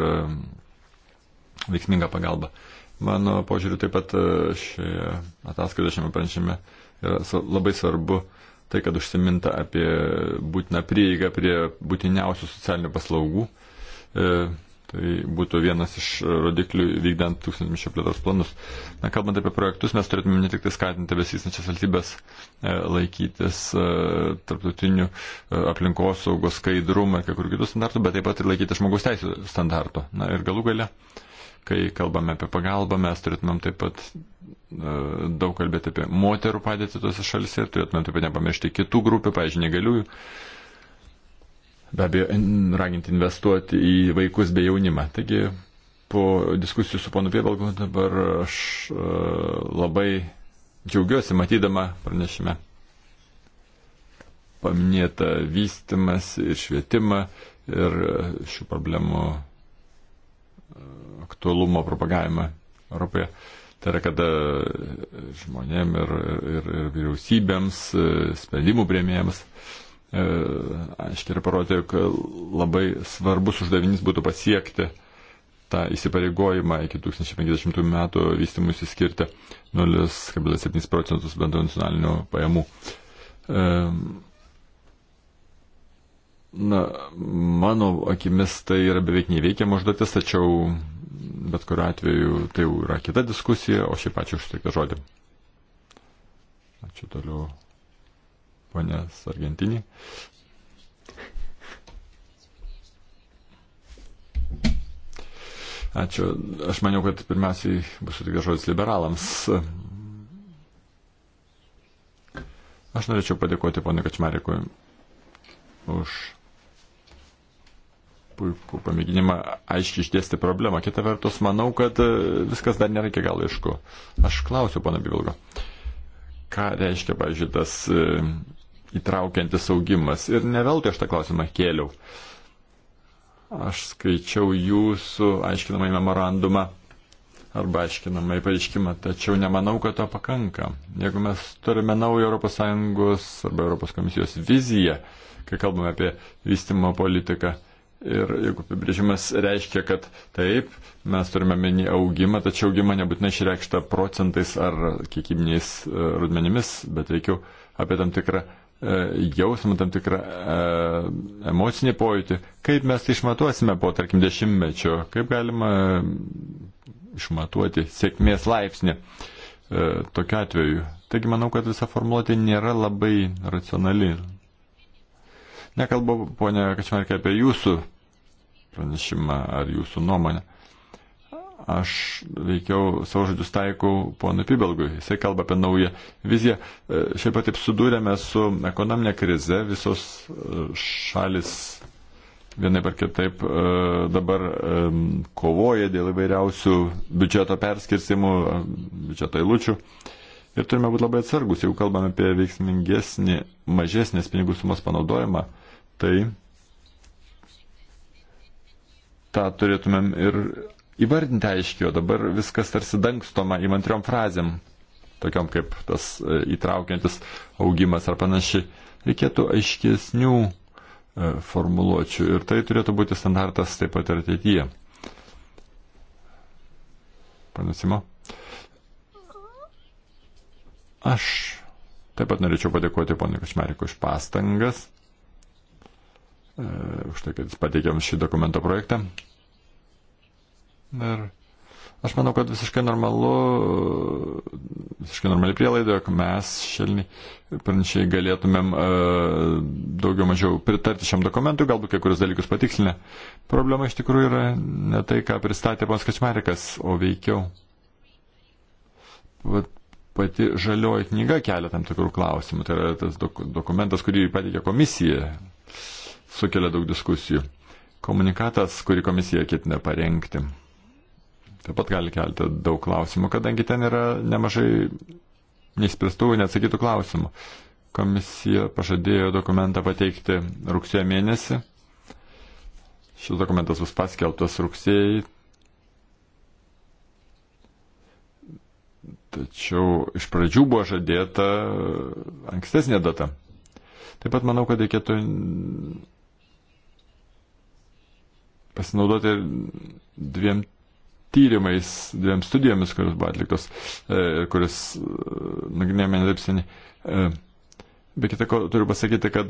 veiksmingą pagalbą. Uh, Mano požiūriu taip pat e, šioje ataskaitoje šiame pranešime yra labai svarbu tai, kad užsiminta apie būtiną prieigą prie būtiniausių socialinių paslaugų. E, tai būtų vienas iš rodiklių vykdant tūkstantmečio plėtros planus. Na, kalbant apie projektus, mes turėtume ne tik tai skatinti besistančias valstybės e, laikytis e, tarptautinių e, aplinkos saugos skaidrumą ir kai kur kitus standartų, bet taip pat ir laikyti žmogaus teisų standartų. Na ir galų gale. E, Kai kalbame apie pagalbą, mes turėtumėm taip pat e, daug kalbėti apie moterų padėtį tose šalise ir turėtumėm taip pat nepamiršti kitų grupių, pažiūrėjau, negaliųjų. Be abejo, raginti investuoti į vaikus bei jaunimą. Taigi, po diskusijų su ponu Piebalgu dabar aš e, labai džiaugiuosi matydama pranešime paminėta vystimas ir švietimą ir e, šių problemų aktualumo propagavimą Europoje. Tai yra, kada e, žmonėm ir, ir, ir vyriausybėms, e, sprendimų prieimėjams e, aiškiai yra parodė, kad labai svarbus uždavinys būtų pasiekti tą įsipareigojimą iki 2050 metų vystimus įskirti 0,7 procentus bendro nacionalinių pajamų. Na, mano akimis tai yra beveik neįveikiama užduotis, tačiau bet kuriu atveju tai jau yra kita diskusija, o šiaip ačiū už teiktą žodį. Ačiū toliau, ponės Argentinį. Ačiū. Aš maniau, kad pirmiausiai bus sutikęs žodis liberalams. Aš norėčiau padėkoti ponui Kačmarikui už puikų pamėginimą aiškiai išdėsti problemą. Kita vertus, manau, kad e, viskas dar nėra iki galo aišku. Aš klausiu, pana Bivilgo, ką reiškia, pavyzdžiui, tas e, įtraukiantis augimas. Ir neveltui aš tą klausimą kėliau. Aš skaičiau jūsų aiškinamą į memorandumą arba aiškinamą į pareiškimą, tačiau nemanau, kad to pakanka. Jeigu mes turime naują ES arba ES komisijos viziją, kai kalbame apie vystimo politiką, Ir jeigu apibrėžimas reiškia, kad taip, mes turime menį augimą, tačiau augimą nebūtinai išreikšta procentais ar kiekybiniais e, rudmenimis, bet veikiau apie tam tikrą e, jausmą, tam tikrą e, emocinį pojūtį. Kaip mes tai išmatuosime po, tarkim, dešimtmečio, kaip galima e, išmatuoti sėkmės laipsnį e, tokiu atveju. Taigi manau, kad visa formuotė nėra labai racionali, Nekalbu, ponė Kačmarkė, apie jūsų pranešimą ar jūsų nuomonę. Aš veikiau savo žodžius taikau ponui Pibelgui. Jisai kalba apie naują viziją. E, šiaip pat taip sudūrėme su ekonominė krize. Visos e, šalis vienaip ar kitaip e, dabar kovoja dėl įvairiausių biudžeto perskirstimų, biudžeto eilučių. Ir turime būti labai atsargus, jeigu kalbame apie veiksmingesnį, mažesnės pinigų sumos panaudojimą Tai tą turėtumėm ir įvardinti aiškiai, o dabar viskas tarsi dangstoma įmantriom frazėm, tokiom kaip tas e, įtraukiantis augimas ar panašiai. Reikėtų aiškesnių e, formuluočių ir tai turėtų būti standartas taip pat ir ateityje. Panasimo. Aš taip pat norėčiau padėkoti ponui Kašmerikui už pastangas. E, už tai, kad pateikėm šį dokumento projektą. Ir aš manau, kad visiškai normalu, visiškai normali prielaida, jog mes šelni pranešėjai galėtumėm e, daugiau mažiau pritarti šiam dokumentui, galbūt kai kurios dalykus patikslinę. Problema iš tikrųjų yra ne tai, ką pristatė pans Kačmarikas, o veikiau. Vat pati žalioji knyga kelia tam tikrų klausimų, tai yra tas dok dokumentas, kurį pateikė komisija. Uh, sukelia daug diskusijų. Komunikatas, kurį komisija ketina parengti, taip pat gali kelti daug klausimų, kadangi ten yra nemažai neįspręstų, neatsakytų klausimų. Komisija pažadėjo dokumentą pateikti rugsėjo mėnesį. Šis dokumentas bus paskelbtas rugsėjai. Tačiau iš pradžių buvo žadėta ankstesnė data. Taip pat manau, kad reikėtų pasinaudoti dviem tyrimais, dviem studijomis, kurios buvo atliktos, e, kuris e, nagrinėjame netaip seniai. E, be kita ko, turiu pasakyti, kad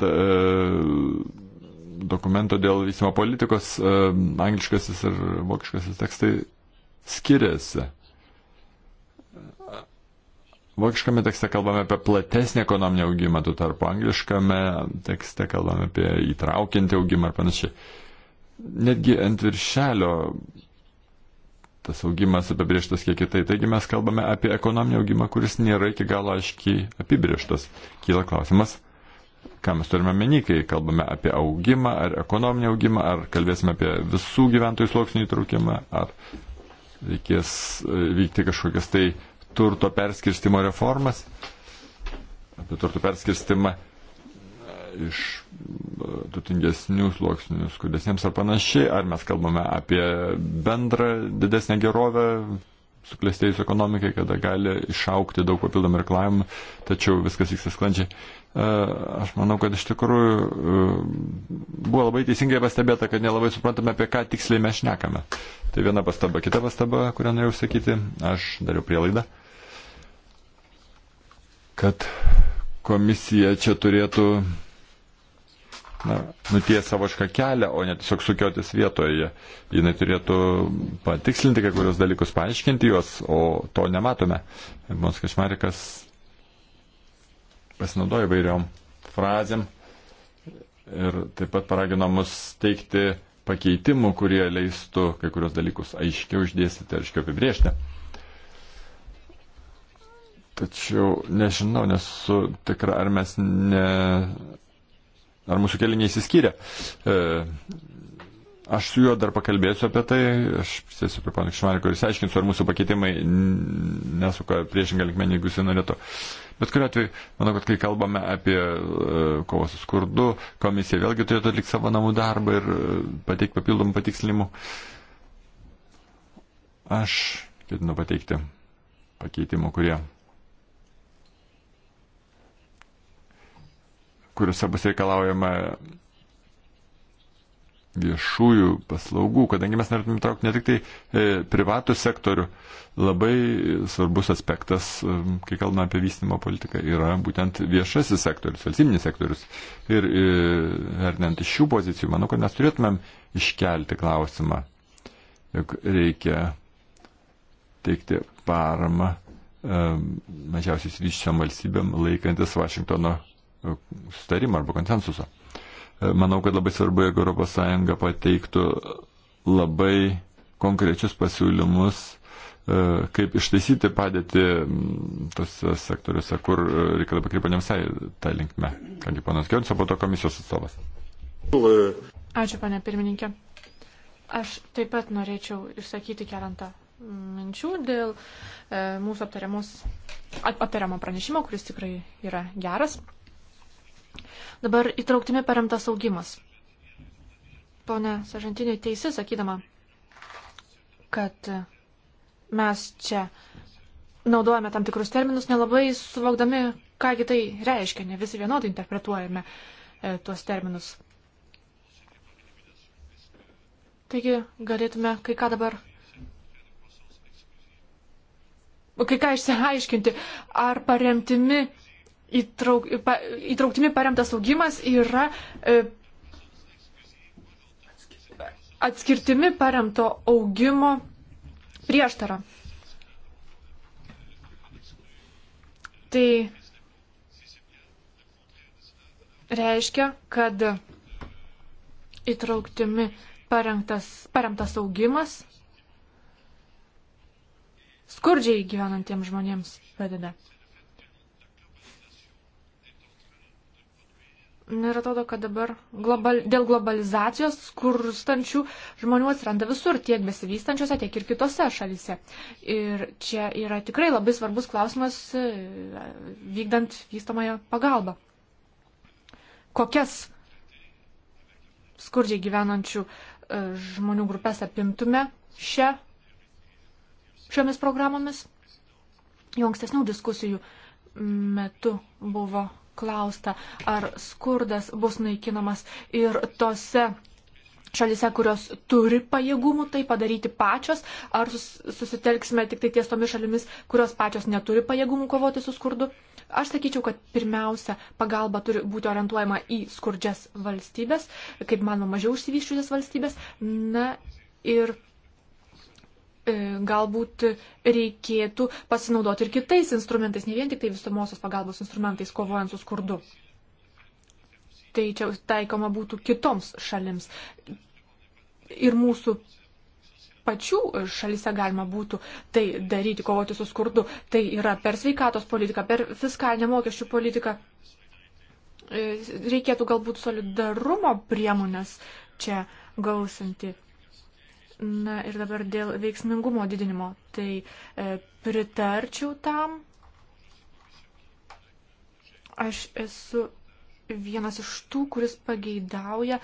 dokumento dėl vystimo politikos angliškasis ir vokiškasis tekstai skiriasi. Vokiškame tekste kalbame apie platesnį ekonominį augimą, tu tarpu angliškame tekste kalbame apie įtraukiantį augimą ir panašiai. Uh, netgi ant viršelio tas augimas apibrieštas kiek kitaip. Taigi mes kalbame apie ekonominį augimą, kuris nėra iki galo aiškiai apibrieštas. Kyla klausimas, ką mes turime meni, kai kalbame apie augimą ar ekonominį augimą, ar kalbėsime apie visų gyventojų sluoksnių įtraukimą, ar reikės e, vykti kažkokias tai turto perskirstimo reformas, apie turto perskirstimą iš e, turtingesnių sluoksnių, skurdesniems ar panašiai, ar mes kalbame apie bendrą didesnę gerovę, suklestėjus ekonomikai, kada gali išaukti daug papildomų reklamų, tačiau viskas vyksta sklandžiai. E, aš manau, kad iš tikrųjų e, buvo labai teisingai pastebėta, kad nelabai suprantame, apie ką tiksliai mes šnekame. Tai viena pastaba. Kita pastaba, kurią norėjau sakyti, aš dariau prielaidą, kad komisija čia turėtų na, nuties savo kažką kelią, o ne tiesiog sukiotis vietoje. Jis turėtų patikslinti kai kurios dalykus, paaiškinti juos, o to nematome. Mons Kašmarikas pasinaudoja vairiom frazėm ir taip pat paragino mus teikti pakeitimų, kurie leistų kai kurios dalykus aiškiau išdėstyti, aiškiau apibriežti. Tačiau nežinau, nesu tikra, ar mes ne ar mūsų keliai neįsiskyrė. E, Aš su juo dar pakalbėsiu apie tai, aš sėsiu prie pana Kšmariko ir išsiaiškinsiu, ar mūsų pakeitimai nesuka priešingą linkmenį, jeigu jis norėtų. Bet kuriuo atveju, manau, kad kai kalbame apie e, kovos su skurdu, komisija vėlgi turėtų atlikti savo namų darbą ir e, pateikti papildomų patikslinimų. Aš ketinu pateikti pakeitimų, kurie kuriuose bus reikalaujama viešųjų paslaugų, kadangi mes norėtume traukti ne tik tai e, privatų sektorių, labai svarbus aspektas, e, kai kalbame apie vystimo politiką, yra būtent viešasis sektorius, valstybinis sektorius. Ir e, vertinant iš šių pozicijų, manau, kad mes turėtumėm iškelti klausimą, jog reikia teikti paramą mažiausiai išvyščiam valstybėm laikantis Vašingtono sustarimą arba konsensusą. E, manau, kad labai svarbu, jeigu ES pateiktų labai konkrečius pasiūlymus, e, kaip ištaisyti padėti tose sektoriuose, kur e, reikia dabar kreipti visai tą linkmę. Kągi, panas Kjörns, o po to komisijos atstovas. Ačiū, panė pirmininkė. Aš taip pat norėčiau išsakyti keletą minčių dėl e, mūsų aptariamo pranešimo, kuris tikrai yra geras. Dabar įtrauktimi paremtas augimas. Pone Sažantinė teisi, sakydama, kad mes čia naudojame tam tikrus terminus, nelabai suvokdami, kągi tai reiškia, ne visi vienodai interpretuojame e, tuos terminus. Taigi galėtume kai ką dabar kai ką išsiaiškinti, ar paremtimi įtrauk, pa, įtrauktimi paremtas augimas yra e, atskirtimi paremto augimo prieštara. Tai reiškia, kad įtrauktimi paremtas, paremtas augimas skurdžiai gyvenantiems žmonėms padeda. Nu, ir atrodo, kad dabar global, dėl globalizacijos skurstančių žmonių atsiranda visur, tiek besivystančiose, tiek ir kitose šalise. Ir čia yra tikrai labai svarbus klausimas e, vykdant vystamąją pagalbą. Kokias skurdžiai gyvenančių e, žmonių grupės apimtume šia, šiomis programomis? Jau ankstesnių diskusijų metu buvo klausta, ar skurdas bus naikinamas ir tose šalise, kurios turi pajėgumų tai padaryti pačios, ar susitelksime tik tai ties tomis šalimis, kurios pačios neturi pajėgumų kovoti su skurdu. Aš sakyčiau, kad pirmiausia pagalba turi būti orientuojama į skurdžias valstybės, kaip manoma, mažiau išsivyščiusias valstybės. Na ir E, galbūt reikėtų pasinaudoti ir kitais instrumentais, ne vien tik tai visumosios pagalbos instrumentais, kovojant su skurdu. Tai čia taikoma būtų kitoms šalims. Ir mūsų pačių šalyse galima būtų tai daryti, kovoti su skurdu. Tai yra per sveikatos politiką, per fiskalinę mokesčių politiką. E, reikėtų galbūt solidarumo priemonės čia gausinti. Na ir dabar dėl veiksmingumo didinimo. Tai e, pritarčiau tam. Aš esu vienas iš tų, kuris pageidauja,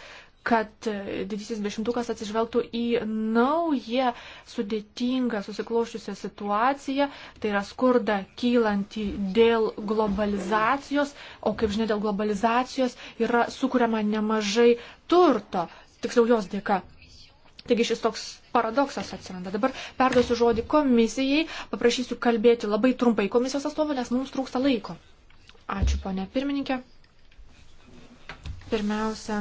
kad e, didysis dešimtukas atsižvelgtų į naują sudėtingą susikloščiusią situaciją, tai yra skurda kylanti dėl globalizacijos, o kaip žinia, dėl globalizacijos yra sukuriama nemažai turto, tiksliau jos dėka Taigi šis toks paradoksas atsiranda. Dabar perduosiu žodį komisijai, paprašysiu kalbėti labai trumpai komisijos atstovą, nes mums trūksta laiko. Ačiū, ponė pirmininkė. Pirmiausia,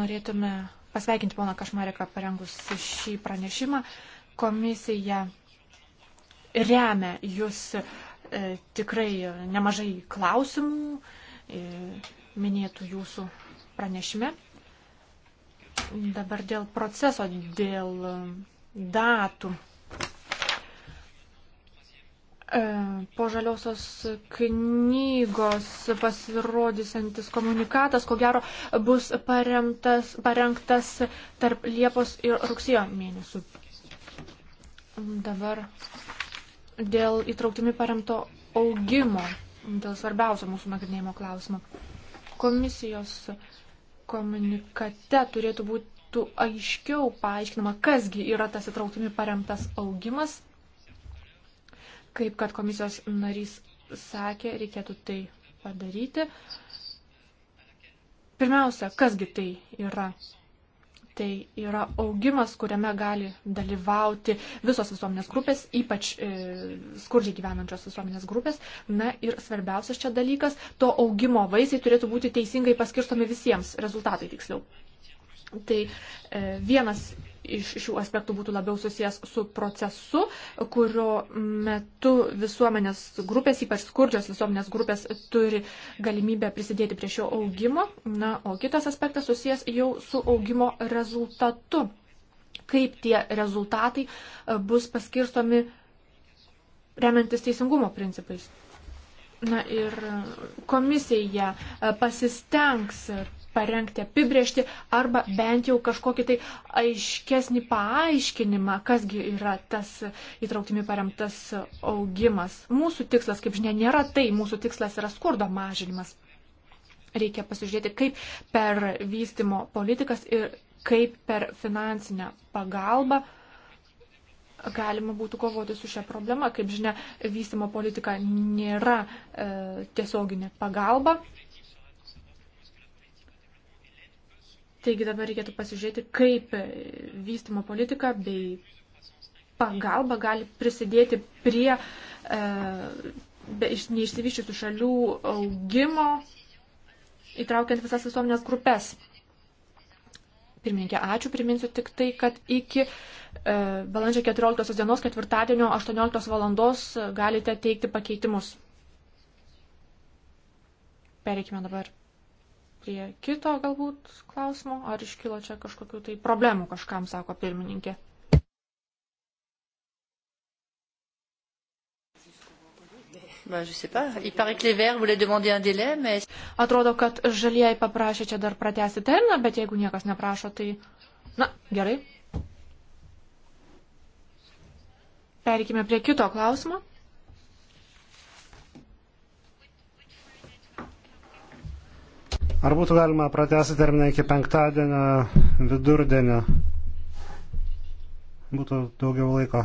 norėtume pasveikinti poną Kašmareką parengus šį pranešimą. Komisija remia jūs e, tikrai nemažai klausimų e, minėtų jūsų pranešime. Dabar dėl proceso, dėl datų. E, po žaliosios knygos pasirodysantis komunikatas, ko gero, bus paremtas, parengtas tarp Liepos ir rugsėjo mėnesių. Dabar dėl įtrauktimi paremto augimo, dėl svarbiausio mūsų nagrinėjimo klausimo. Komisijos uh, komunikate turėtų būti aiškiau paaiškinama, kasgi yra tas įtrauktimi paremtas augimas. Kaip kad komisijos narys sakė, reikėtų tai padaryti. Pirmiausia, kasgi tai yra Tai yra augimas, kuriame gali dalyvauti visos visuomenės grupės, ypač e, skurdžiai gyvenančios visuomenės grupės. Na ir svarbiausias čia dalykas, to augimo vaisiai turėtų būti teisingai paskirstomi visiems, rezultatai tiksliau. Tai e, vienas iš šių aspektų būtų labiau susijęs su procesu, kurio metu visuomenės grupės, ypač skurdžios visuomenės grupės, turi galimybę prisidėti prie šio augimo. Na, o kitas aspektas susijęs jau su augimo rezultatu. Kaip tie rezultatai e, bus paskirstomi remiantis teisingumo principais. Na ir e, komisija e, pasistengs parengti apibriežti arba bent jau kažkokį tai aiškesnį paaiškinimą, kasgi yra tas įtrauktimi paremtas augimas. Mūsų tikslas, kaip žinia, nėra tai, mūsų tikslas yra skurdo mažinimas. Reikia pasižiūrėti, kaip per vystimo politikas ir kaip per finansinę pagalbą galima būtų kovoti su šią problemą. Kaip žinia, vystimo politika nėra e, tiesioginė pagalba, Taigi dabar reikėtų pasižiūrėti, kaip vystimo politika bei pagalba gali prisidėti prie e, neišsivyščiusių šalių augimo, įtraukiant visas visuomenės grupės. Pirmininkė, ačiū. Priminsiu tik tai, kad iki e, balandžio 14 dienos, ketvirtadienio 18 valandos galite teikti pakeitimus. Pereikime dabar prie kito galbūt klausimo, ar iškilo čia kažkokių tai problemų kažkam, sako pirmininkė. Atrodo, kad žalieji paprašė čia dar pratesti terminą, bet jeigu niekas neprašo, tai... Na, gerai. Perikime prie kito klausimo. Ar būtų galima pratęsti terminą iki penktadienio vidurdienio? Būtų daugiau laiko.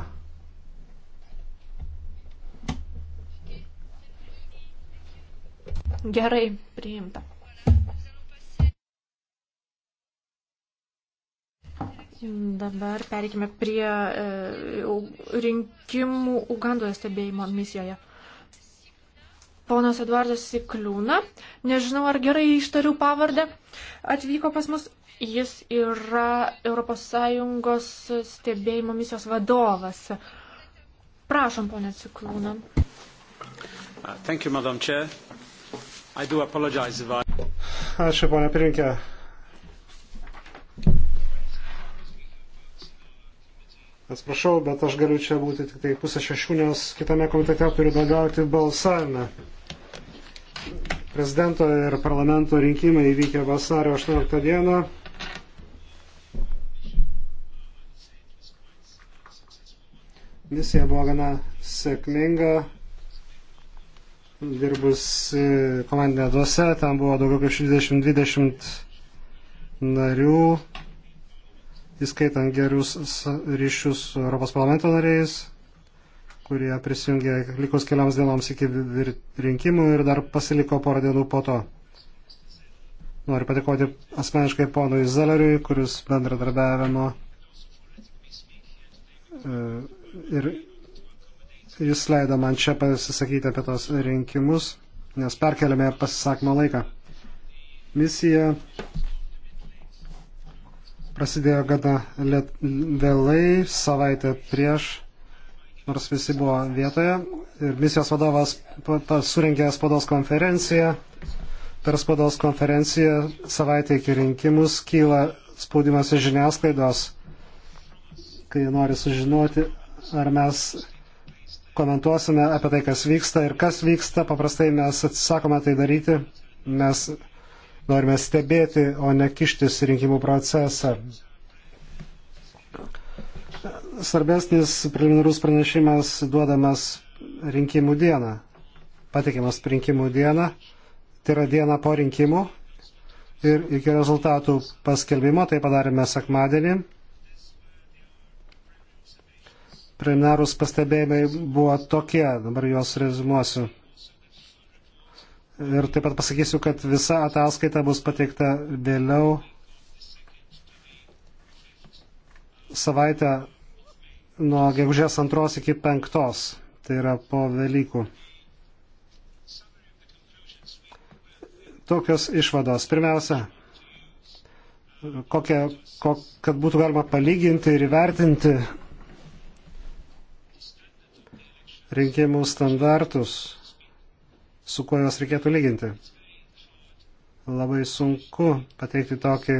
Gerai, priimta. Dabar perikime prie e, rinkimų Ugandoje stebėjimo misijoje ponas Eduardas Sikliūna, nežinau ar gerai ištariu pavardę, atvyko pas mus. Jis yra ES stebėjimo misijos vadovas. Prašom, ponė Ciklūna. Uh, Ačiū, ponė Pirinkė. Atsiprašau, bet aš galiu čia būti tik tai pusę šešių, nes kitame komitete turiu dalyvauti balsavime. Prezidento ir parlamento rinkimai įvykė vasario 18 dieną. Misija buvo gana sėkminga, dirbus komandinė duose, ten buvo daugiau kaip 60-20 narių, įskaitant gerus ryšius su Europos parlamento nariais, kurie prisijungė likus kelioms dienoms iki rinkimų ir dar pasiliko porą dienų po to. Noriu padėkoti asmeniškai ponui Zeleriui, kuris bendradarbiavimo e, ir jis leido man čia pasisakyti apie tos rinkimus, nes perkeliame pasisakymo laiką. Misija prasidėjo gana vėlai, savaitę prieš nors visi buvo vietoje. Ir misijos vadovas surinkė spados konferenciją. Per spados konferenciją savaitę iki rinkimus kyla spaudimas iš žiniasklaidos, kai nori sužinoti, ar mes komentuosime apie tai, kas vyksta ir kas vyksta. Paprastai mes atsisakome tai daryti. Mes norime stebėti, o ne kištis į rinkimų procesą svarbesnis preliminarus pranešimas duodamas rinkimų dieną, patikimas rinkimų dieną, tai yra diena po rinkimų ir iki rezultatų paskelbimo, tai padarėme sekmadienį. Preliminarūs pastebėjimai buvo tokie, dabar juos rezumuosiu. Ir taip pat pasakysiu, kad visa ataskaita bus pateikta vėliau savaitę nuo gegužės antros iki penktos, tai yra po Velykų. Tokios išvados. Pirmiausia, kokia, kok, kad būtų galima palyginti ir įvertinti rinkimų standartus, su kuo juos reikėtų lyginti. Labai sunku pateikti tokį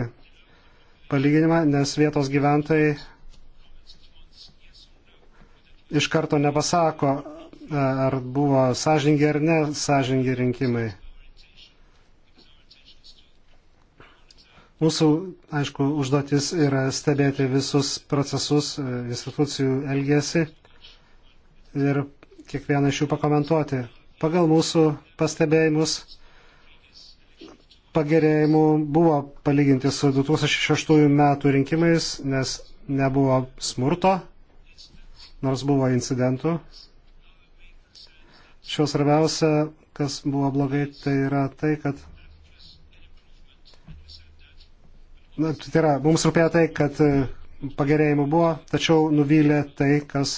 palyginimą, nes vietos gyventojai iš karto nepasako, e, ar buvo sąžingi ar ne sąžingi rinkimai. Mūsų, aišku, užduotis yra stebėti visus procesus, e, institucijų elgesį ir kiekvieną iš jų pakomentuoti. Pagal mūsų pastebėjimus pagerėjimų buvo palyginti su 2006 metų rinkimais, nes nebuvo smurto nors buvo incidentų. Šios svarbiausia, kas buvo blogai, tai yra tai, kad Na, tai yra, mums rūpėjo tai, kad e, pagerėjimų buvo, tačiau nuvylė tai, kas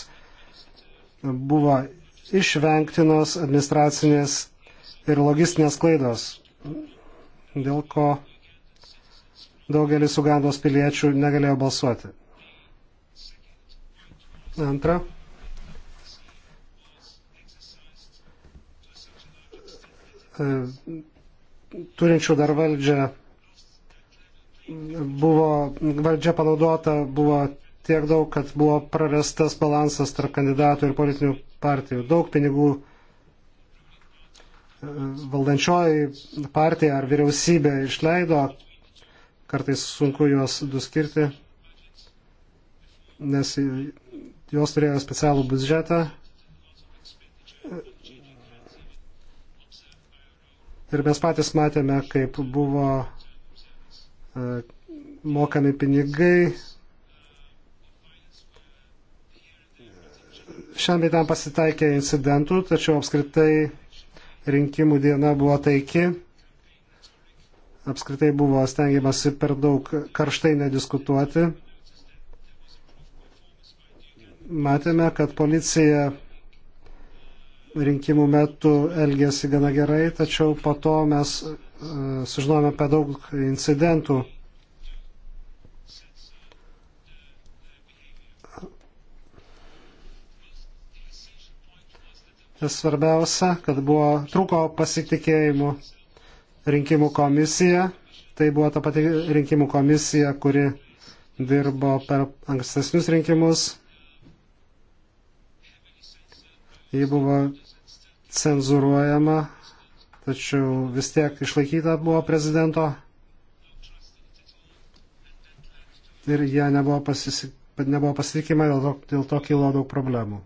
buvo išvengtinos administracinės ir logistinės klaidos, dėl ko daugelis Ugandos piliečių negalėjo balsuoti. Antra. E, turinčių dar valdžią buvo, valdžia panaudota buvo tiek daug, kad buvo prarastas balansas tarp kandidatų ir politinių partijų. Daug pinigų e, valdančioji partija ar vyriausybė išleido, kartais sunku juos duskirti, nes jos turėjo specialų biudžetą. Ir mes patys matėme, kaip buvo e, mokami pinigai. Šiandien tam pasitaikė incidentų, tačiau apskritai rinkimų diena buvo taiki. Apskritai buvo stengiamasi per daug karštai nediskutuoti matėme, kad policija rinkimų metu elgėsi gana gerai, tačiau po to mes e, sužinojome apie daug incidentų. Tas svarbiausia, kad buvo trūko pasitikėjimų rinkimų komisija. Tai buvo ta pati rinkimų komisija, kuri dirbo per ankstesnius rinkimus, ji buvo cenzuruojama, tačiau vis tiek išlaikyta buvo prezidento ir jie nebuvo, pasisik, nebuvo pasitikima, dėl to, dėl to kilo daug problemų.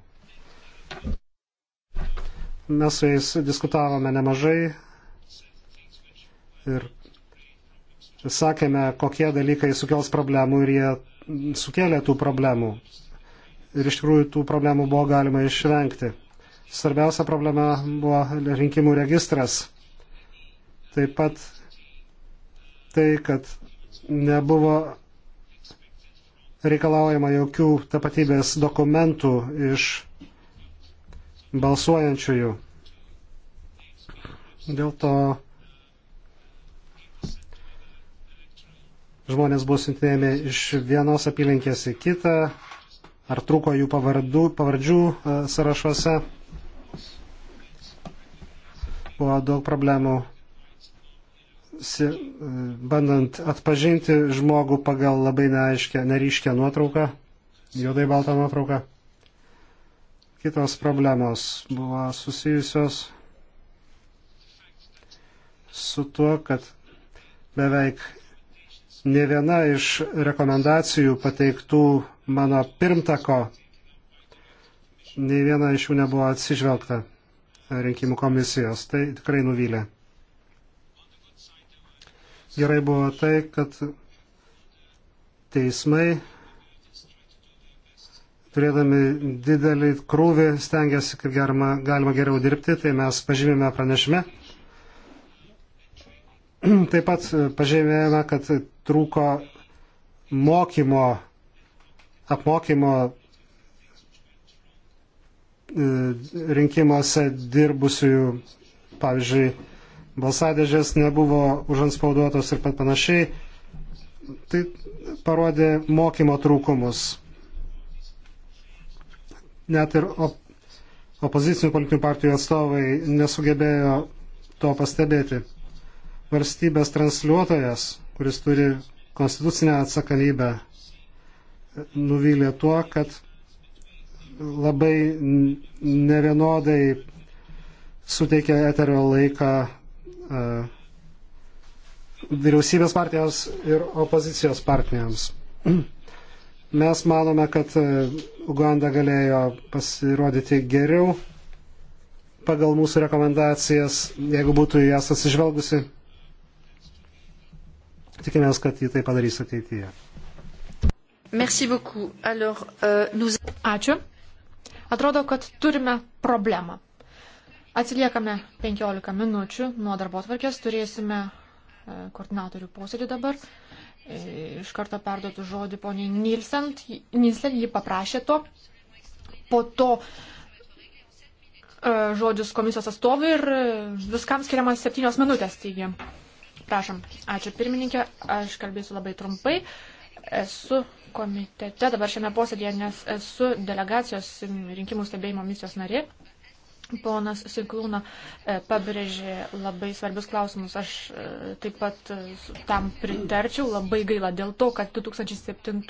Mes su jais diskutavome nemažai ir sakėme, kokie dalykai sukels problemų ir jie sukėlė tų problemų. Ir iš tikrųjų tų problemų buvo galima išvengti. Svarbiausia problema buvo rinkimų registras. Taip pat tai, kad nebuvo reikalaujama jokių tapatybės dokumentų iš balsuojančiųjų. Dėl to žmonės buvo siuntinėjami iš vienos apylinkės į kitą, ar trūko jų pavardų, pavardžių e, sąrašuose buvo daug problemų si, bandant atpažinti žmogų pagal labai neaiškę, neryškę nuotrauką, juodai baltą nuotrauką. Kitos problemos buvo susijusios su tuo, kad beveik ne viena iš rekomendacijų pateiktų mano pirmtako, nei viena iš jų nebuvo atsižvelgta rinkimų komisijos. Tai tikrai nuvylė. Gerai buvo tai, kad teismai, turėdami didelį krūvį, stengiasi, kaip galima, galima geriau dirbti, tai mes pažymėme pranešime. Taip pat pažymėjome, kad trūko mokymo, apmokymo E, rinkimuose dirbusiųjų, pavyzdžiui, balsadėžės nebuvo užanspauduotos ir pat panašiai, tai parodė mokymo trūkumus. Net ir op opozicinių politinių partijų atstovai nesugebėjo to pastebėti. Varstybės transliuotojas, kuris turi konstitucinę atsakomybę, nuvylė tuo, kad labai nevienodai suteikia eterio laiką e, vyriausybės partijos ir opozicijos partijams. *clears throat* Mes manome, kad e, Uganda galėjo pasirodyti geriau pagal mūsų rekomendacijas, jeigu būtų jas atsižvelgusi. Tikimės, kad jį tai padarys ateityje. Merci beaucoup. Alors, euh, nous... Ačiū. Atrodo, kad turime problemą. Atsiliekame 15 minučių nuo darbo tvarkės, turėsime e, koordinatorių posėdį dabar. E, iš karto perduotų žodį poniai Nilsen, Nilsen ji paprašė to. Po to e, žodis komisijos atstovai ir viskam skiriamas septynios minutės. Taigi, prašom, ačiū pirmininkė, aš kalbėsiu labai trumpai. Esu komitete dabar šiame posėdėje, nes esu delegacijos rinkimų stebėjimo misijos narė. Ponas Siklūna e, pabrėžė labai svarbius klausimus. Aš e, taip pat e, tam pritarčiau. Labai gaila dėl to, kad 2007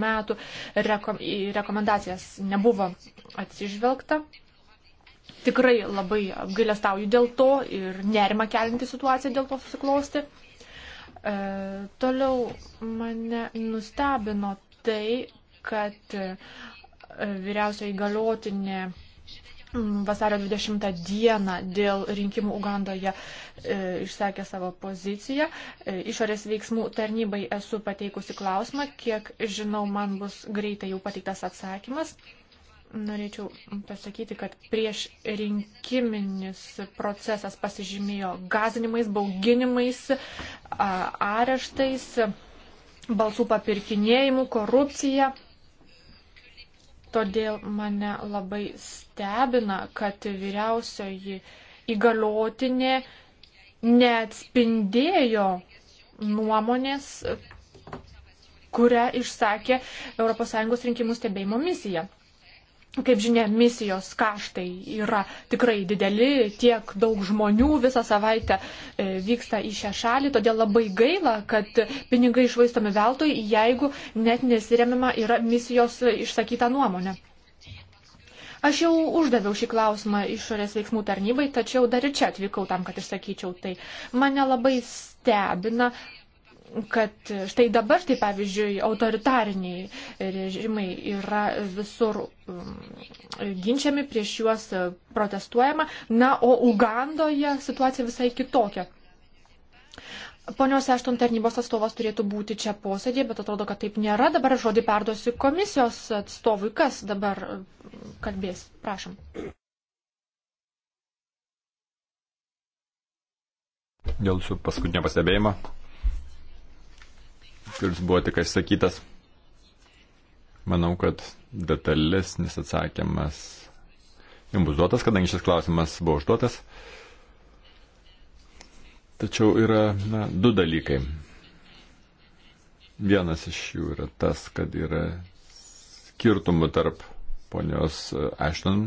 metų rekom rekomendacijas nebuvo atsižvelgta. Tikrai labai apgailestauju dėl to ir nerima kelinti situaciją dėl to susiklosti. E, toliau mane nustebino tai, kad e, vyriausioji galiotinė vasario 20 dieną dėl rinkimų Ugandoje e, išsakė savo poziciją. E, išorės veiksmų tarnybai esu pateikusi klausimą, kiek žinau, man bus greitai jau pateiktas atsakymas. Norėčiau pasakyti, kad prieš rinkiminis procesas pasižymėjo gazinimais, bauginimais, a, areštais. A, balsų papirkinėjimų, korupcija. Todėl mane labai stebina, kad vyriausioji įgaliotinė neatspindėjo nuomonės, kurią išsakė ES rinkimų stebėjimo misija. Kaip žinia, misijos kaštai yra tikrai dideli, tiek daug žmonių visą savaitę e, vyksta į šią šalį, todėl labai gaila, kad pinigai išvaistomi veltui, jeigu net nesiremima yra misijos išsakyta nuomonė. Aš jau uždaviau šį klausimą išorės veiksmų tarnybai, tačiau dar ir čia atvykau tam, kad išsakyčiau tai. Mane labai stebina kad štai dabar, tai pavyzdžiui, autoritariniai režimai yra visur mm, ginčiami, prieš juos protestuojama, na, o Ugandoje situacija visai kitokia. Ponios Ešton tarnybos atstovas turėtų būti čia posėdėje, bet atrodo, kad taip nėra. Dabar žodį perduosiu komisijos atstovui. Kas dabar kalbės? Prašom. Dėl jūsų paskutinio pastebėjimo kuris buvo tik išsakytas. Manau, kad detalesnis atsakymas jums bus duotas, kadangi šis klausimas buvo užduotas. Tačiau yra na, du dalykai. Vienas iš jų yra tas, kad yra skirtumų tarp ponios Ashton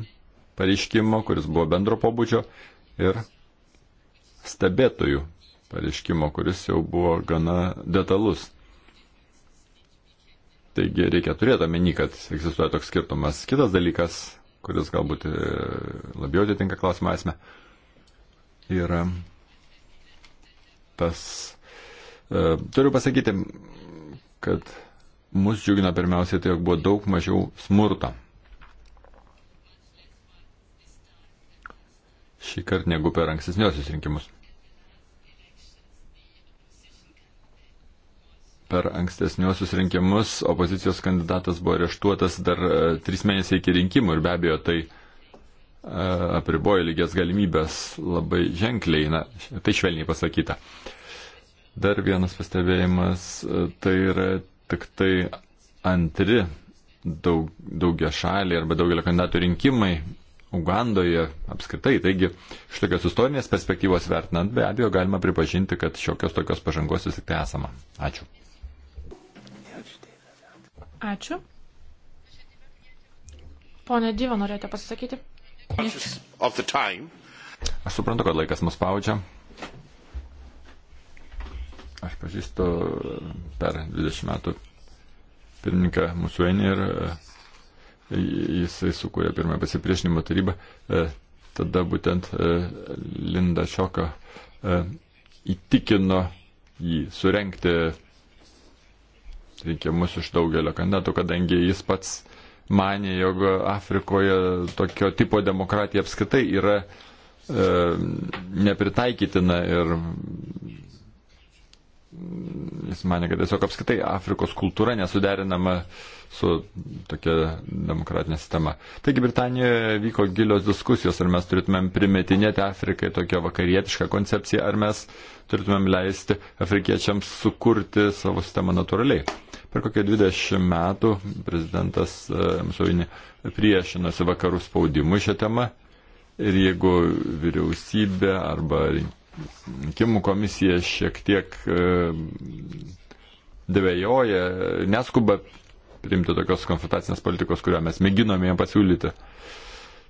pareiškimo, kuris buvo bendro pobūdžio, ir stebėtojų pareiškimo, kuris jau buvo gana detalus. Taigi reikia turėti omeny, kad egzistuoja toks skirtumas. Kitas dalykas, kuris galbūt e, labiau atitinka klausimą esmę, yra tas. E, turiu pasakyti, kad mus džiugina pirmiausiai tai, jog buvo daug mažiau smurto. Šį kartą negu per ankstesniosius rinkimus. per ankstesniuosius rinkimus opozicijos kandidatas buvo areštuotas dar e, tris mėnesiai iki rinkimų ir be abejo tai e, apribojo lygias galimybės labai ženkliai, na, tai švelniai pasakyta. Dar vienas pastebėjimas, e, tai yra tik tai antri daug, daugia šaliai arba daugelio kandidatų rinkimai Ugandoje apskritai. Taigi, iš tokios istorinės perspektyvos vertinant, be abejo, galima pripažinti, kad šiokios tokios pažangos vis tik tai esama. Ačiū. Ačiū. Pone Dyva, norėjote pasisakyti? Aš suprantu, kad laikas mus spaudžia. Aš pažįstu e, per 20 metų pirmininką Musuenį ir e, jisai sukūrė pirmąją pasipriešinimo tarybą. E, tada būtent Linda Šioka įtikino jį surenkti rinkimus iš daugelio kandidatų, kadangi jis pats manė, jog Afrikoje tokio tipo demokratija apskritai yra e, nepritaikytina ir jis mane, kad tiesiog apskaitai Afrikos kultūra nesuderinama su tokia demokratinė sistema. Taigi Britanijoje vyko gilios diskusijos, ar mes turėtumėm primetinėti Afrikai tokią vakarietišką koncepciją, ar mes turėtumėm leisti afrikiečiams sukurti savo sistemą natūraliai. Per kokią 20 metų prezidentas e, Mussolini priešinosi vakarų spaudimui šią temą ir jeigu vyriausybė arba rinkimų komisija šiek tiek e, dvėjoja, neskuba priimti tokios konfrontacinės politikos, kurią mes mėginome jam pasiūlyti.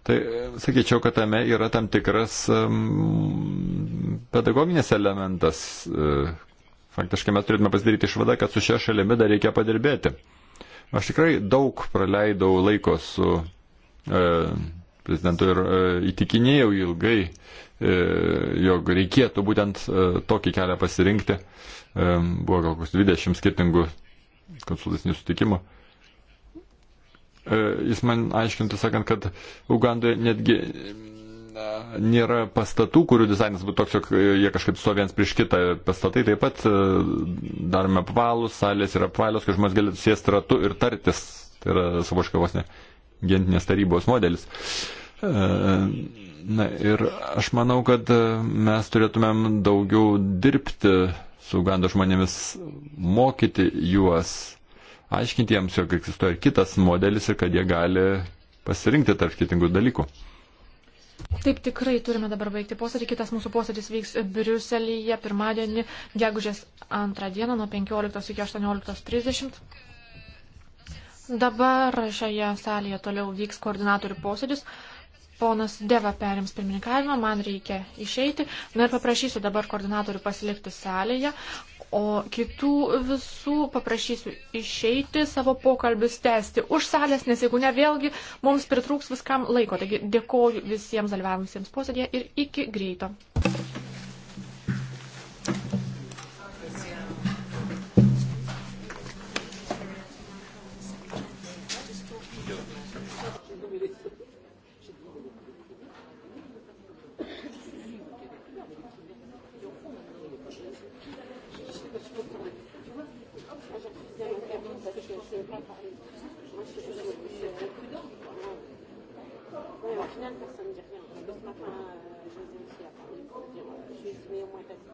Tai e, sakyčiau, kad tame yra tam tikras um, pedagoginės elementas, uh, Faktiškai mes turėtume pasidaryti išvadą, kad su šia šalimi dar reikia padirbėti. Aš tikrai daug praleidau laiko su e, prezidentu ir e, įtikinėjau ilgai, e, jog reikėtų būtent e, tokį kelią pasirinkti. E, buvo gal kokius 20 skirtingų konsultacinių sutikimų. E, jis man aiškintų, sakant, kad Ugandoje netgi Nėra pastatų, kurių dizainas būtų toks, jog jie kažkaip su viens prieš kitą. Pastatai taip pat e, darome apvalus, salės yra apvalios, kad žmonės galėtų sėsti ratu ir tartis. Tai yra savoškai vos ne gentinės tarybos modelis. E, na ir aš manau, kad e, mes turėtumėm daugiau dirbti su Ugando žmonėmis, mokyti juos, aiškinti jiems, jog egzistuoja kitas modelis ir kad jie gali pasirinkti tarp skirtingų dalykų. Taip tikrai turime dabar baigti posėdį. Kitas mūsų posėdis vyks Briuselyje pirmadienį, gegužės antrą dieną nuo 15 iki 18.30. Dabar šioje salėje toliau vyks koordinatorių posėdis. Ponas Deva perims pirmininkavimą, man reikia išeiti. Na ir paprašysiu dabar koordinatorių pasilikti salėje o kitų visų paprašysiu išeiti savo pokalbius tęsti už salės, nes jeigu ne, vėlgi mums pritrūks viskam laiko. Taigi dėkoju visiems dalyvavusiems posėdėje ir iki greito.